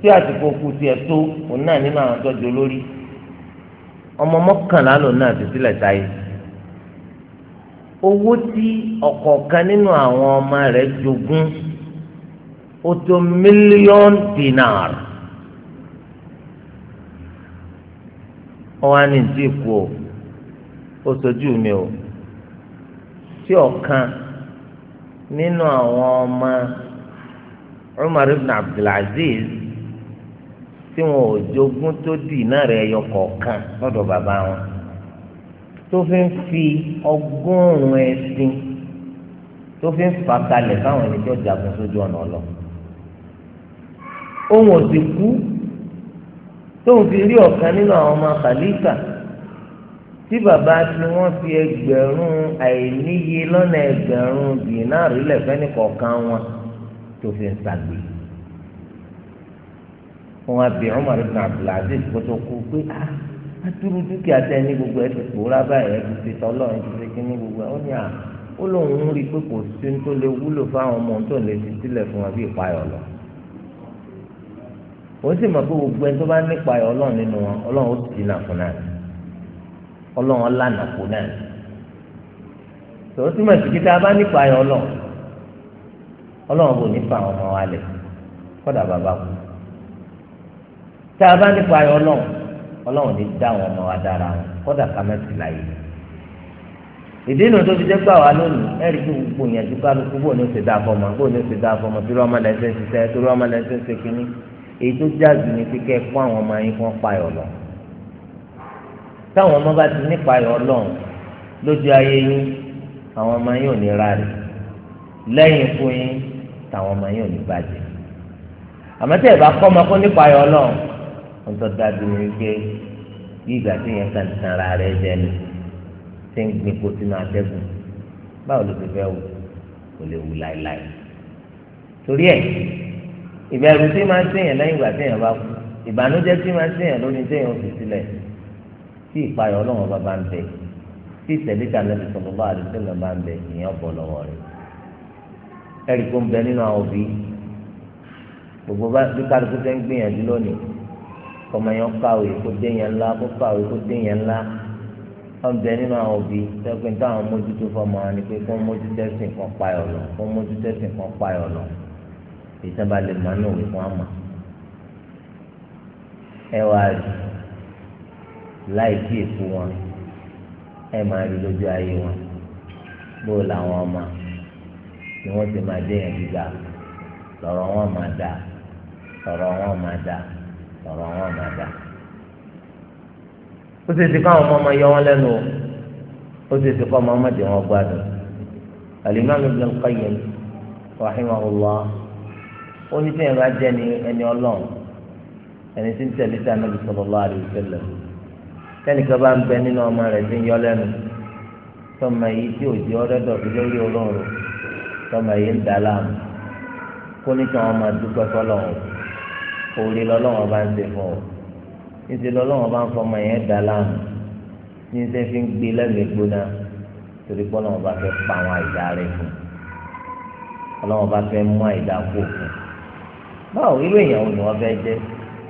tí àsìkò kù tiẹ̀ tó òun náà nínú àwọn tọ́jú olórí ọmọ mọ́kànlá lòun náà fi sílẹ̀ táyé owó tí ọ̀kọ̀ọ̀kan nínú àwọn ọmọ rẹ̀ jogún ó tó mílíọ̀nù dínàrì. wọn wá ní ìdí ìkú o ó sojú mi o tí ọ̀kan nínú àwọn ọmọ Umar ibn Abdulaziz tí wọn ò jogún tó dì náà rẹ̀ ẹyọ kọ̀ọ̀kan lọ́dọ̀ bàbá wọn tó fi ń fi ọgọ́rùn-ún ẹ̀sìn tó fi ń fà kalẹ̀ fáwọn ẹni tó jagun sójú ọ̀nà ọlọ́run òun ò kú tóun fi rí ọ̀kan nínú àwọn ọmọ khalifa tí bàbá tí wọ́n fi ẹgbẹ̀rún àìníye lọ́nà ẹgbẹ̀rún dínárì lẹ́fẹ̀ẹ́ nìkọ̀ọ̀kan wọn tó fi ń sàgbé wọn àbí Umar ibn Abdulaziz kó tó kú pé ah, a adúrú dúkìá tẹ ní gbogbo ẹ ti pòórá báyìí ẹ ti fi tọ́lọ́ ẹ ti fi kí ní gbogbo ẹ ó ní à ah, ó lóun ń rí i pé kò sí ní tó lè wúlò fáwọn ọmọ tó lè fi sílẹ̀ fún wọn bí ìpayọ̀ lọ. o sì mọ̀ pé gbogbo ẹni tó bá nípa ẹ̀ ọlọ́run nínú wọn ọlọ́run ó náà ọlọ́run náà tá a bá nípa ẹ̀ ọlọ́run ọlọ́run kò ọmọ wa lẹ̀ kọ́dà bàbá kú tá a bá nípa ẹ̀ ọlọ́run ọlọ́run ní dá àwọn ọmọ wa dára wọn kọ́dà kámẹ́sì ìdí inú tó fi èyí tó jáde ní kíkẹ́ kó àwọn ọmọ yín kó payọ̀ lọ táwọn ọmọ bá ti nípayọ̀ Ọlọ́run lójú ayé yín àwọn ọmọ yín ò ní ra rẹ̀ lẹ́yìn fún yín táwọn ọmọ yín ò ní bàjẹ́ àmọ́ tẹ́ ẹ̀ bá kọ́ ọmọ kó nípayọ̀ Ọlọ́run wọ́n tó dájú ní pé bí ìgbà tí yẹn kàn tán ara rẹ̀ jẹ ni ṣé ń gbin kó sínú atẹ́gùn báwo ló ti fẹ́ wù kò lè wù láéláé torí ẹ̀ ìbẹ̀rù tí máa ń sèyàn lẹ́yìn ìgbà téèyàn bá kú ìbànújẹ́ tí máa ń sèyàn lónìí téèyàn fi sílẹ̀ tí ìpayọ̀ ọlọ́run ọba bá ń bẹ tí ìtẹ̀lẹ́tà lẹ́bi sọ̀rọ̀ bá àdúgbò náà bá ń bẹ ìyẹn bọ̀ lọ́wọ́ rẹ̀ ẹ̀rì kó ń bẹ nínú àwọn òbí gbogbo bá bí kálukú tẹ́ ń gbìyànjú lónìí kọ́mọ yẹn kàwé kó dé yẹn ńlá kó kàwé kó dé yẹn ńlá wọ́n bẹ nínú àwọn òbí tẹ́gbẹ́ táwọn mójútó fọmọ wọn ni pé kó mójútẹ́sìn kan payọ̀ lọ kó mójútẹ́sìn kan payọ̀ lọ ìjọba lè mọ ní òun fún àmọ́ ẹ wá rí láì tí èkó wọn ẹ máa rí lójú ayé wọn bó làwọn ọmọ ni wọn ti máa déyàn gíga lọ́rọ̀ wọn máa dà lọ́rọ̀ wọn máa dà lọ́rọ̀ wọn máa dà ó sì ti kọ́ àwọn ọmọ ọmọ yọ wọn lẹ́nu o ó sì ti kọ́ ọmọ ọmọdé wọn gbádùn Al-Imam Ibn al ó ní sẹ́yìn bá jẹ́ ni ẹni ọlọ́run ẹni tí ń tẹ̀lé sí anábì sallallahu alaihi wasallam kẹ́nìkan bá ń bẹ nínú ọmọ rẹ̀ tí ń yọ lẹ́nu tọ́mọ yìí tí ò jẹ́ ọ́dọ́dọ̀ fi lórí ọlọ́run tọ́mọ yìí ń dà láàmú kó ní kí wọ́n máa dúpẹ́ fọlọ́run òòrè lọ́lọ́run bá ń ṣe fún ọ níṣẹ lọ́lọ́run bá ń fọmọ yẹn dà láàmú níṣẹ fi ń gbé lẹ́mìí gbóná torí pé ọlọ́run bá fẹ́ pa àwọn àìdá rẹ̀ fún ọlọ́run bá fẹ́ mú àìdá kó fún un báwo irú èèyàn ò ní wọn fẹ́ jẹ́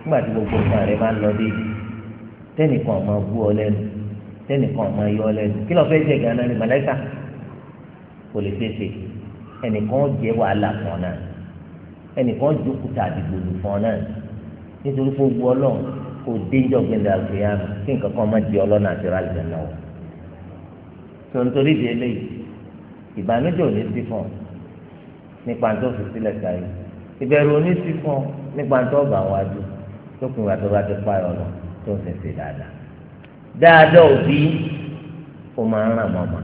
nígbà tí gbogbo nǹkan rẹ máa ń lọ déédéé tẹnìkan ọmọ bú ọ lẹ́nu tẹnìkan ọmọ yọ ọ lẹ́nu kí lọ fẹ́ jẹ́ ganan ni màláìka kò lè tẹsẹ ẹnìkan jẹ wàhálà kan náà ẹnìkan jókòtà àdìgbòlù kan náà nítorí fún gbọ́ ọlọ́run kò déjọ gbẹ̀dẹ̀ àgbéyàmù kí nǹkan kan má di ọlọ́run àti ràlìjẹ náà wọ. tontorí di eléyìí ìbànújẹ́ ò ní sí nípa tó fi sílẹ̀ sáyé ìbẹ̀rù oníṣì fún ọ nípa tó ọgbà wájú tó kùn ìgbà tó bá ti pa ọ lọ tó sì ṣe dáadáa dáadáa òbí ó máa ń ràn mọ́mọ́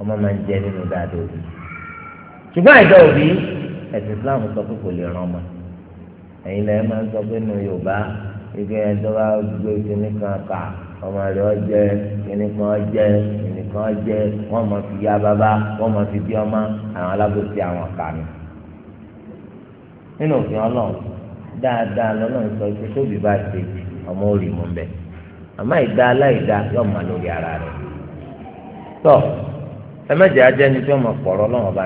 ọmọ máa ń jẹ nínú dáadáa òbí ṣùgbọ́n àìdá òbí ẹ̀sìn Islam sọ pé kò lè ràn ọmọ ẹ̀yin lẹ́yìn máa ń sọ pé nínú Yorùbá ike ẹjọ́ bá gbé kíní kan kà ọmọ rẹ̀ ọjẹ́ kíní kan ọjẹ́ kíní kan ọjẹ́ wọ́n mọ̀ fi yá bàbá wọ́n mọ̀ fi bí ọmọ àwọn alábòsí àwọn kà ni. nínú òfin ọlọ́run dáadáa lọ́lọ́run sọ pé tóbi bá ṣe ọmọ òrì mú bẹ àmọ́ ìdá aláìdá yóò lórí ara rẹ tọ́ ẹ mẹ́jẹ̀ ajẹ́ni tí wọ́n ọba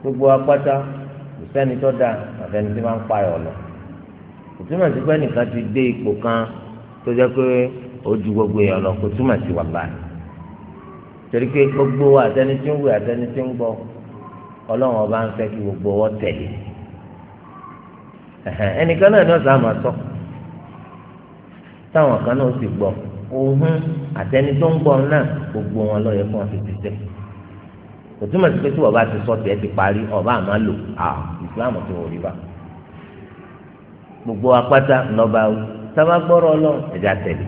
gbogbo apáta kò sẹ́ni tó dáa àfẹni tí máa ń lọ kò túmọ̀ sí kan tó jẹ́ pé ó ju gbogbo èèyàn lọ kò túmọ̀ sí torí pé gbogbo àtẹni tí ń wù àtẹni fẹ́ ẹnìkan náà ni ọ̀sán àmà sọ táwọn kan náà sì gbọ́ ohun àtẹni tó ń gbọ́ náà gbogbo wọn lọ yẹ fún wọn fi ti sẹ́ kò túmọ̀ sí pé tí ọba ti sọ tiẹ̀ ti parí ọba àmà lò à Islam ti wò rí bá gbogbo apáta lọ́ba o sábà gbọ́rọ̀ ọlọ́run ẹ̀já tẹ̀lé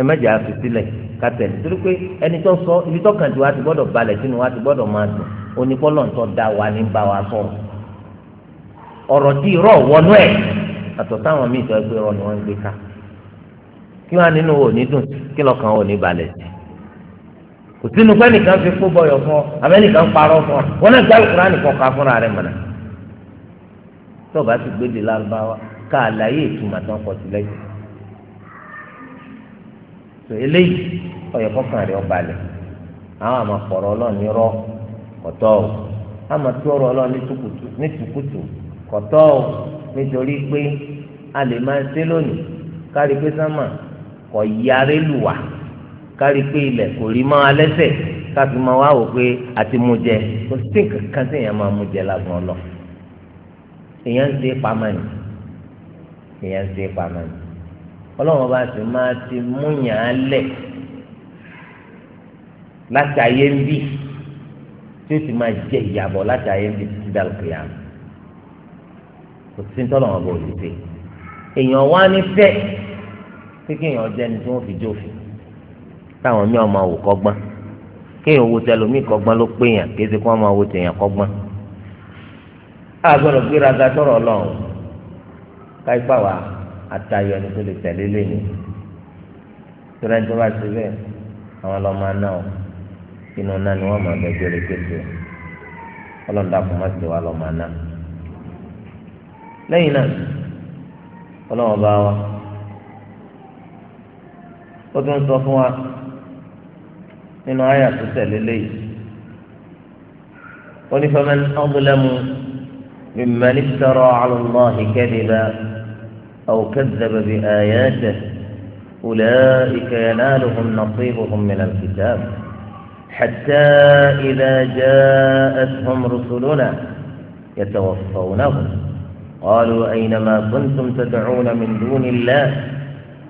ẹ mẹ́jẹ̀ á fi sílẹ̀ ká tẹ̀lé torí pé ẹni tó sọ ibi tó kàn jù wá ti gbọ́dọ̀ balẹ̀ sínú wá ti gbọ́dọ̀ máa dùn onípọ́lọ́ntọ́ dá wa ní bá wa sọ̀rọ̀ ọ̀rọ̀ tí irọ́ wọnú ẹ̀ àtọ̀ táwọn míì tó ẹ irọ́ ni wọ́n ń gbé ká kí wọ́n á nínú wò ní dùn kí lọ́kàn wò ní balẹ̀ sí kò sínú pé nìkan fi kó bọyọ̀ fún ọ amẹ́nìkan parọ́ fún ọ wọn náà gbá ìkúrá nìkan ká fúnra rẹ̀ mọ̀nà tó o bá ti gbéde lárúbáwá ká àlàyé ìtumọ̀ tó ń kọ sílẹ̀ yìí tó eléyìí ọyọ kọkàn rẹ̀ ọba lẹ̀ àwọn àmọ̀ pọ̀rọ̀ ọlọ́ọ̀ni rọ ọ̀tọ̀ àmọ̀ tó ọrọ̀ ọlọ́ọ̀ni tukutu kọ̀tọ́ o nítorí pé a lè máa ṣe lónìí kárí pé sámà kọ̀ yàrá lù wá kárí pé ilẹ̀ kò rí mọ́ alẹ́ sẹ̀ káfí máa wá wò pé àti mú jẹ kò sí kankan tí èèyàn máa mú jẹ lágùn ọlọ èèyàn ń ṣe pamọ́ ni èèyàn ń ṣe pamọ́ ni ọlọ́run bá sì máa ti mú yàn án lẹ̀ láti ayé ń bì tí ó sì máa jẹ ìyàbọ̀ láti ayé ń bì títí dàlùkìyàmù kò sí tọ́lọ̀ wọn bò lè pè èèyàn wá ní fẹ́ pé kéèyàn jẹ́ ẹni tí wọ́n fi jófin táwọn mí ọmọ àwò kọ́gbọ́n kéèyàn wo tẹlómi kọ́gbọ́n ló pé yàn kéèsì kó ọmọ àwò tèèyàn kọ́gbọ́n àgbọ̀dọ̀ gbéra ga tọ̀rọ̀ ọlọ́run káyipá wa àtayọ ẹni tó lè tẹ̀lé lẹ́yìn tó lẹ́ni tó bá ti bẹ́ẹ̀ àwọn lọ́ọ́ máa ná ọ inú náà ni wọ́n máa bẹ gbére kéde ọlọ́run dàpọ̀ má ti wá lọ́ọ́ máa ná lẹ́yìn náà ọlọ́wọ́n bá wa ó tún sọ fún wa nínú àyà tó tẹ̀lé léyìí ó ní faman sọ̀rọ̀ mimman iftara ala Allahi kadiba aw kadhaba bi ayatihi أولئك ينالهم نصيبهم من الكتاب حتى إذا جاءتهم رسلنا يتوفونهم قالوا أينما كنتم تدعون من دون الله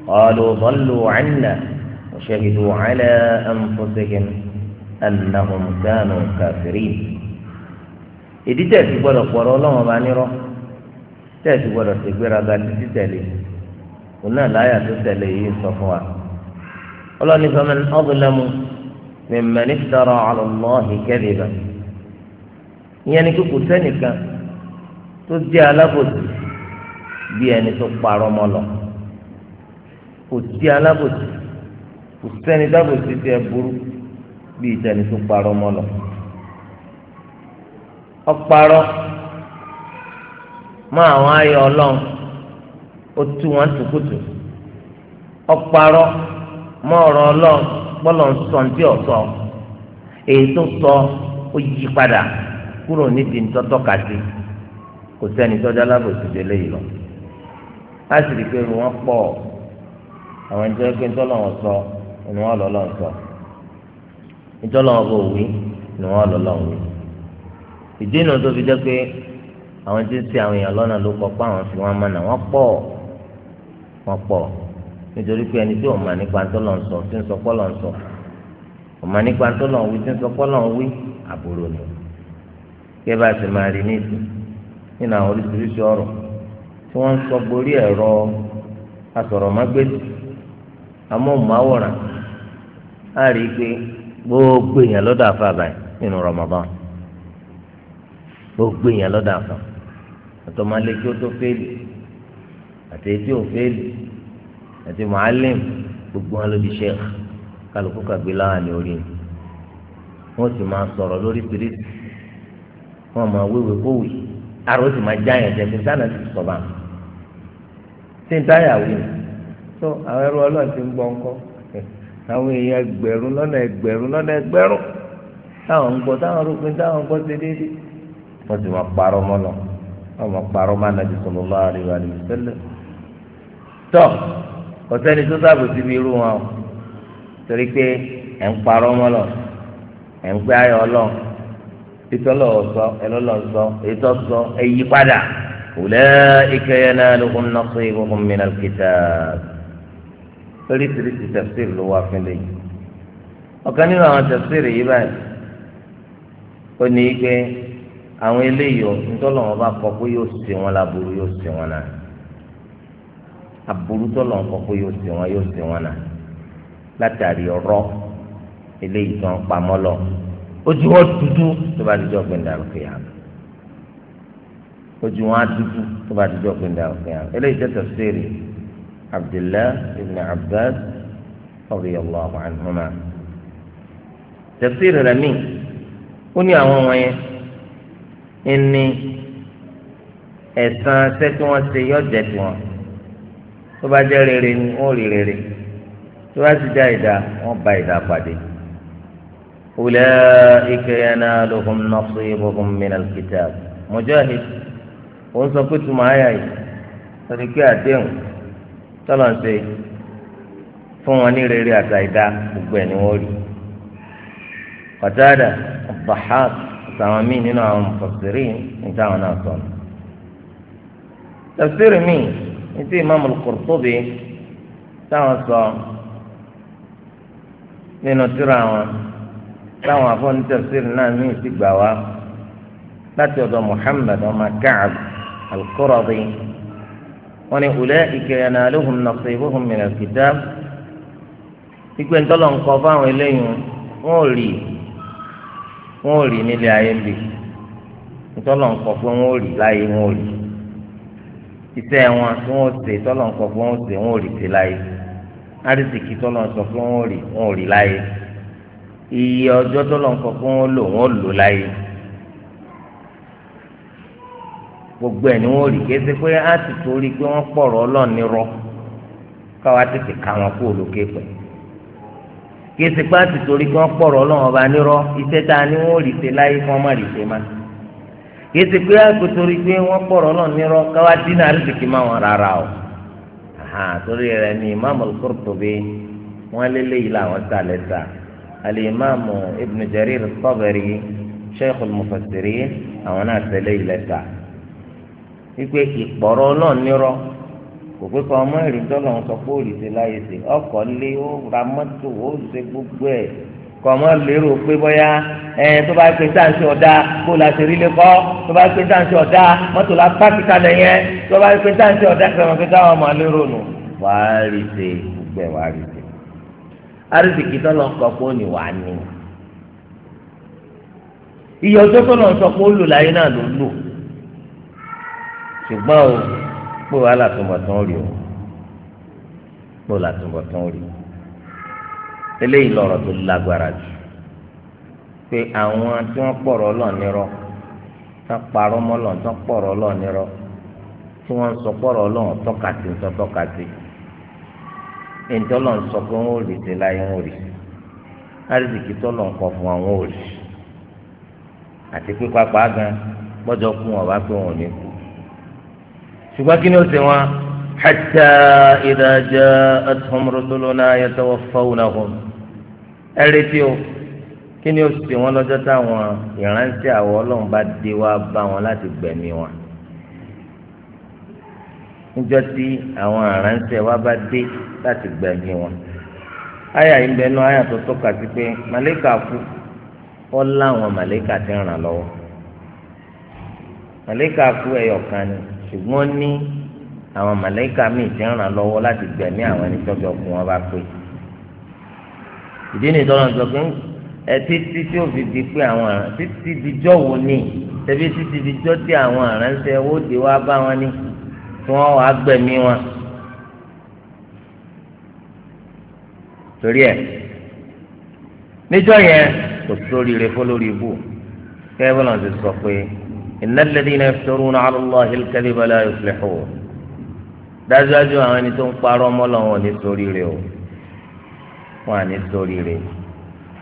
قالوا ضلوا عنا وشهدوا على أنفسهم أنهم كانوا كافرين ìdí tẹ̀sí gbọ́dọ̀ pọ̀rọ̀ ọlọ́run ọba nírọ́ tẹ̀sí gbọ́dọ̀ ṣègbéraga títí tẹ̀lé òun náà láyà tó tẹ̀lé yìí sọ fún wa ọlọ́ni faman adlamu mimman iftara ala Allahi kadhiba ìyẹn ni kíkù sẹ́nìkan tó jẹ́ alábòsí bí ẹni tó parọ́ mọ́ lọ kò sí alábòsí kò sẹ́ni dábòsí tẹ burú bí ìtẹni tó parọ́ mọ́ lọ ọparọ́ àwọn ayọ̀ ọlọ́run ó tú wọn ọparọ́ ọ̀rọ̀ ọlọ́run gbọ́dọ̀ ń sọ ní ọ̀sọ́ èyí tó sọ ó yí kúrò nídìí ń kò sẹ́ni tọ́jà lábòsí délé yìí lọ láti rí i pé pọ̀ àwọn ẹni tó yẹ wọn sọ ni wọ́n lọ́lọ́ sọ ńtọ́lọ̀ wọn bò wí ni wọ́n lọ́lọ́ wí ìdí ìnà tó fi jẹ́ pé àwọn tí ń ṣì àwọn èèyàn lọ́nà ló kọ́ pé àwọn fi wọ́n mọ̀nà wọ́n pọ̀ wọ́n pọ̀ nítorí pé ẹni tí ò mà nípa nínú àwọn oríṣiríṣi ọ̀rọ̀ tí wọ́n ń sọ borí ẹ̀rọ asọ̀rọ̀mágbèsì amóhùnmáwòrán á rí i pé gbogbo èèyàn afa àfa nínú Ramadan gbogbo èèyàn lọdọ àfa àtọ́mọ́lé kí ó tó fẹ́ẹ̀lì àti etí ò fẹ́ẹ̀lì àti màálìm gbogbo wọn ló di sheikh kálukú kàgbé láwọn ní orí wọn sì máa sọ̀rọ̀ lórí tìrìtì wọn máa àrò sì máa já yẹn jẹ fi sáà náà sì sọ bá mi ṣé n táyà wí ni tó àwọn ẹrú ọlọ́run ti ń gbọ́ ńkọ́ àwọn èèyàn ẹgbẹ̀rún lọ́nà ẹgbẹ̀rún lọ́nà ẹgbẹ̀rún táwọn ń gbọ́ táwọn rúgbìn táwọn ń gbọ́ ṣe déédéé wọ́n sì máa parọ́ mọ́ lọ wọ́n máa parọ́ mọ́ Ànábì sallallahu alaihi wa sallam tó ọ̀sẹ́ni tó sábò sí ibi irú wọn o torí pé ẹ̀ ń parọ́ mọ́ lọ ẹ̀ ń gbé ayọ̀ ọlọ́run ìtọ́lọ̀ sọ ẹlọ́lọ́ sọ ètò sọ ẹ̀yí padà ulaika yanaluhum nasibuhum minal kitab oríṣiríṣi tafsir ló wá fún lẹ́yìn ọ̀kan nínú àwọn tafsir yìí báyìí ó ní í pé àwọn eléyìí ntọ́lọ̀ wọn bá kọ pé yóò ṣe wọn láburú yóò ṣe wọn náà aburú tọ́lọ̀ ń kọ pé yóò ṣe wọn yóò ṣe wọn náà látàrí ọ̀rọ̀ eléyìí tó ń pamọ́ lọ ojú wọn dúdú tó bá dijọ́ pé ndàrú kéèyàn ojú wọn dúdú tó bá dijọ́ pé ndàrú kéèyàn eléyìí tẹ̀sán sèrè abdullahi ibn abbas radiyallahu anhuma tẹ̀sán rẹ̀ mí ó ní àwọn wọ̀nyẹn ẹni ẹ̀sán ṣẹ́ tí wọ́n ṣe yọ jẹ́ tiwọn tó bá jẹ́ rere ni wọ́n rí rere tó bá ti dá ìdá wọ́n bá ìdá pàdé. أولئك ينالهم نصيبهم من الكتاب مجاهد òun sọ pé tùmọ̀ àyà yìí sọ̀rọ̀ pé àdéhùn tọ́lọ̀ ń ṣe fún wọn ní rere àtàìdá gbogbo ẹ̀ ni wọ́n rí Qatada Bahaq àtàwọn míì nínú àwọn mùfàsírì ní táwọn náà sọ̀rọ̀ tafsiri míì ní tí Imam al-Qurtubi táwọn sọ nínú tírà wọn táwọn afọ́ni tafsir náà ní ìsìgbà wa láti ọ̀dọ̀ Muhammad ọmọ Ka'b al-Quradi wọn ni ulaika yanaluhum nasibuhum min al-kitab ìgbé ńtọ́lọ̀ ńkọ́ fáwọn eléyìí wọn ò rí wọn ò rí nílé ayé ń bì ńtọ́lọ̀ ńkọ́ fún wọn ò rí láyé wọn ò rí iṣẹ́ wọn tí wọ́n ṣe tọ́lọ̀ ńkọ́ fún wọn ò ṣe wọn ò rí sí láyé arísìkí tọ́lọ̀ ńsọ fún wọn ò rí wọn ò rí láyé. iye ọjọ́ tó lọ nǹkan wọn lò wọn gbogbo ẹ̀ ni wọ́n rí kése pé á ti torí pé wọ́n pọ̀rọ̀ ọlọ́ọ̀ni rọ káwa tètè ká wọn kú olókè pẹ̀ kése pé á ti torí pé wọ́n pọ̀rọ̀ iṣẹ́ tá a ní wọ́n rí ṣe láyé kí wọ́n má rí ṣe má pé á ti torí pé wọ́n pọ̀rọ̀ wọn rárá o torí ni làwọn الإمام ابن جرير الطبري شيخ المفسرين أو ناس àwọn náà tẹ̀lé ìlẹ́ta wípé ìpọ̀rọ̀ náà nírọ̀ kò pé kọ́ ọmọ ìrìn tọ́lọ̀ ń sọ pé ó lè ṣe láyé ṣe ọkọ̀ lé ó ra mọ́tò ó ṣe gbogbo ẹ̀ kọ́ ọmọ lérò pé bóyá ẹ tó bá pe sáǹsì ọ̀dà kó la ṣe rí lẹ́kọ́ tó bá pe sáǹsì ọ̀dà mọ́tò la pàkì kalẹ̀ yẹn tó bá pe sáǹsì ọ̀dà kẹrìnàfẹ́ táwọn ọmọ lérò nù wàá rí ṣe gbogbo ẹ̀ wàá rí ṣe arísìkí tọ́lọ̀ ń kọ́ pé ó ní wàá ní iye ọjọ́ tọ́lọ̀ ń sọ pé ó lò láyé náà ló lò ṣùgbọ́n o pé wàhálà tó bọ̀ tán rí o pé wàhálà tó bọ̀ tán rí o eléyìí lọ̀rọ̀ tó lágbára jù pé àwọn tí wọ́n pọ̀rọ̀ ọlọ́ọ̀nirọ́ tán parọ́ mọ́ ọlọ́ọ̀n tán pọ̀rọ̀ ọlọ́ọ̀nirọ́ tí wọ́n ń sọ pọ̀rọ̀ ọlọ́ọ̀n tọ́ka ń sọ tọ́ka ìjọlọ ń sọ pé wọn ò lè dé láyé wọn ò lè àrísìkí tọlọ ń kọ fún wọn wọn ò lè àti pé pápá gan gbọ́dọ̀ kú wọn wá pé wọn ò ní kú ṣùgbọ́n kí ni ó ṣe wọn hatta idha ja'atuhum rusuluna yatawaffawnahum ẹ retí o kí ni ó ṣe wọn lọ́jọ́ táwọn ìránṣẹ́ àwọn Ọlọ́run bá dé wá bá wọn láti gbẹ̀mí wọn níjọ́ tí àwọn aránṣẹ́ wa bá dé láti gbẹ̀mí wọn. àyà yìí bẹ nú àyà tó tọ́ka sí pé màlẹ́kà kú ó láwọn màlẹ́kà ti ràn lọ́wọ́ màlẹ́kà kú ẹyọ ni ṣùgbọ́n ní àwọn màlẹ́kà míì ti ràn lọ́wọ́ láti gbẹ̀mí àwọn ẹni tọ́jọ́ kún wọn bá pé ìdí ni ìtọ́nà sọ pé ẹ títí tí ó fi di pé àwọn títí dijọ́ wo ni tẹ́bí títí dijọ́ tí àwọn aránṣẹ́ ó dé wá bá wọn ni tí wọ́n wàá gbẹ̀mí wọn. torí ẹ̀ níjọ́ yẹn kò sóríire fọlórí ibù kẹ́ẹ́ bọ́lá ti sọ pé innal ladhina yaftaruna ala Allahi al-kadhiba la yuflihun dájúdájú àwọn ẹni tó ń parọ́ mọ́lọ́ wọn ní sóríire o wọn à ní sóríire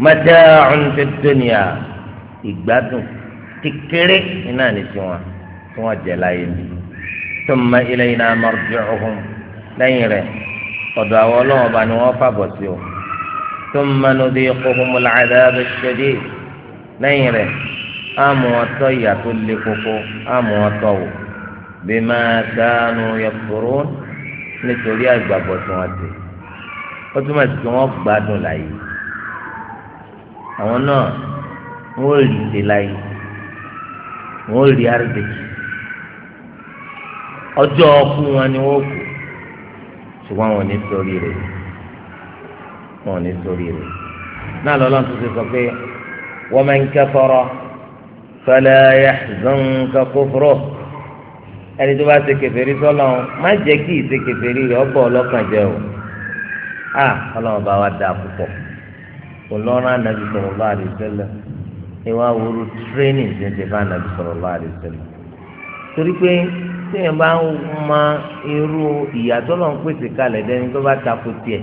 mata'un fid dunya ìgbádùn kékeré iná ní tiwọn tí wọ́n jẹ láyé nìyí thumma ilayna marji'uhum lẹ́yìn rẹ̀ ọ̀dọ̀ àwọn ọlọ́wọ́n bá ní wọ́n fàbọ̀ sí o thumma nudhiquhumul 'adhaba ash-shadid lẹ́yìn rẹ̀ àmọ́ ọtọ́ ìyà tó le koko àmọ́ ọtọ́ wò bima kanu yakfurun nítorí àgbàgbọ́ tí wọ́n ti ó túmọ̀ sí pé wọ́n gbádùn láyé àwọn náà wọ́n rí ìdè láyé wọ́n rí àrídèjì. ọjọ́ ọkú wọn ni wọ́n kù ṣùgbọ́n wọn ò ní sórí rẹ̀ wọn ní sórí rẹ̀ náà lọ́lọ́ tó ti sọ pé wa man kafara ẹni tó bá ṣe kèfèrí sọ́lọ́ má jẹ́ kí ìṣe rẹ̀ ọ̀bọ̀ ọlọ́kàn jẹ́ o a ọlọ́run bá wa púpọ̀ ìwà wúru ti téèyàn bá ń mọ irú ìyàtọ̀ lọ́n pèsè kalẹ̀ dẹni tó bá takò tiẹ̀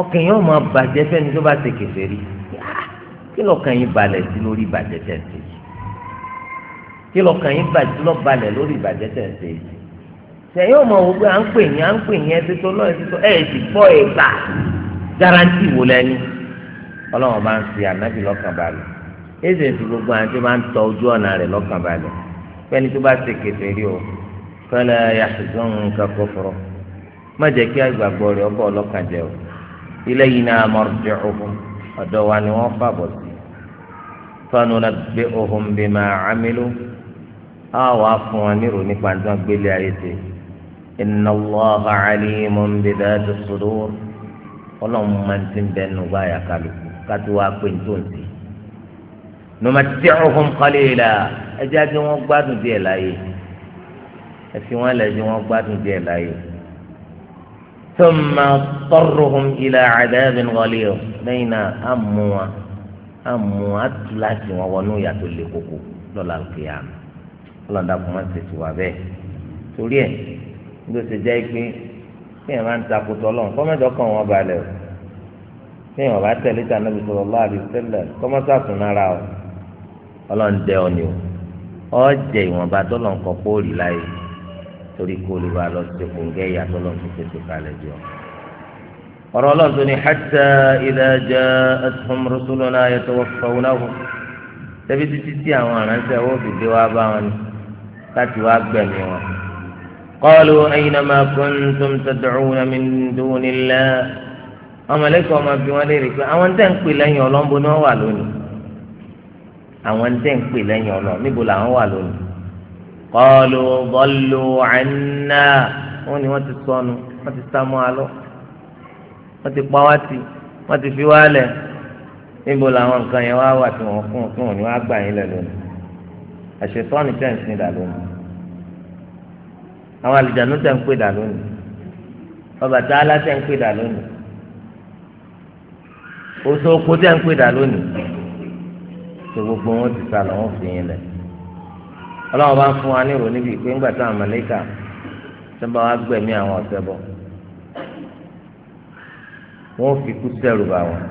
ọkàn yóò máa bàjẹ́ fẹ́ni tó bá ti kẹfẹ́ rí ah, kí lọ́kàn yín balẹ̀ sí lórí ìbàjẹ́ tẹ̀ ṣe kí lọ́kàn yín balẹ̀ lórí ìbàjẹ́ tẹ̀ ṣe sẹ́yìn ọmọ wo pé à ń pè yín à ń pè yín ẹsẹ̀ tó lọ́ọ̀ ẹsẹ̀ tó ẹ̀ sì gbọ́ ẹ̀ gbà garanti wò lẹ́ni ọlọ́run bá ń fi ànábì lọ́kàn balẹ̀ ẹ̀sẹ̀ tó gbogbo àti fẹ́ni tó bá ṣe kèfèrí o fala yahzunka kufru má jẹ́ kí àgbàgbọ́ rẹ̀ ọkọ̀ ọlọ́kàn jẹ́ o ilayna marji'uhum ọ̀dọ̀ wa ni wọ́n fàbọ̀ sí fanunabbi'uhum bima 'amilu á wàá fún wọn nírò nípa tí wọ́n gbélé ayé ṣe inna Allaha 'alimun bi dhati sudur ọlọ́run máa ń ti bẹ́ẹ̀ nù báyà kálukú ká tó wá pé tó ń sè numati'uhum qalila ẹjẹ ajé wọn gbádùn díẹ̀ láàyè ẹfi wọn lẹ ẹjẹ wọn gbádùn díẹ̀ láàyè thumma tarruhum ila adabin ghalidh o lẹ́yìn náà á mú wọn á mú wọn á tú láti wọn wọnú yàtọ̀ lé koko lọ́la kìyàmù ọlọ́dà kò má ṣe tiwa bẹ́ẹ̀ torí ẹ̀ ló ṣe jẹ́ pé bí máa ń takùtọ̀ lọ́n kọ́mẹ́tọ̀ kan wọn balẹ̀ o bí bá tẹ̀lé tà Nabi sallallahu alaihi wasallam kọ́mọ́sàkùn nára o ọlọ́run dẹ́ ọ ni o ọjẹ ìwọ̀nba tọlọ ń kọ kóòrì láyé torí kó lè ba lọ sí òǹgẹ ìyá tọlọ ń tètè tó kalẹ̀ jọ. ọ̀rọ̀ ọlọ́run tó ní hatta idha ja'atuhum rusuluna yatawaffawnahum tẹ́bí títí tí àwọn aránṣẹ́ owó fi dé wá bá wọn ni láti wá gbẹ̀mí wọn. qalu aynama kuntum tad'una min dunillah ọmọlẹ́kọ̀ọ́ máa fi wọn léèrè pé àwọn tẹ́ ń pè lẹ́yìn ọlọ́mbó àwọn tẹ̀ ń pè lẹ́yìn ọ̀nà níbo làwọn wà lónìí kọlu bọlu àná wọn ni wọn ti sọnù wọn ti sá mọ́ alọ wọn ti pa wá ti wọn ti fi wá lẹ̀ níbo làwọn nǹkan yẹn wá wà tí wọn fún un tí wọn ni wọn á gbà yín lẹ lónìí àṣetọ́ni tẹ̀ ń sin dà lónìí àwọn àlìjánu tẹ̀ ń pè dà lónìí Ọbàtálá tẹ̀ ń pè dà lónìí oṣooṣo tẹ̀ ń pè dà lónìí. tó gbogbo wọn ti sá lọ́wọ́ fi yín lẹ̀ ọlọ́run bá ń fún wa ní ìròyìn bíi pé ńgbà táwọn àwọn ọ̀sẹ̀ bọ̀ wọ́n fi kú sẹ́rù bá wọn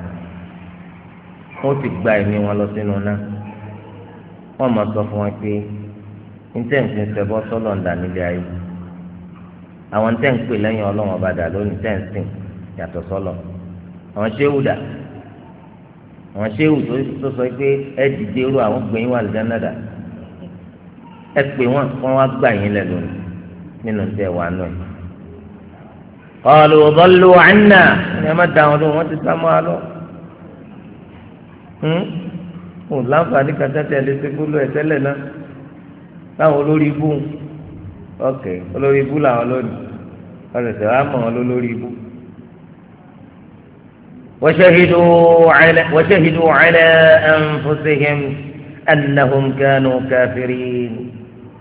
ti gba ẹ̀mí wọn lọ sínú náà wọ́n fún wọn pé ntẹ́ǹtì ń sẹ́bọ́ sọ́lọ̀ ń dà nílé ayé àwọn lẹ́yìn ọlọ́run ọba dà lónìí tẹ́ǹsìn yàtọ̀ sọ́lọ̀ àwọn ṣéwù tó sọ pé ẹ dìde irú àwọn gbẹ̀yìn wà lùdánádà ẹ pè wọn kí wọn wá gbà yín lẹ́nu nínú tẹ wà nù ẹ. qalu dallu ni ẹ má da àwọn lóhùn wọn ti sá mọ́ àlọ́ hmm? láǹfààní kàtà tẹ lè ẹ tẹ́lẹ̀ náà láwọn olórí ibú ọkẹ olórí ibú làwọn lónìí ọ̀rẹ́sẹ̀ wa mọ̀ wọn lólórí ibú. وشهدوا على وشهدوا على أنفسهم أنهم كانوا كافرين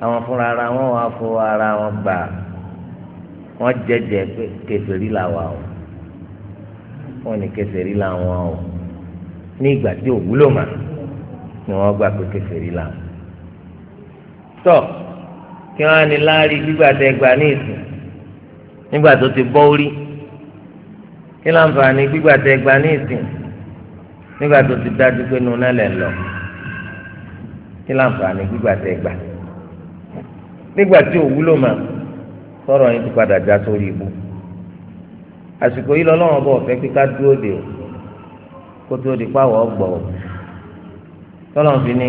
àwọn fúnra ara wọn wàá fọ ara wọn gbà wọn jẹjẹ pé kèfèrí làwà o wọn ní kèfèrí làwọn o ní ìgbà tí ò wúlò mà ni wọn gbà pé kèfèrí làwọn. tọ kí wọn á ní láárí gbígbà tẹ gbà ní ìsìn nígbà tó ti bọ́ orí kí láǹfààní gbígbà tẹ gba ní ìsìn nígbà tó ti dájú pé nu náà lẹ̀ lọ kí láǹfààní gbígbà tẹ gbà nígbà tí ò wúlò mà sọ̀rọ̀ yín ti padà já sórí ibu àsìkò yìí lọ́lọ́wọ́n bọ̀ fẹ́ pé ká dúró de o kó tó di pàwọ́ gbọ̀ o tọ́lọ́n fi ní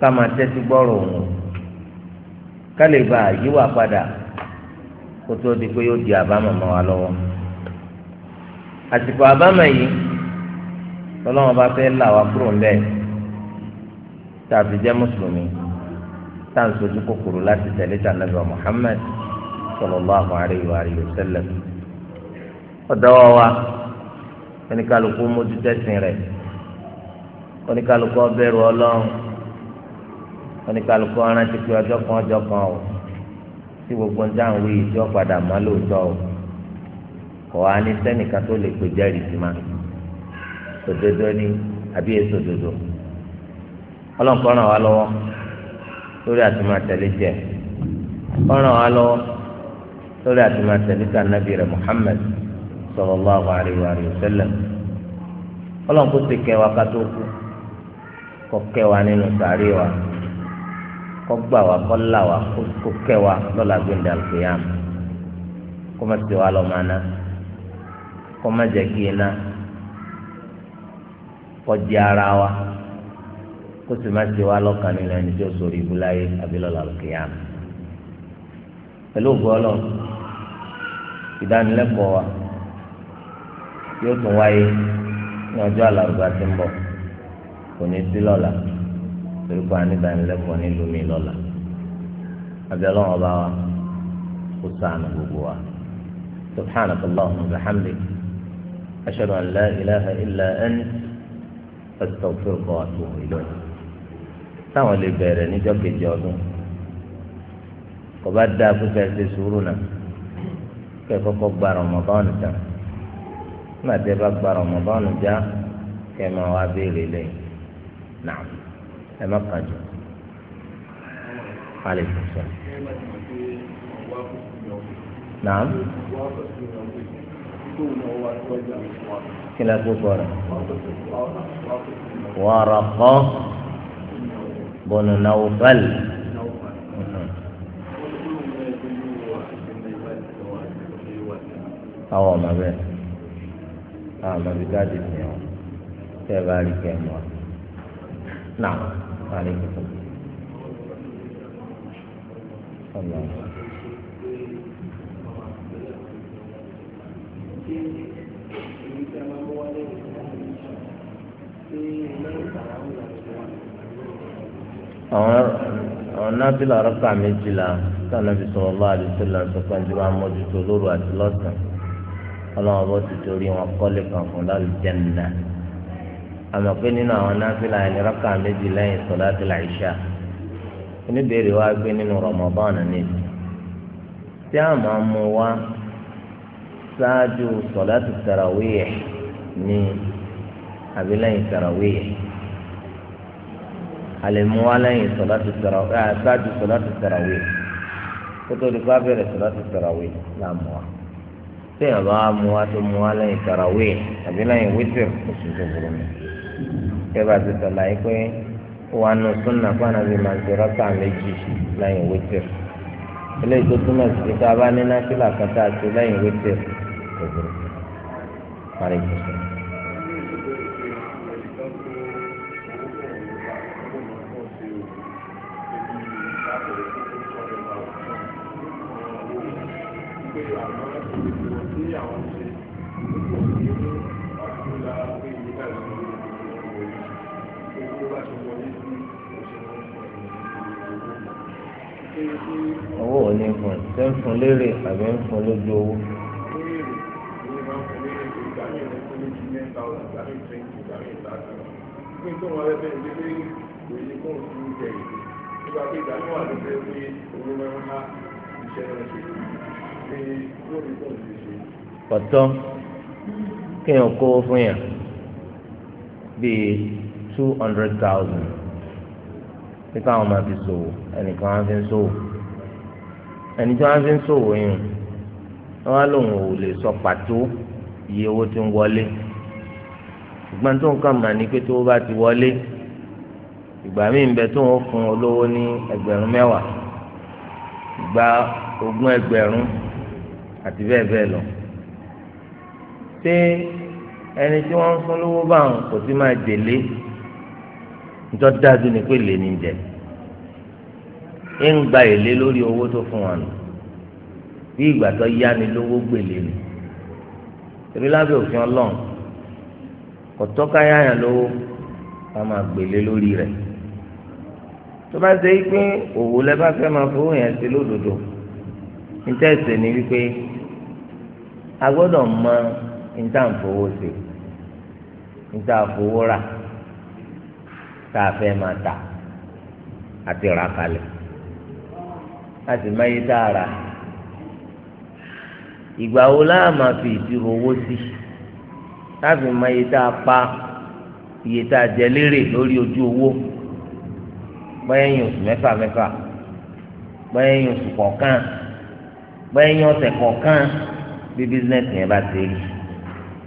ká máa tẹ́tí gbọ́rọ̀ òun o ká lè bá àyíwá padà kó tó di pé yóò di àbámọ̀mọ́ wa lọ́wọ́ àsìkò àbámọ̀ yìí lọ́lọ́wọ́n bá fẹ́ là wá kúrò ńlẹ̀ tá a fi jẹ́ mùsùlùmí tá à ń sojú kòkòrò láti tẹ̀lé tànàbí wa Muhammad sallallahu alayhi wa alihi wa sallam ọ̀dọ́wọ́ wa oníkàlùkù mójú tẹ̀sìn rẹ̀ oníkàlùkù ọbẹ̀rù ọlọ́run oníkàlùkù ọ̀rántí pé ọjọ́ kan ọjọ́ kan ò tí gbogbo ń dáhùn wí ìjọ padà mọ́ lóòótọ́ ò kọ̀wá ní sẹ́nìkan tó lè pè jẹ́rìí sí ma òdodo ni àbí èso òdodo ọlọ́nkọ́ ràn wá lọ́wọ́ lórí àtúmọ̀tẹ́lẹ́ jẹ́ ọ ràn wá lọ́wọ́ lórí àtúmọ̀tẹ́lẹ́ ká nàbì rẹ̀ Muhammad sallallahu alaihi wa sallam ọlọ́nkọ́ ti kẹ́ wa ká tó kú kọ́ kẹ́ wa nínú sàárè wa kọ́ gbà wá kọ́ là wá kó kẹ́ wa lọ́la gbẹ̀ndàlùkìyàm kọ́mọ̀tì wa lọ́ọ́ máa ná kọ́má jẹ́ kí iná kọjí ara wa kó sì má ti wá lọ́kàn nínú ẹni tó sori ibu láyé abilọ́lá kìíyàmù pẹ̀lú ògbọ́lọ́ ìdánilẹ́kọ̀ọ́ wa yóò tún wáyé ní ọjọ́ àlàrúbá tí ń bọ̀ kò ní sí lọ́la torí pa nídánilẹ́kọ̀ọ́ nílùú mi lọ́la abẹ́lẹ́ wọn wa kó ṣàánú gbogbo wa subhanahu wa ta'ala أشهد أن لا إله إلا أنت أستغفرك وأتوب إليك táwọn lè bẹ̀rẹ̀ níjọ́ kejì ọdún kò bá dáa pípẹ́ ṣe sùúrù náà kẹ́ ẹ kọ́kọ́ gba Ramadan já nígbà tí ẹ bá gba Ramadan já kẹ́ ẹ máa wá béèrè lẹ́yìn náà ẹ má kàn jù alẹ́ kò sọ. náà kí la tó kọ rẹ wàràkọ bọnùnàwó bal. àwọn ọmọ bẹ́ẹ̀ àwọn ọmọ bíi dáàdi ni ọ tẹ ẹ bá rí kẹ mọ náà wà ní kíkọ. pé èyí tí a máa mú wálé ìgbà pé mẹ́ta àwọn ìlànà àwọn àwọn náfìlà rákà méjìlá sànàbì sallallahu alaihi wasallam sọpọ ẹni tí wọn mójútó lóru àti lọ́sàn Ọlọ́run bó ti torí wọn kọ́lé kan fún lálùjánnà àmọ́ pé nínú àwọn náfìlà ẹni rákà méjì lẹ́yìn sọláàtìlà ìṣá oníbèrè wa gbé nínú Ramadan ní tí a máa mú wa ṣáájú sọ̀láàtì tarawih ní abilẹ́yìn tarawih àlèmúwálẹ́yìn sọ̀láàtì tarawih ṣáájú sọ̀láàtì tarawih kótó di kó abẹ́rẹ́ sọ̀láàtì tarawih náà mú wa téèyàn bá mú wa tó mú wa lẹ́yìn tarawih abilẹ́yìn wítìr oṣù tó burú mi kẹ́bà ti sọ̀lá yìí pé wà nù súnà fún anabi máa ń méjì lẹ́yìn wítìr eléyìí tó túmọ̀ sí pé tá a bá ní náà sílà kan tá a wítìr kò burú parí ìgbésẹ̀. owó ò ní fún ṣé ń fún lérè àbí ń fún lójú owó. tàbí twenty tàbí thirty ní pé òye kò ń fún jẹ ìdí nígbà pé ìdáná wà ní pé pé owó máa ń há iṣẹ́ náà ṣe pé lórí kò ń fi ṣe. ọ̀tọ́ kéèyàn kó fún yàn bíi two hundred thousand bí káwọn máa fi ṣòwò ẹnìkan wọn fi ń ṣòwò ẹni tí wọn fi ń ṣòwò yìí wọn á lòun ò lè sọ pàtó iye owó tí ń wọlé ṣùgbọ́n tó nǹkan mà ní pé tó bá ti wọlé ìgbà míì ń bẹ tó ń fún olówó ní ẹgbẹ̀rún mẹ́wàá ìgbà ogún ẹgbẹ̀rún àti bẹ́ẹ̀ bẹ́ẹ̀ lọ ṣé ẹni tí wọ́n ń fún lówó báwọn kò sí máa délé nítorí dájú ni pé lè ní jẹ ń gba èlé lórí owó tó fún wọn bí ìgbà tó yá ni lówó gbèlè nù èmi lábẹ́ òfin ọlọ́run ọ̀tọ́ka yáyàn lówó ká máa gbèlé lórí rẹ̀ tó bá ṣe é pé òwò lẹ́bà fẹ́ máa fowó yẹn ṣe lódodo níta ẹ̀sẹ̀ ni wípé a gbọ́dọ̀ mọ níta fowó ṣe níta fowó rà tá a fẹ́ máa tà àti rà kalẹ̀ láti má yé tá a rà ìgbà wo láà máa fi ìdúró owó sí. Si láti mọ iye tá a pa iye tá a jẹ lérè lórí ojú owó bẹ́ẹ̀yìn oṣù mẹ́fà mẹ́fà bẹ́ẹ̀yìn oṣù kọ̀ọ̀kan bẹ́ẹ̀yìn ọ̀sẹ̀ kọ̀ọ̀kan bí bísínẹ́sì yẹn bá ṣe rí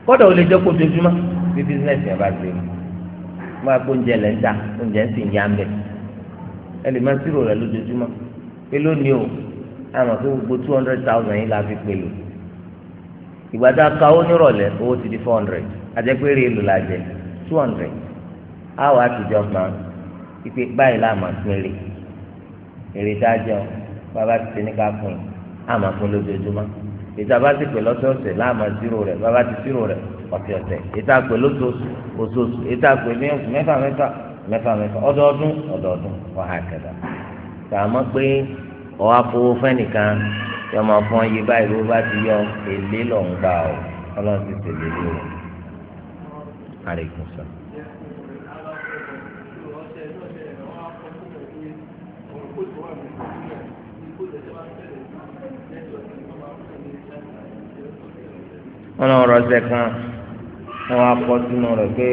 kọ́dọ̀ ó lè jẹ́ kó tojúmọ́ bí bísínẹ́sì yẹn bá ṣe rí wọ́n á gbó oúnjẹ lẹ́ ń ta oúnjẹ ń sì ń yá ń bẹ̀ ẹ lè máa sírò rẹ̀ lójoojúmọ́ pé lónìí o àmọ̀ pé gbogbo two hundred thousand yìí la fi pè ìgbà tá a ka owó nírọ̀lẹ́ owó ti di four hundred àjẹpẹ́rẹ́ èlò la jẹ two hundred a wà àtijọ́ kan ìpè báyìí la máa pín èrè èrè tá a jẹ ọ bàbá ti ní ká fún un a máa fún lójoojúmọ́ ìta bá ti pè lọ́sọ̀ọ̀sẹ̀ láàmà zero rẹ̀ bàbá ti zero rẹ̀ ọ̀sẹ̀ ọ̀sẹ̀ ìta pè lóṣooṣù oṣooṣù ìta pè ní mẹ́fà mẹ́fà mẹ́fà mẹ́fà ọdọọdún ọdọọdún ọ̀hà kẹta tààmọ́ pé ọ̀ yọ máa fún ọ yé báyìí ló bá ti yọ èlé lọ ń gbà ọ ọlọ́run ti tẹ̀lé lé o àlékún sọ. wọn lọ rọ ọsẹ kan wọn wá kọ sínú rẹ pé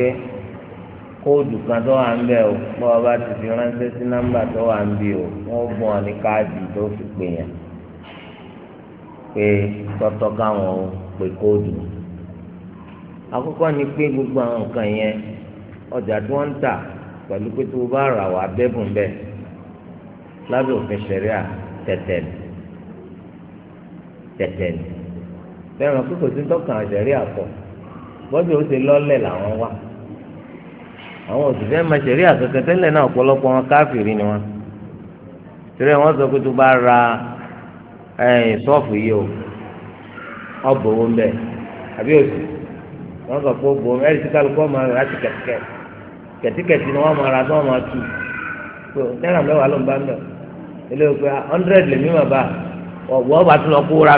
kóòdù kan tó wà ń bẹ o bá ti fi ránṣẹ́ sí nọ́mbà tó wà ń bí o wọ́n bùn ọ ní káàdì tó fi pè yàn. pé tọ́tọ́ káwọn pè kóòdù àkọ́kọ́ ni pé gbogbo àwọn ọjà tí wọ́n ń tà pẹ̀lú pé bá rà wà bẹ́bùn bẹ́ẹ̀ lábẹ́ òfin ṣẹ̀ríà tẹ̀tẹ̀ ni tẹ̀tẹ̀ ni pé kò sí tọ́kàn pọ̀ bọ́dọ̀ ó ti lọ́lẹ̀ làwọn wá àwọn òṣìṣẹ́ máa ṣẹ̀ríà kẹ̀kẹ́ náà ọ̀pọ̀lọpọ̀ wọn káfìrí ni ra sọ́ọ̀fù yìí o ọ̀bọ̀ owó ń bẹ̀ àbí òsì wọ́n sọ pé bọ bò ó ẹ̀rí ni máa tí máa tù tó náírà ló ń bá eléyìí pé hundred lọ kó ra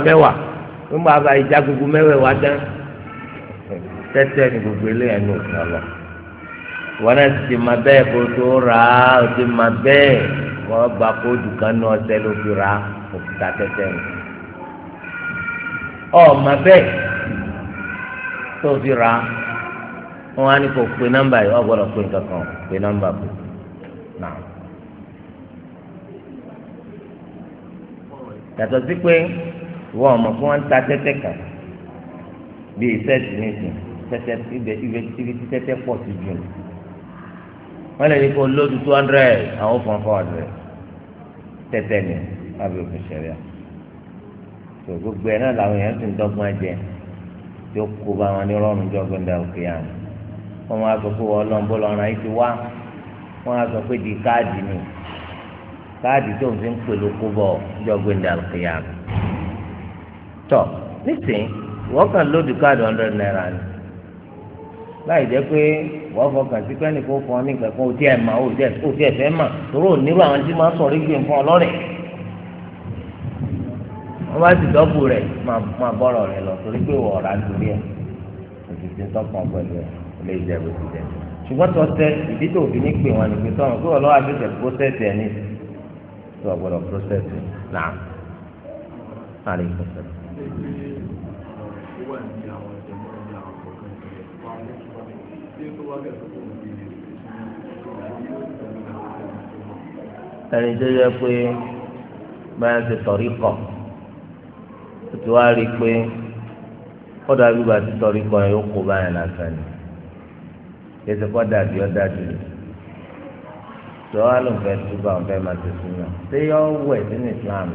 bá ìjà gbogbo dán ni gbogbo eléyìí wọn náà ti bẹ́ẹ̀ kó tó ti bẹ́ẹ̀ kóòdù kan náà ló fi òkúta tẹ́tẹ́ nù ọ̀ọ́mà bẹ́ẹ̀ tó fi ra wọn á ní kó pe nọ́mbà yìí wọ́n gbọ́dọ̀ pe nǹkan kan pe nọ́mbà kù náà. yàtọ̀ sí pé wọ́n ọmọ kí wọ́n ń ta tẹ́tẹ́ kan bíi sẹ́ẹ̀tì nìsín tẹ́tẹ́ ibẹ̀ ibẹ̀ ibi tí tẹ́tẹ́ pọ̀ sí jù wọ́n lè ní kó lóṣù two hundred àwọn fún four hundred nìyẹn lábẹ́ òfin ṣẹ̀ríà tó gbogbo ẹ̀ náà làwọn èèyàn ti ń dọ́gbọ́n jẹ tí ó kó bá wọn ní rọrùn jọgbọ́n ní òkè àná wọ́n máa sọ pé wọ́n lọ́nbó lọ́ràn yìí ti wá wọ́n máa sọ pé di káàdì ni káàdì tó ń fi ń pèlú kó bọ̀ jọgbọ́n ní òkè àná tó nísìnyí wọ́n kàn lódì káàdì hundred naira ni láì jẹ́ pé wọ́n fọkàn sí pé ẹnì kó fún ọ ní nǹkan kan ó tiẹ̀ mà ó tiẹ̀ fẹ́ mà torí ò nírú àwọn tí máa sọ̀rọ̀ ìgbìmọ̀ fún wọ́n bá ti dọ́bù rẹ̀ máa bọ́rọ̀ rẹ̀ lọ torí pé wọ́n ọ̀rá lórí ẹ̀ òtítì tọkàn pẹ̀lú ẹ̀ lè jẹ́ bó ti jẹ́ ṣùgbọ́n tó tẹ ìdí tó fi ní pè wọ́n ní pé sọ̀rọ̀ pé ọlọ́wà fi tẹ̀ pósẹ́sì ẹ̀ ní tó ọ̀gbọ́dọ̀ pósẹ́sì náà sáré pósẹ́sì. ẹni tó yẹ pé báyà ti tọ̀rí kọ̀ òtí wá rí i pé kọ́dà gbígbà tí tọ́rí kan yóò kó báyìí lásán ni kẹsì kọ́dà bí ó dájú ni tó wá ló ń fẹ́ túbà ń fẹ́ máa tuntun náà ṣé yọ wẹ̀ sínú Islam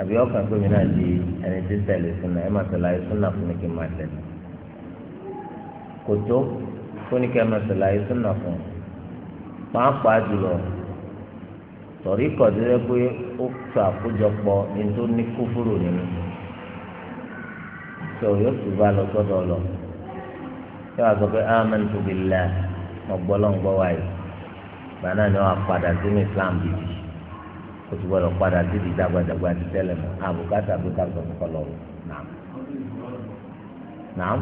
àbí ọkàn pé mi náà di ẹni tí tẹ̀lé súnà ẹ̀ máa tẹ̀lé súnà fún mi kí n máa tẹ̀lé kò tó fún mi kí n máa tẹ̀lé súnà fún pàápàá jùlọ tọ̀rí kọ̀dúrẹ́ pé ó sọ àkójọpọ̀ ètò ní kúfúrò nínú tó yóò tù bá lọ sọ́dọ̀ lọ yóò sọ pé amantu billah ọgbọ́lọ́ngbọ́ wáyé gbaná ni wọ́n á padà sínú Islam bìbí o ti gbọ́dọ̀ padà síbi dàgbàdàgbà ti tẹ́lẹ̀ mọ́ àbùkátà bí ká sọ fún ọ nàám nàám.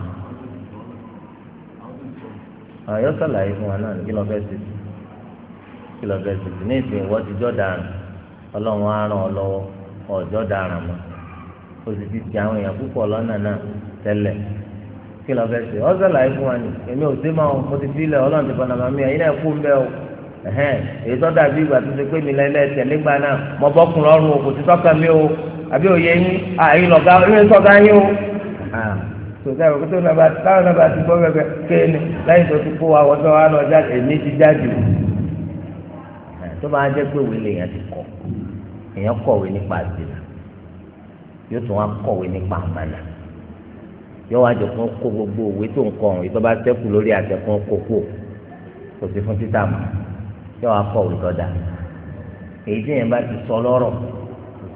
àyọ̀sọ̀lá yìí fún wa náà kí lọ́ọ́ fẹ́ ṣe kí lọ fẹ́ tètè ní ìsìn ìwọ ti jọ́ ọjọ ọlọ́run á lọ́wọ́ mọ́ o sì ti di àwọn èèyàn púpọ̀ lọ́nà náà tẹ́lẹ̀ kí lọ fẹ́ ṣe sọ̀lá ikú wa ni èmi ò sí mo ti fi ọlọ́run ti màmí ẹ̀yin ń o ẹ̀hẹ́n èyí dàbí ìgbà tó pé mi lẹ́lẹ́ náà mo bọ́kùn tó bá jẹ́ pé òwe lèèyàn ti kọ èèyàn kọ̀wé nípa àdìrà yóò tún wá kọ̀wé nípa àmàlà yóò wá jọ fún kó gbogbo òwe tó ń kọ ọ̀hún ìtọ́ bá sẹ́kù lórí àtẹ̀kùn kókó kò sí fún títà mọ́ yóò wá kọ̀wé tọ́da èyí tí yẹn bá ti sọ lọ́rọ̀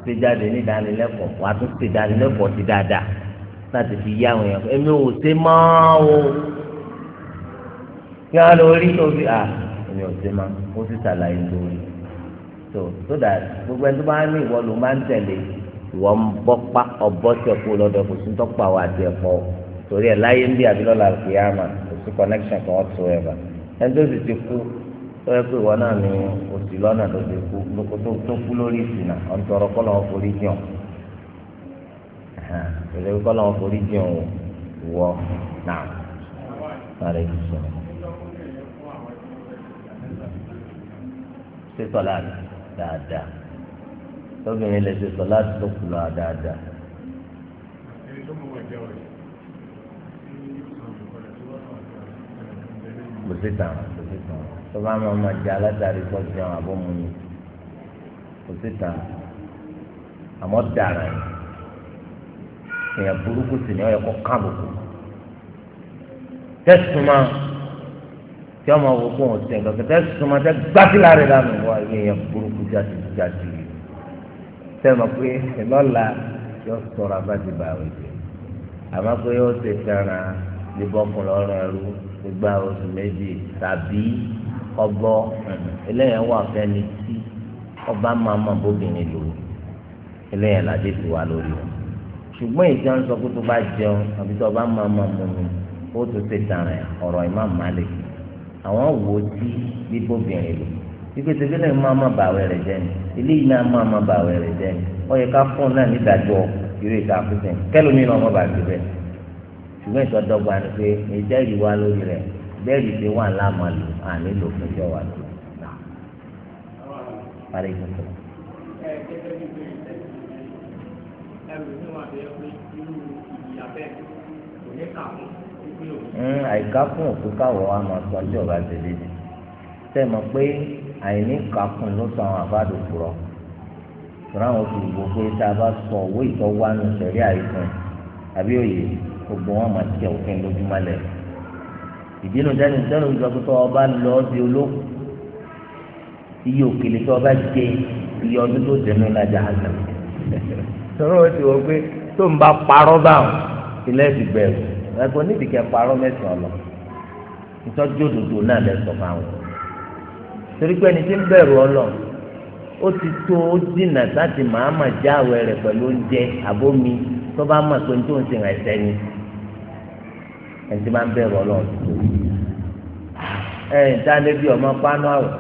ṣe jáde ní ìdánilẹ́kọ̀ọ́ wàá tún ṣe ìdánilẹ́kọ̀ọ́ ti dáadáa láti fi yá àwọn èèyàn èmi ò ṣe máa o kí á lọ rí mi ò sí ma ó sì ṣàlàyé lórí tó tó dà gbogbo ẹni tó bá ní ìwọ ló máa ń tẹ̀lé ìwọ ń bọ́ pa ọ̀bọ tí ọ̀pọ̀ lọ́dọ̀ kò sí tọ́pọ̀ àwọn àti ẹ̀pọ̀ torí ẹ̀ láyé ń bí abilọ́lá kì í àmà kò sí connection kan whatsoever ẹni tó sì ti kú tó yẹ pé ìwọ náà ni o sì lọ́nà tó ti kú tó kú lórí ìsìnà ọ̀ntọ̀rọ̀ kọ́ lọ́wọ́ forí jẹun ìlérí kọ́ lọ́wọ́ forí jẹun wọ náà. Aleykum salaam. ṣe sọlá dáadáa lóbìnrin lè ṣe sọlá tó kù lọ dáadáa. kò sí tàn kò sí tàn tó bá máa ma jẹ alátàrí kó jẹun àbọ̀ mu ni kò sí tàn àmọ́ dàrá yìí èèyàn burúkú sì ni ọ̀yọ́ kó kábùkù tẹ̀sùn tí ọmọ wò kó wọn sẹ nǹkan tẹ sọmọ tẹ gbàtìlá rẹ dànù wá ilé yẹn burúkú jáde jáde sẹmọ pé lọla yóò sọ̀rọ̀ abájú bá àwọn ìgbẹ àmọ́ pé yóò ṣe fẹ́ràn libọkùn lọrùn ẹrú gbígbá oṣù méjì tàbí ọbọ eléyẹn wà fẹni tí ọba máa mọ bóbìnrin lò eléyẹn làdé ti wà lórí o ṣùgbọ́n ìjọ ń sọ pé tó bá jẹun àbí tó ọba máa mọ mọ mi ó tún ṣe tààrà ọ̀rọ̀ Imam Malik àwọn wò ó tí bíbóbìnrin lò ìgbésẹ̀gbẹ́ náà máa ma bàwẹ̀ rẹ̀ jẹ́ ni eléyìí náà máa ma bàwẹ̀ rẹ̀ jẹ́ ni wọ́n yẹ ká fún náà nídàájọ́ ìrè ìta àkúsẹ̀ kẹ́lómi náà wọ́n bá ti bẹ̀ ṣùgbọ́n ìtọ́ dọ́gba ni pé ìjẹ́ yìí wá lórí rẹ̀ bẹ́ẹ̀ yìí ti wà láàmú àlò ànílò fún ìjọ wa lò náà. Hmm, àìkákùn òkú káwọ wa máa sọ ọjọ́ ọba tẹ̀lé ni tẹ́ mọ̀ pé àìní kakùn ló sọ àwọn àbádò kúrọ̀ tọ́lá àwọn oṣù gbogbo pé tá a bá sọ owó ìtọ́wánu sẹ̀rí àìsàn àbí òye gbogbo wọn máa tẹ òfin lójúmọ́ lẹ̀ ìdínú dání sẹ́nu ìjọkútọ́ ọba lọ di olókùn iye òkèlè tó ọba jẹ iye ọdún tó dẹnu ìlàjà àgbà tọ́lá ti wọ pé tó ń bá parọ́ báwọn ilé ti bẹ̀rù ẹgbẹ́ níbi kẹ́ parọ́ mẹ́sàn-án lọ ìtọ́jú òdodo náà lẹ́sọ̀ fáwọn torí pé ẹni tí ń bẹ̀rù ọlọ́run ó ti tó ó dìnà láti màá mà já àwẹ̀ rẹ̀ pẹ̀lú oúnjẹ àbómi tó bá mà pé tó ń sin ẹ̀sẹ̀ ni ẹni tí máa ń bẹ̀rù ọlọ́run ẹ̀ ń dáná bí ọmọ pánú àwẹ̀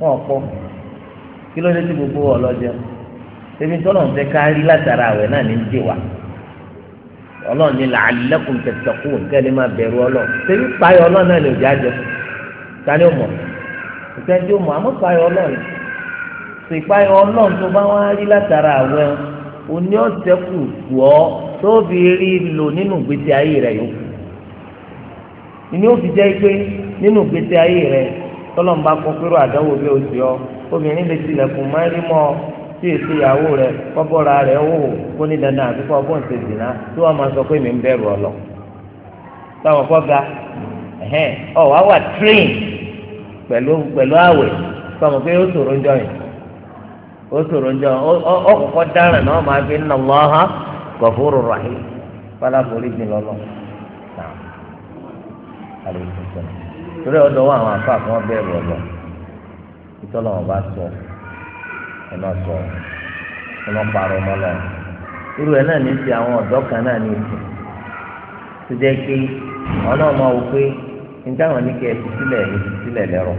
wọn kọ́ kí ló dé tí gbogbo ọlọ́jọ́ ebi tọ́lọ̀ ń fẹ́ kárí látara àwẹ̀ náà ní ń dè wá ọlọ́run ní làálẹ́kùn tẹ̀sítọ́kùn kẹ́ni máa bẹ̀rù ọlọ́run tẹ́lẹ̀ payọ̀ ọlọ́run náà lè jẹ́ àjọ tani ó mọ̀ ìtẹ́jú ó mọ̀ àmọ́ payọ̀ ọlọ́run tó ìpayọ̀ ọlọ́run tó bá wọn rí látara àwẹ̀ oní ọ̀sẹ̀kù kù ọ́ tó fi rí lò nínú ìgbésí ayé rẹ̀ yòókù ìní ó fi jẹ́ pé nínú ìgbésí ayé rẹ̀ tọ́lọ́mbà kọ́ pé tí èsì ìyàwó rẹ kọ́bọ́ra rẹ ó kó ní dandan àti kó ọgbọ́n ṣe tí wọ́n máa sọ pé mi ń bẹ̀rù ọ lọ. táwọn kọ́ ga ọ wá wà tírìn pẹ̀lú àwẹ̀ sọmọ pé ó ń jọ yìí ó ń ọ kọ́kọ́ dáràn náà máa fi ń nà wọ́n hàn gọ̀fóró lọ́lọ́ torí wọn àwọn àfa lọ bá sọ. ẹ má sọ ẹ má parọ́ mọ́ lọ irú ẹ náà ní ti àwọn ọ̀dọ́ kan náà ní máa wò pé níta ní kí ẹ ti sílẹ̀ ẹ ti sílẹ̀ lẹ́rọ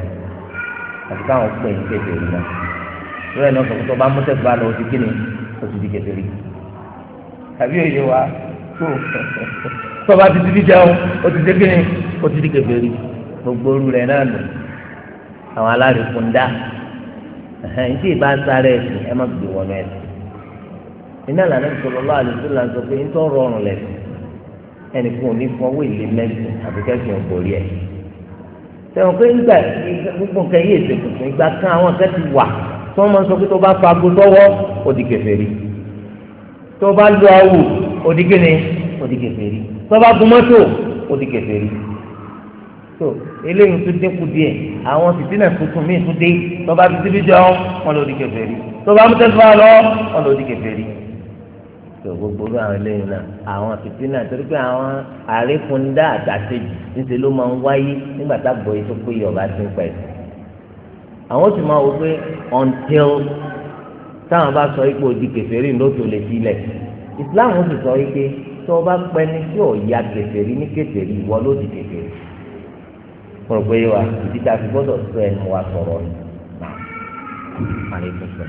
àti káwọn pè ní kékeré náà irú ẹ náà sọ pé tó bá gba lọ wa tó ti di jẹun ó ti di kíni ó ti di kékeré gbogbo ẹ̀hìn tí ìbá sáré ẹ̀sìn ẹ má gbé wọnú ẹ̀sìn iná làná sallallahu alaihi wasallam sọ pé nítorí rọrùn lẹ̀sìn ẹnì fún òní fún ọwọ́ ìlé mẹ́sìn àbí kẹ́sìn ògbórí ẹ̀ sẹ́wọ̀n pé nígbà gbogbo nǹkan yìí èsè tuntun ìgbà kan àwọn kan ti wà tí wọ́n máa ń sọ pé tó bá fa ago sọ́wọ́ ó tó bá lu awù ó di tó bá gun mọ́tò ó eléyìí tó dínkù díẹ̀ àwọn fìtínà tuntun míì tún dé tọba fi síbi jọ wọn lòdì kèfèrí tọba mú tẹsán lọ wọn lòdì kèfèrí. tó gbogbo bí àwọn eléyìí náà àwọn fìtínà torí pé àwọn àríkúndá àtàṣejù níṣẹ́ ló máa ń wáyé nígbà tá yìí tó pé ọba ti ń pẹ̀ sí. àwọn sì máa wọ pé until táwọn bá sọ ipò di kèfèrí ló tó lè sílẹ̀ Islam sì sọ wípé tọba pẹ́ni tí ò ya kèfèrí ní kèfèrí ìwọ ló mo rò pé wa ìdí tá a fi gbọ́dọ̀ sọ ẹnu wa sọ̀rọ̀ ni náà má lè tó sọ̀rọ̀.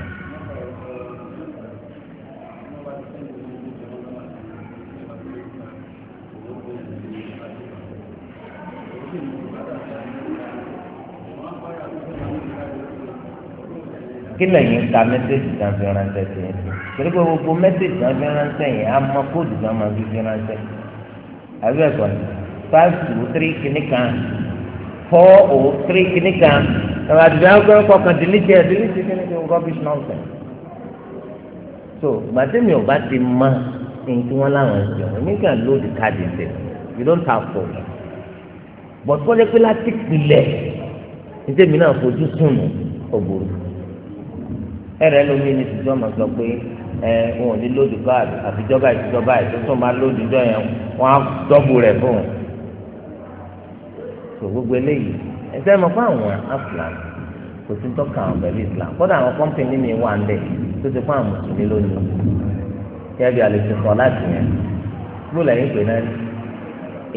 kí lẹ́yìn ka mẹ́sẹ̀gì kan fi ránṣẹ́ sí yẹn torí pé gbogbo mẹ́sẹ̀gì kan fi ránṣẹ́ yẹn á mọ kóòdù kan máa fi fi ránṣẹ́ àbí ẹ̀kọ́ five two three kìíní four o three kìíní kan ẹ̀rọ àdìgbà ọgbẹ́ kọkàn dìlítì ẹ̀ dìlítì kìíní kan rubbish nonsense. so gbàtí mi ò bá ti mọ ẹni tí wọ́n láwọn ń jẹun èmi kàn ló di káàdì tẹ̀ you don't have to but wọ́n lé pé láti pilẹ̀ níta mi náà fojú sùn ògbòrò ẹ̀rẹ́ lómi ní ìtìjọ́ máa sọ pé ẹ wọn ò ní lóòdù báàdì àfijọba ìtìjọba ìtòtò máa lóòdù jọ yẹn wọn á dọ́bù rẹ̀ fún un tó gbogbo eléyìí ẹsẹ̀ mọ̀ fún àwọn afúlàní kò sí tọ́ka àwọn pẹ̀lú islam kódà àwọn kọ́mpìnì mi wà ńbẹ tó ti fún àwọn mùsùlùmí lónìí kẹ́ bí alẹ́ ti sọ láti yẹn gbó lẹ́yìn pé náà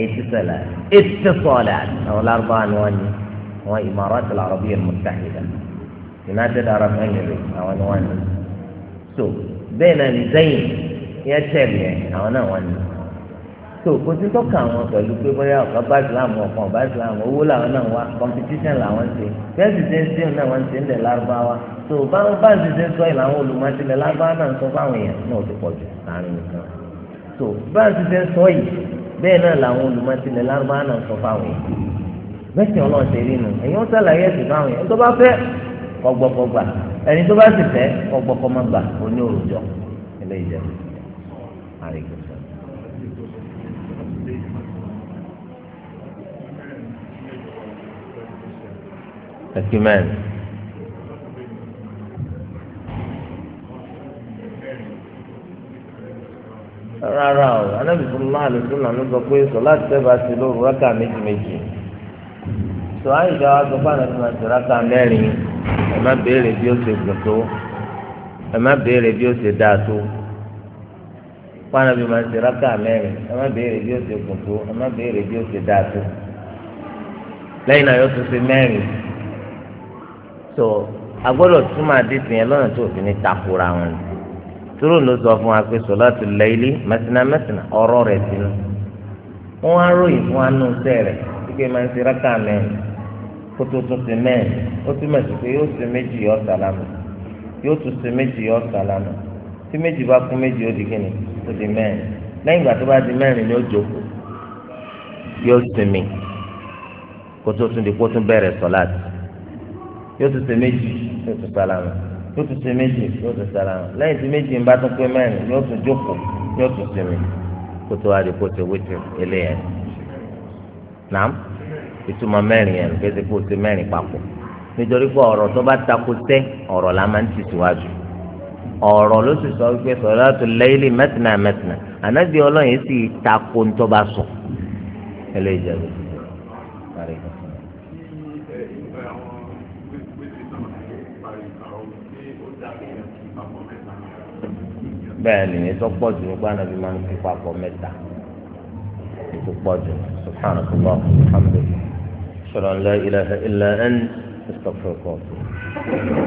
etí sọ̀lá etí sọ̀lá àwọn lárúbáwá ni wọ́n ní àwọn Imarat al-Arabiyya al-Muttahida United Arab Emirates àwọn ni wọ́n ní so bẹ́ẹ̀ náà ní zayin yẹn tẹ̀lé àwọn náà wọ́n ní tó kò sí tó kà wọn pẹ̀lú pé bóyá ọ̀kan bá ìsìláàmù ọ̀kan ọ̀bá ìsìláàmù owó làwọn náà wá competition làwọn ń ṣe bẹ́ẹ̀ sì ṣe ń ṣe náà wọ́n ń ṣe ń lẹ̀ lárúbáwá tó báwọn bá sì ṣe ń sọ ìlànà olùmọ̀tìlẹ̀ lárúbáwá náà ń sọ fáwọn èèyàn náà ti pọ̀ jù láàrin nìkan tó bá sì ṣe ń sọ yìí bẹ́ẹ̀ náà làwọn olùmọ̀tìlẹ̀ lárúbáwá náà ń sọ fáwọn èèyàn mẹ́sìn ọlọ́ọ̀ṣẹ́ rí nu ẹ̀yin ó sàlàyé ẹ̀sìn fáwọn èèyàn tó bá fẹ́ àti rárá o sọ pé sọlá lóru rákà méjì méjì sọ àyíká wa máa ti rákà mẹ́rin ẹ má béèrè bí ó ṣe tó ẹ má béèrè bí ó ṣe dáa tó máa ti rákà mẹ́rin ẹ má béèrè bí ó ṣe tó ẹ má béèrè bí tó agbọ́dọ̀ túmọ̀ àdìsí yẹn lọ́nà tó fi ní takora wọn tóró ló sọ fún wa pé sọláàtù mesina mẹsìnà mẹsìnà ọ̀rọ̀ rẹ̀ sínú wọn á ròyìn fún anú sẹ rẹ pé máa ń ṣe rákà mẹ́rin kó tó tún ó yọ sàlámù yóò tún ṣe méjì yọ sàlámù tí méjì bá méjì ó di kíni ó di mẹ́rin lẹ́yìn ìgbà tó bá di ni ó jókòó yóò sinmi kó yóò tún ṣe méjì yóò tún sálámà yóò tún ṣe méjì yóò tún sálámà lẹ́yìn tí méjì ń bá tún pé mẹ́rin yóò tún jókòó yóò tún sinmi kó tó wá di kó ṣe wíjì eléyẹn nàám ìtumọ̀ mẹ́rin yẹn kó ṣe kó ṣe mẹ́rin papọ̀ nítorí pé ọ̀rọ̀ tó bá takò tẹ́ ọ̀rọ̀ la máa ń tì síwájú ọ̀rọ̀ ló sì sọ wípé sọ̀rọ̀ lẹ́yìn mẹ́tìnà mẹ́tìnà ànágbé ọlọ́yin sì takò ń tó bá sọ ẹlẹ́yìn bẹ́ẹ̀ ni ètò pọ̀jù nípa nàbí máa ń fi papọ̀ mẹ́ta ètò pọ̀jù subhanahu wa alhamdulilayi sọ̀rọ̀ ńlá ilaha illa ẹni ìsọ̀fẹ́ kọ̀ọ̀tù.